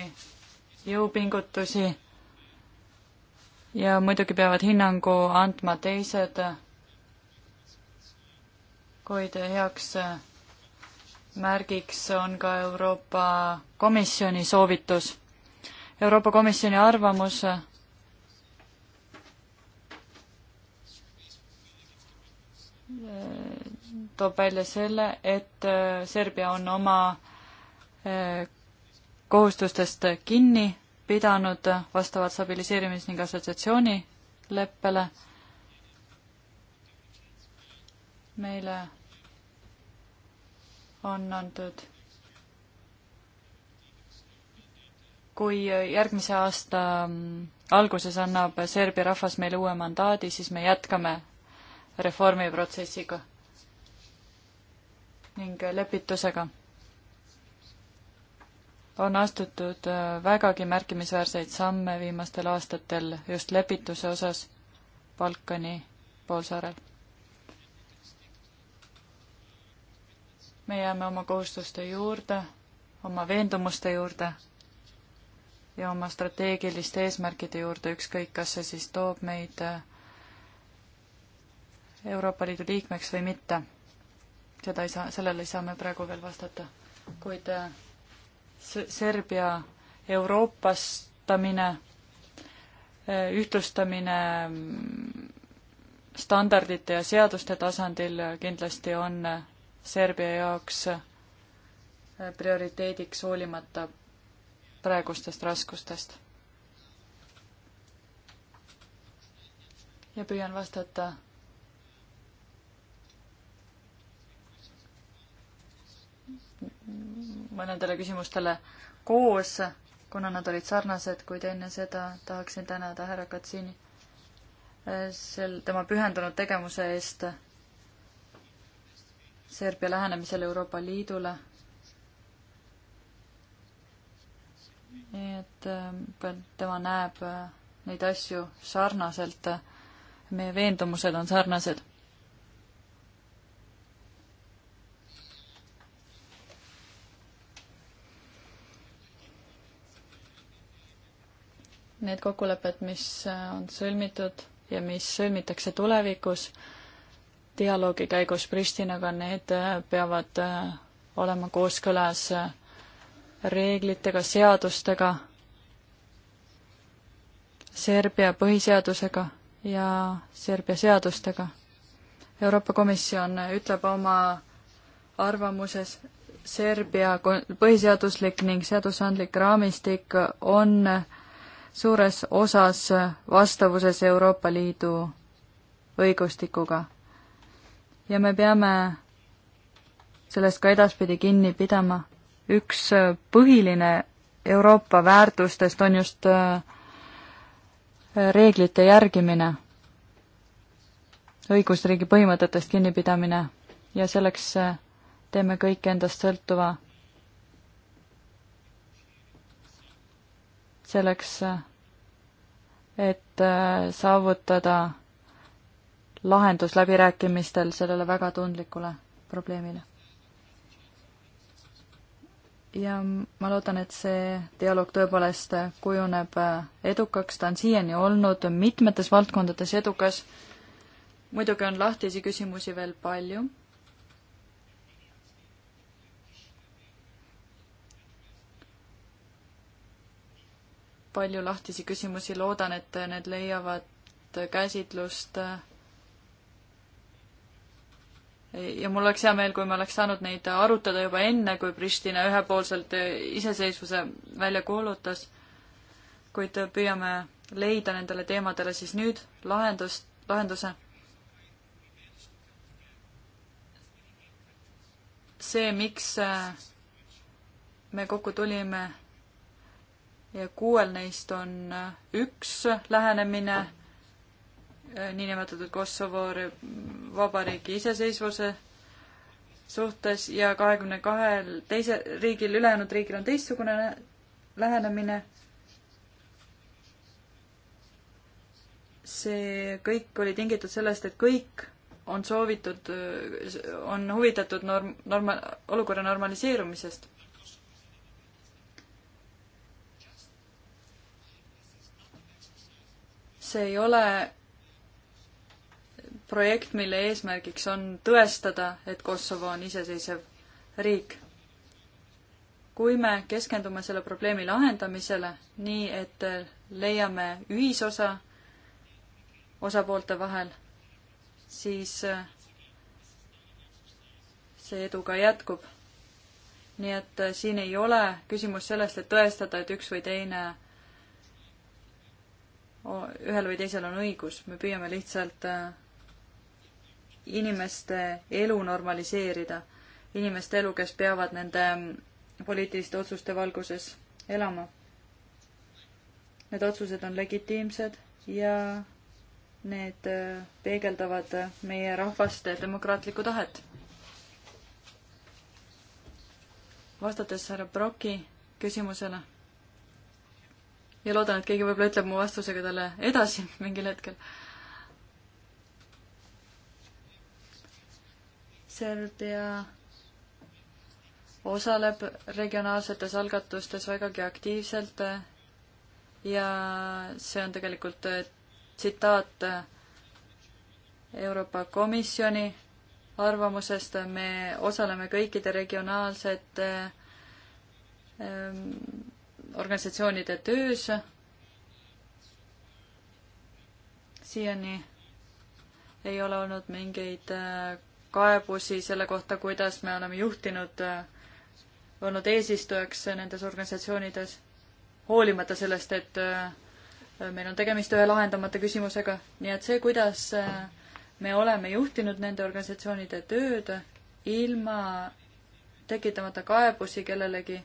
jõupingutusi ja muidugi peavad hinnangu andma teised, kuid heaks märgiks on ka Euroopa Komisjoni soovitus. Euroopa Komisjoni arvamus toob välja selle, et Serbia on oma eh, kohustustest kinni pidanud vastavalt stabiliseerimis- ning assotsiatsioonileppele. meile on antud. kui järgmise aasta mm, alguses annab Serbia rahvas meile uue mandaadi, siis me jätkame reformiprotsessiga ning lepitusega. on astutud äh, vägagi märkimisväärseid samme viimastel aastatel just lepituse osas Balkani poolsaarel me jääme oma kohustuste juurde, oma veendumuste juurde ja oma strateegiliste eesmärkide juurde, ükskõik, kas see siis toob meid äh, Euroopa Liidu liikmeks või mitte. seda ei saa, sellele ei saa me praegu veel vastata. kuid äh, Serbia euroopastamine, äh, ühtlustamine mm, standardite ja seaduste tasandil kindlasti on Serbia jaoks eh, prioriteediks hoolimata praegustest raskustest. ja püüan vastata mõnedele küsimustele koos, kuna nad olid sarnased, kuid enne seda tahaksin tänada härra Katsini eh, sel, tema pühendunud tegevuse eest Serbia lähenemisele Euroopa Liidule. nii et äh, tema näeb äh, neid asju sarnaselt, meie veendumused on sarnased. Need kokkulepped, mis äh, on sõlmitud ja mis sõlmitakse tulevikus, dialoogi käigus Pristinaga, need äh, peavad äh, olema kooskõlas äh, reeglitega, seadustega, Serbia põhiseadusega ja Serbia seadustega. Euroopa Komisjon ütleb oma arvamuses, Serbia põhiseaduslik ning seadusandlik raamistik on suures osas vastavuses Euroopa Liidu õigustikuga ja me peame sellest ka edaspidi kinni pidama. üks äh, põhiline Euroopa väärtustest on just äh, reeglite järgimine, õigusriigi põhimõtetest kinnipidamine ja selleks äh, teeme kõik endast sõltuva. selleks, et saavutada lahendus läbirääkimistel sellele väga tundlikule probleemile. ja ma loodan, et see dialoog tõepoolest kujuneb edukaks, ta on siiani olnud mitmetes valdkondades edukas. muidugi on lahtisi küsimusi veel palju. palju lahtisi küsimusi, loodan, et need leiavad käsitlust äh, ja mul oleks hea meel, kui me oleks saanud neid arutada juba enne, kui Pristina ühepoolselt iseseisvuse välja kuulutas, kuid püüame leida nendele teemadele siis nüüd lahendust, lahenduse. see, miks äh, me kokku tulime ja kuuel neist on äh, üks lähenemine niinimetatud Kosovo vabariigi iseseisvuse suhtes ja kahekümne kahel teise riigil, ülejäänud riigil on teistsugune lähenemine. see kõik oli tingitud sellest, et kõik on soovitud, on huvitatud norm-, norma-, olukorra normaliseerumisest see ei ole projekt, mille eesmärgiks on tõestada, et Kosovo on iseseisev riik. kui me keskendume selle probleemi lahendamisele nii, et leiame ühisosa osapoolte vahel, siis äh, see edu ka jätkub. nii et äh, siin ei ole küsimus sellest, et tõestada, et üks või teine, ühel või teisel on õigus, me püüame lihtsalt äh, inimeste elu normaliseerida, inimeste elu, kes peavad nende mm, poliitiliste otsuste valguses elama. Need otsused on legitiimsed ja need äh, peegeldavad meie rahvaste demokraatlikku tahet. vastates härra Broki küsimusele ja loodan, et keegi võib-olla ütleb mu vastusega talle edasi mingil hetkel Serbia osaleb regionaalsetes algatustes vägagi aktiivselt ja see on tegelikult tsitaat Euroopa Komisjoni arvamusest, me osaleme kõikide regionaalsete ähm, organisatsioonide töös. siiani ei ole olnud mingeid äh, kaebusi selle kohta, kuidas me oleme juhtinud, äh, olnud eesistujaks nendes organisatsioonides, hoolimata sellest, et äh, meil on tegemist ühe lahendamata küsimusega. nii et see, kuidas äh, me oleme juhtinud nende organisatsioonide tööd ilma tekitamata kaebusi kellelegi,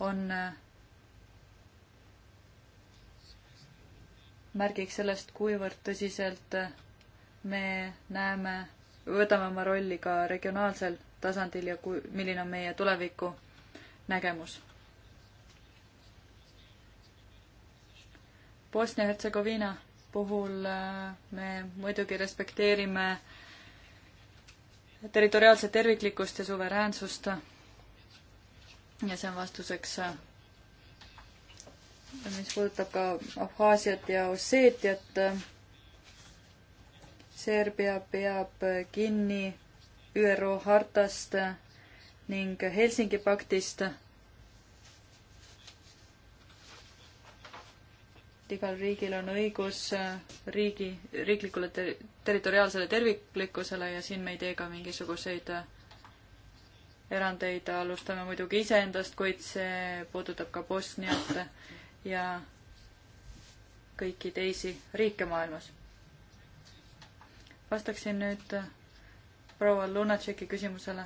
on märgiks sellest, kuivõrd tõsiselt me näeme võtame oma rolli ka regionaalsel tasandil ja kui, milline on meie tuleviku nägemus. Bosnia-Hertsegoviina puhul äh, me muidugi respekteerime territoriaalset terviklikkust ja suveräänsust. ja see on vastuseks, äh, mis puudutab ka Abhaasiat ja Osseetiat Serbia peab kinni ÜRO hartast ning Helsingi paktist. igal riigil on õigus riigi, riiklikule ter-, territoriaalsele terviklikkusele ja siin me ei tee ka mingisuguseid erandeid, alustame muidugi iseendast, kuid see puudutab ka Bosniat ja kõiki teisi riike maailmas vastaksin nüüd proua Lunatšeki küsimusele.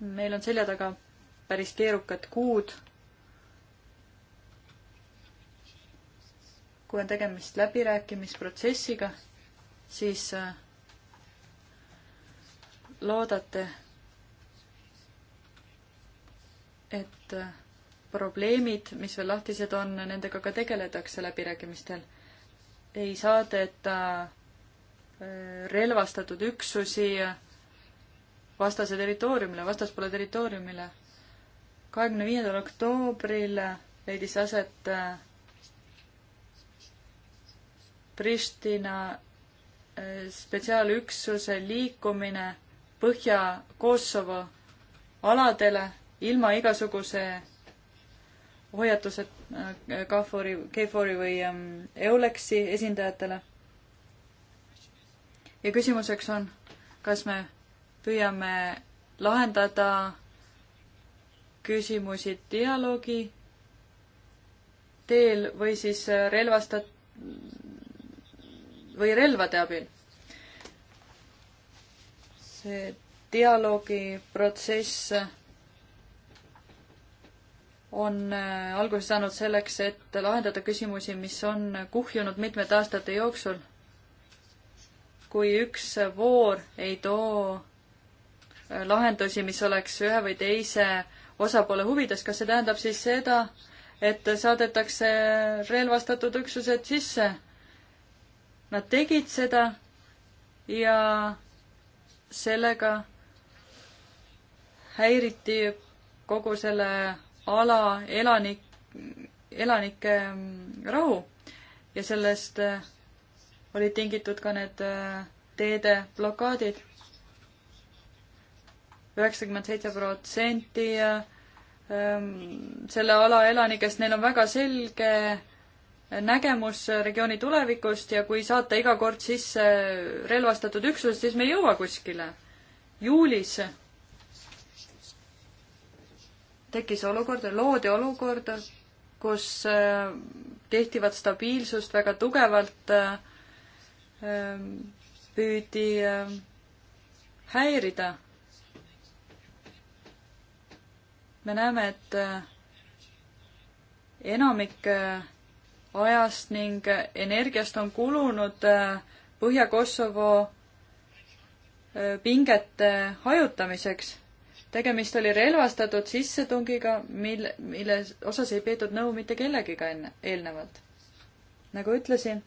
meil on selja taga päris keerukad kuud. kui on tegemist läbirääkimisprotsessiga, siis äh, loodate, et äh, probleemid, mis veel lahtised on, nendega ka tegeletakse läbirääkimistel. ei saadeta äh, relvastatud üksusi vastase territooriumile, vastaspoole territooriumile. kahekümne viiendal oktoobril leidis aset äh, Pristina äh, spetsiaalüksuse liikumine Põhja-Kosovo aladele ilma igasuguse hoiatused äh, KFOR-i, KFOR-i või ähm, EULEX-i esindajatele. ja küsimuseks on, kas me püüame lahendada küsimusi dialoogi teel või siis äh, relvastat- või relvade abil. see dialoogiprotsess äh, on äh, alguse saanud selleks, et lahendada küsimusi, mis on kuhjunud mitmete aastate jooksul. kui üks voor ei too äh, lahendusi, mis oleks ühe või teise osapoole huvides, kas see tähendab siis seda, et saadetakse relvastatud üksused sisse? Nad tegid seda ja sellega häiriti kogu selle ala elanik, elanike mm, rahu ja sellest äh, olid tingitud ka need äh, teede blokaadid. üheksakümmend seitse protsenti äh, ähm, selle ala elanikest, neil on väga selge nägemus regiooni tulevikust ja kui saata iga kord sisse relvastatud üksused, siis me ei jõua kuskile. juulis tekkis olukord, loodi olukord, kus äh, kehtivat stabiilsust väga tugevalt äh, ähm, püüdi äh, häirida. me näeme, et enamik ajast ning energiast on kulunud Põhja-Kosovo pingete hajutamiseks tegemist oli relvastatud sissetungiga, mil, mille osas ei peetud nõu mitte kellegiga enne, eelnevalt. nagu ütlesin,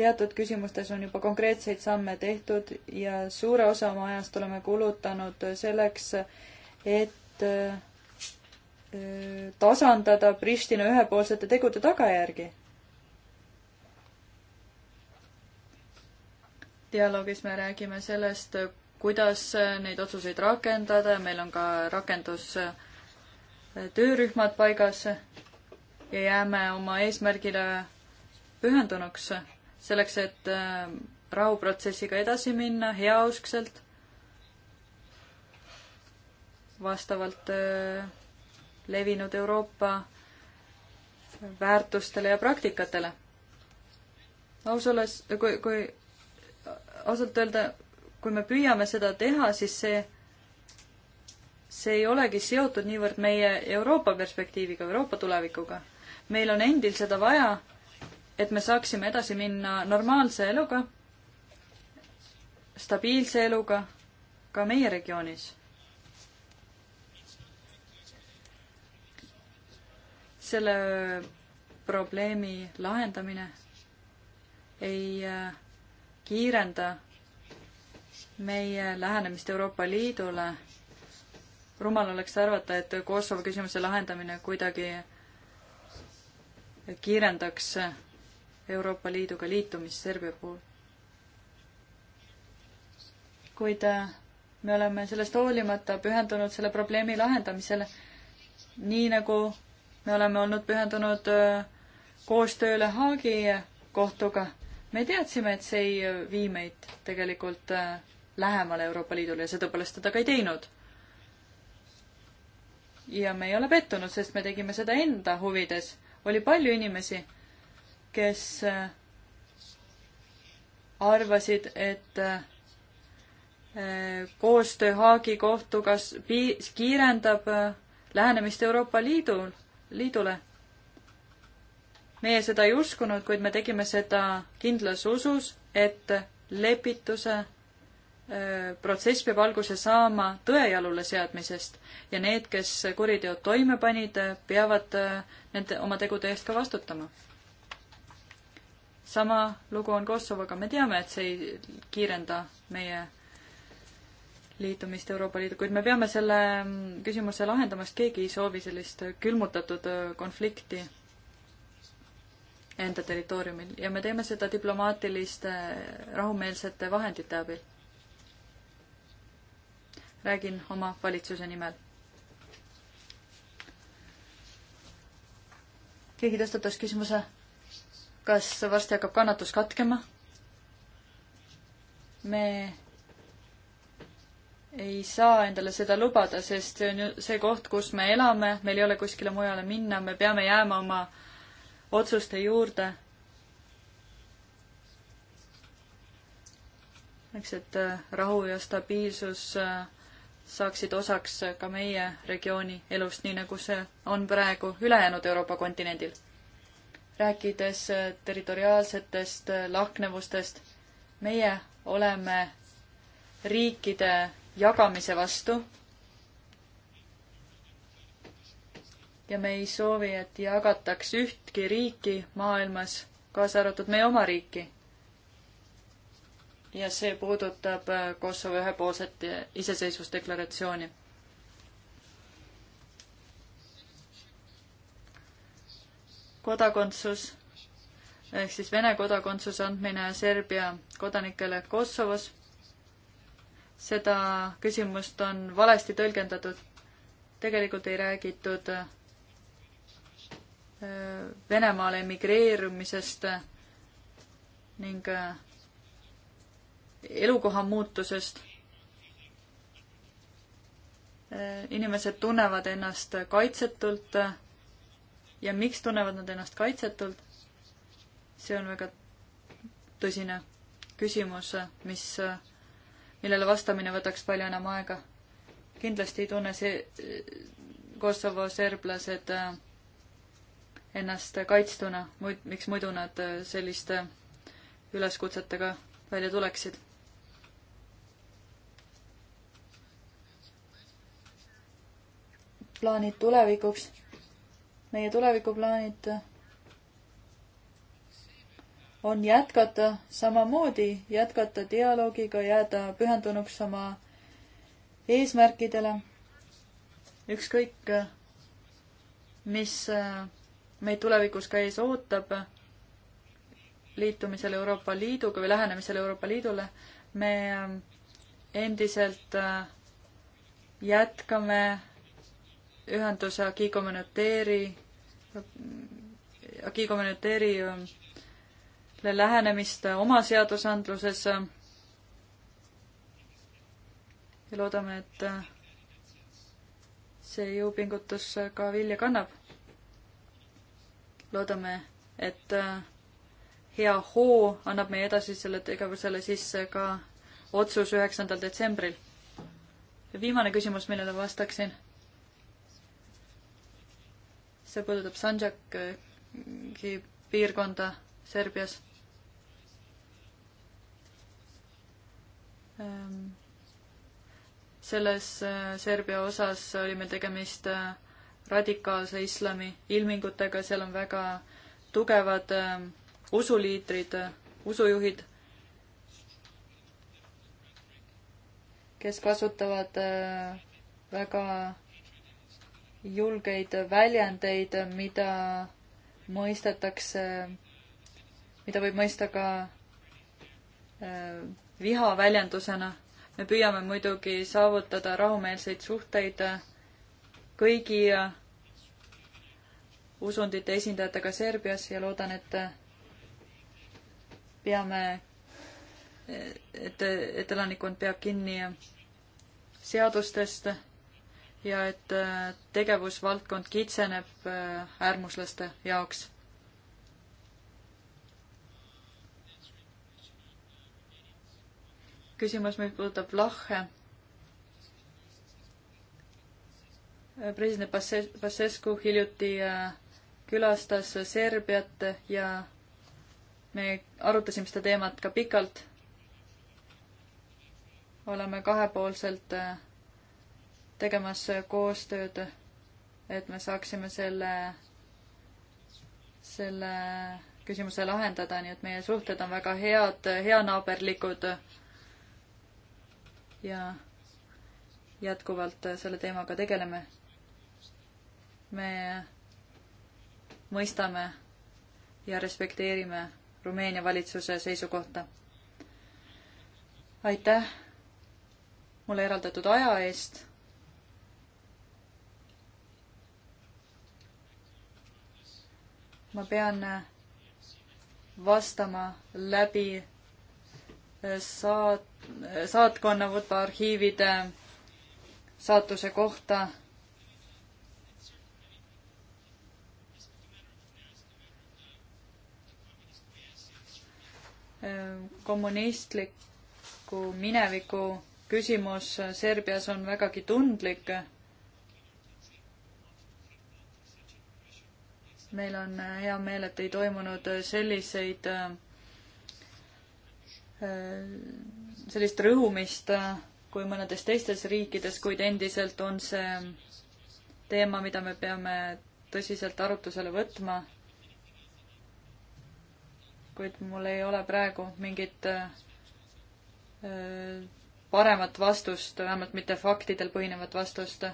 teatud küsimustes on juba konkreetseid samme tehtud ja suure osa oma ajast oleme kulutanud selleks, et äh, tasandada Pristina ühepoolsete tegude tagajärgi dialoogis me räägime sellest, kuidas neid otsuseid rakendada ja meil on ka rakendustöörühmad paigas ja jääme oma eesmärgile pühendunuks selleks, et äh, rahuprotsessiga edasi minna heauskselt, vastavalt äh, levinud Euroopa väärtustele ja praktikatele. aus olles, kui, kui ausalt öelda, kui me püüame seda teha, siis see, see ei olegi seotud niivõrd meie Euroopa perspektiiviga, Euroopa tulevikuga. meil on endil seda vaja, et me saaksime edasi minna normaalse eluga, stabiilse eluga, ka meie regioonis. selle probleemi lahendamine ei äh, kiirenda meie lähenemist Euroopa Liidule. rumal oleks arvata, et Kosovo küsimuse lahendamine kuidagi kiirendaks Euroopa Liiduga liitumist Serbia puhul. kuid äh, me oleme sellest hoolimata pühendunud selle probleemi lahendamisele, nii nagu me oleme olnud pühendunud äh, koostööle Haagi kohtuga me teadsime, et see ei äh, vii meid tegelikult äh, lähemale Euroopa Liidule ja sellepärast seda ka ei teinud. ja me ei ole pettunud, sest me tegime seda enda huvides. oli palju inimesi, kes äh, arvasid, et koostöö Haagi kohtuga kiirendab lähenemist Euroopa Liidul, liidule meie seda ei uskunud, kuid me tegime seda kindlas usus, et lepituse protsess peab alguse saama tõejalule seadmisest ja need, kes kuriteod toime panid, peavad nende oma tegude eest ka vastutama. sama lugu on Kosovoga, me teame, et see ei kiirenda meie liitumist Euroopa Liidu, kuid me peame selle mm, küsimuse lahendama, sest keegi ei soovi sellist külmutatud konflikti enda territooriumil ja me teeme seda diplomaatiliste rahumeelsete vahendite abil. räägin oma valitsuse nimel. keegi tõstatas küsimuse, kas varsti hakkab kannatus katkema? me ei saa endale seda lubada, sest see on ju see koht, kus me elame, meil ei ole kuskile mujale minna, me peame jääma oma äh, otsuste juurde. eks, et äh, rahu ja stabiilsus äh, saaksid osaks äh, ka meie regiooni elust, nii nagu see on praegu ülejäänud Euroopa kontinendil. rääkides territoriaalsetest lahknevustest, meie oleme riikide jagamise vastu ja me ei soovi, et jagataks ühtki riiki maailmas, kaasa arvatud meie oma riiki. ja see puudutab äh, Kosovo ühepoolset äh, iseseisvusdeklaratsiooni. kodakondsus ehk siis Vene kodakondsuse andmine Serbia kodanikele Kosovos. seda küsimust on valesti tõlgendatud. tegelikult ei räägitud äh, Venemaale emigreerumisest ning äh, elukoha muutusest. Äh, inimesed tunnevad ennast kaitsetult. ja miks tunnevad nad ennast kaitsetult? see on väga tõsine küsimus, mis, millele vastamine võtaks palju enam aega. kindlasti ei tunne see äh, Kosovo serblased äh, ennast kaitstuna, muid, miks muidu nad äh, selliste üleskutsetega välja tuleksid. plaanid tulevikuks, meie tulevikuplaanid äh, on jätkata samamoodi, jätkata dialoogiga, jääda pühendunuks oma eesmärkidele. ükskõik, äh, mis meid tulevikus ka ees ootab liitumisel Euroopa Liiduga või lähenemisel Euroopa Liidule, me ähm, endiselt äh, jätkame ühenduse Agi Communitairi, Agi Communitairile ähm, lähenemist oma seadusandluses. ja loodame, et äh, see jõupingutus ka vilja kannab loodame, et äh, hea hoo annab meie edasisele tegevusele sisse ka otsus üheksandal detsembril. viimane küsimus, millele vastaksin. see puudutab Sandžaki piirkonda Serbias. Ähm, selles äh, Serbia osas oli meil tegemist äh, radikaalse islami ilmingutega, seal on väga tugevad ähm, usuliidrid, äh, usujuhid, kes kasutavad äh, väga julgeid väljendeid, mida mõistetakse, mida võib mõista ka äh, vihaväljendusena. me püüame muidugi saavutada rahumeelseid suhteid kõigi äh, usundite esindajatega Serbias ja loodan, et äh, peame, äh, et, et elanikkond peab kinni seadustest ja et tegevusvaldkond kitseneb äärmuslaste jaoks. küsimus, mis puudutab Lahe president Basescu hiljuti äh, külastas Serbiat ja me arutasime seda teemat ka pikalt. oleme kahepoolselt äh, tegemas koostööd, et me saaksime selle, selle küsimuse lahendada, nii et meie suhted on väga head, heanaaberlikud. ja jätkuvalt selle teemaga tegeleme me mõistame ja respekteerime Rumeenia valitsuse seisukohta. aitäh mulle eraldatud aja eest. ma pean vastama läbi eh, saat-, saatkonna Võtva arhiivide saatuse kohta kommunistliku mineviku küsimus Serbias on vägagi tundlik. meil on hea meel, et ei toimunud selliseid, äh, sellist rõhumist kui mõnedes teistes riikides, kuid endiselt on see teema, mida me peame tõsiselt arutusele võtma kuid mul ei ole praegu mingit äh, paremat vastust, vähemalt mitte faktidel põhinevat vastust.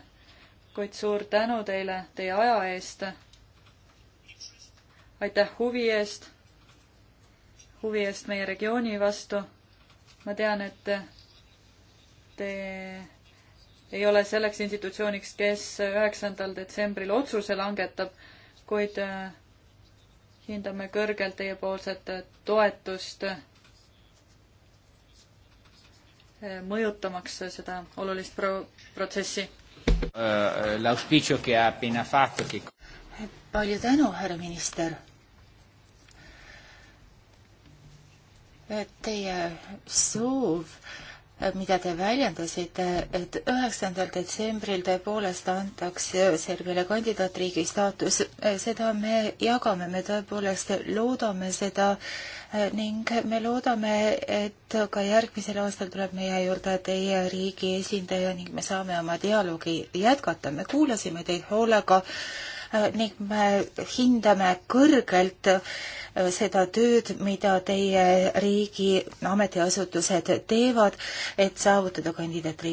kuid suur tänu teile teie aja eest. aitäh huvi eest, huvi eest meie regiooni vastu. ma tean, et te ei ole selleks institutsiooniks, kes üheksandal detsembril otsuse langetab, kuid äh, hindame kõrgelt teiepoolset toetust eh, mõjutamaks seda olulist pro-, protsessi. Eh, palju tänu, härra minister. Eh, teie soov mida te väljendasite, et üheksandal detsembril tõepoolest antakse Serbiale kandidaatriigi staatus, seda me jagame, me tõepoolest loodame seda eh, ning me loodame, et ka järgmisel aastal tuleb meie juurde teie riigi esindaja ning me saame oma dialoogi jätkata. me kuulasime teid hoolega Äh, ning me hindame kõrgelt äh, seda tööd, mida teie riigi ametiasutused teevad, et saavutada kandidaatriigi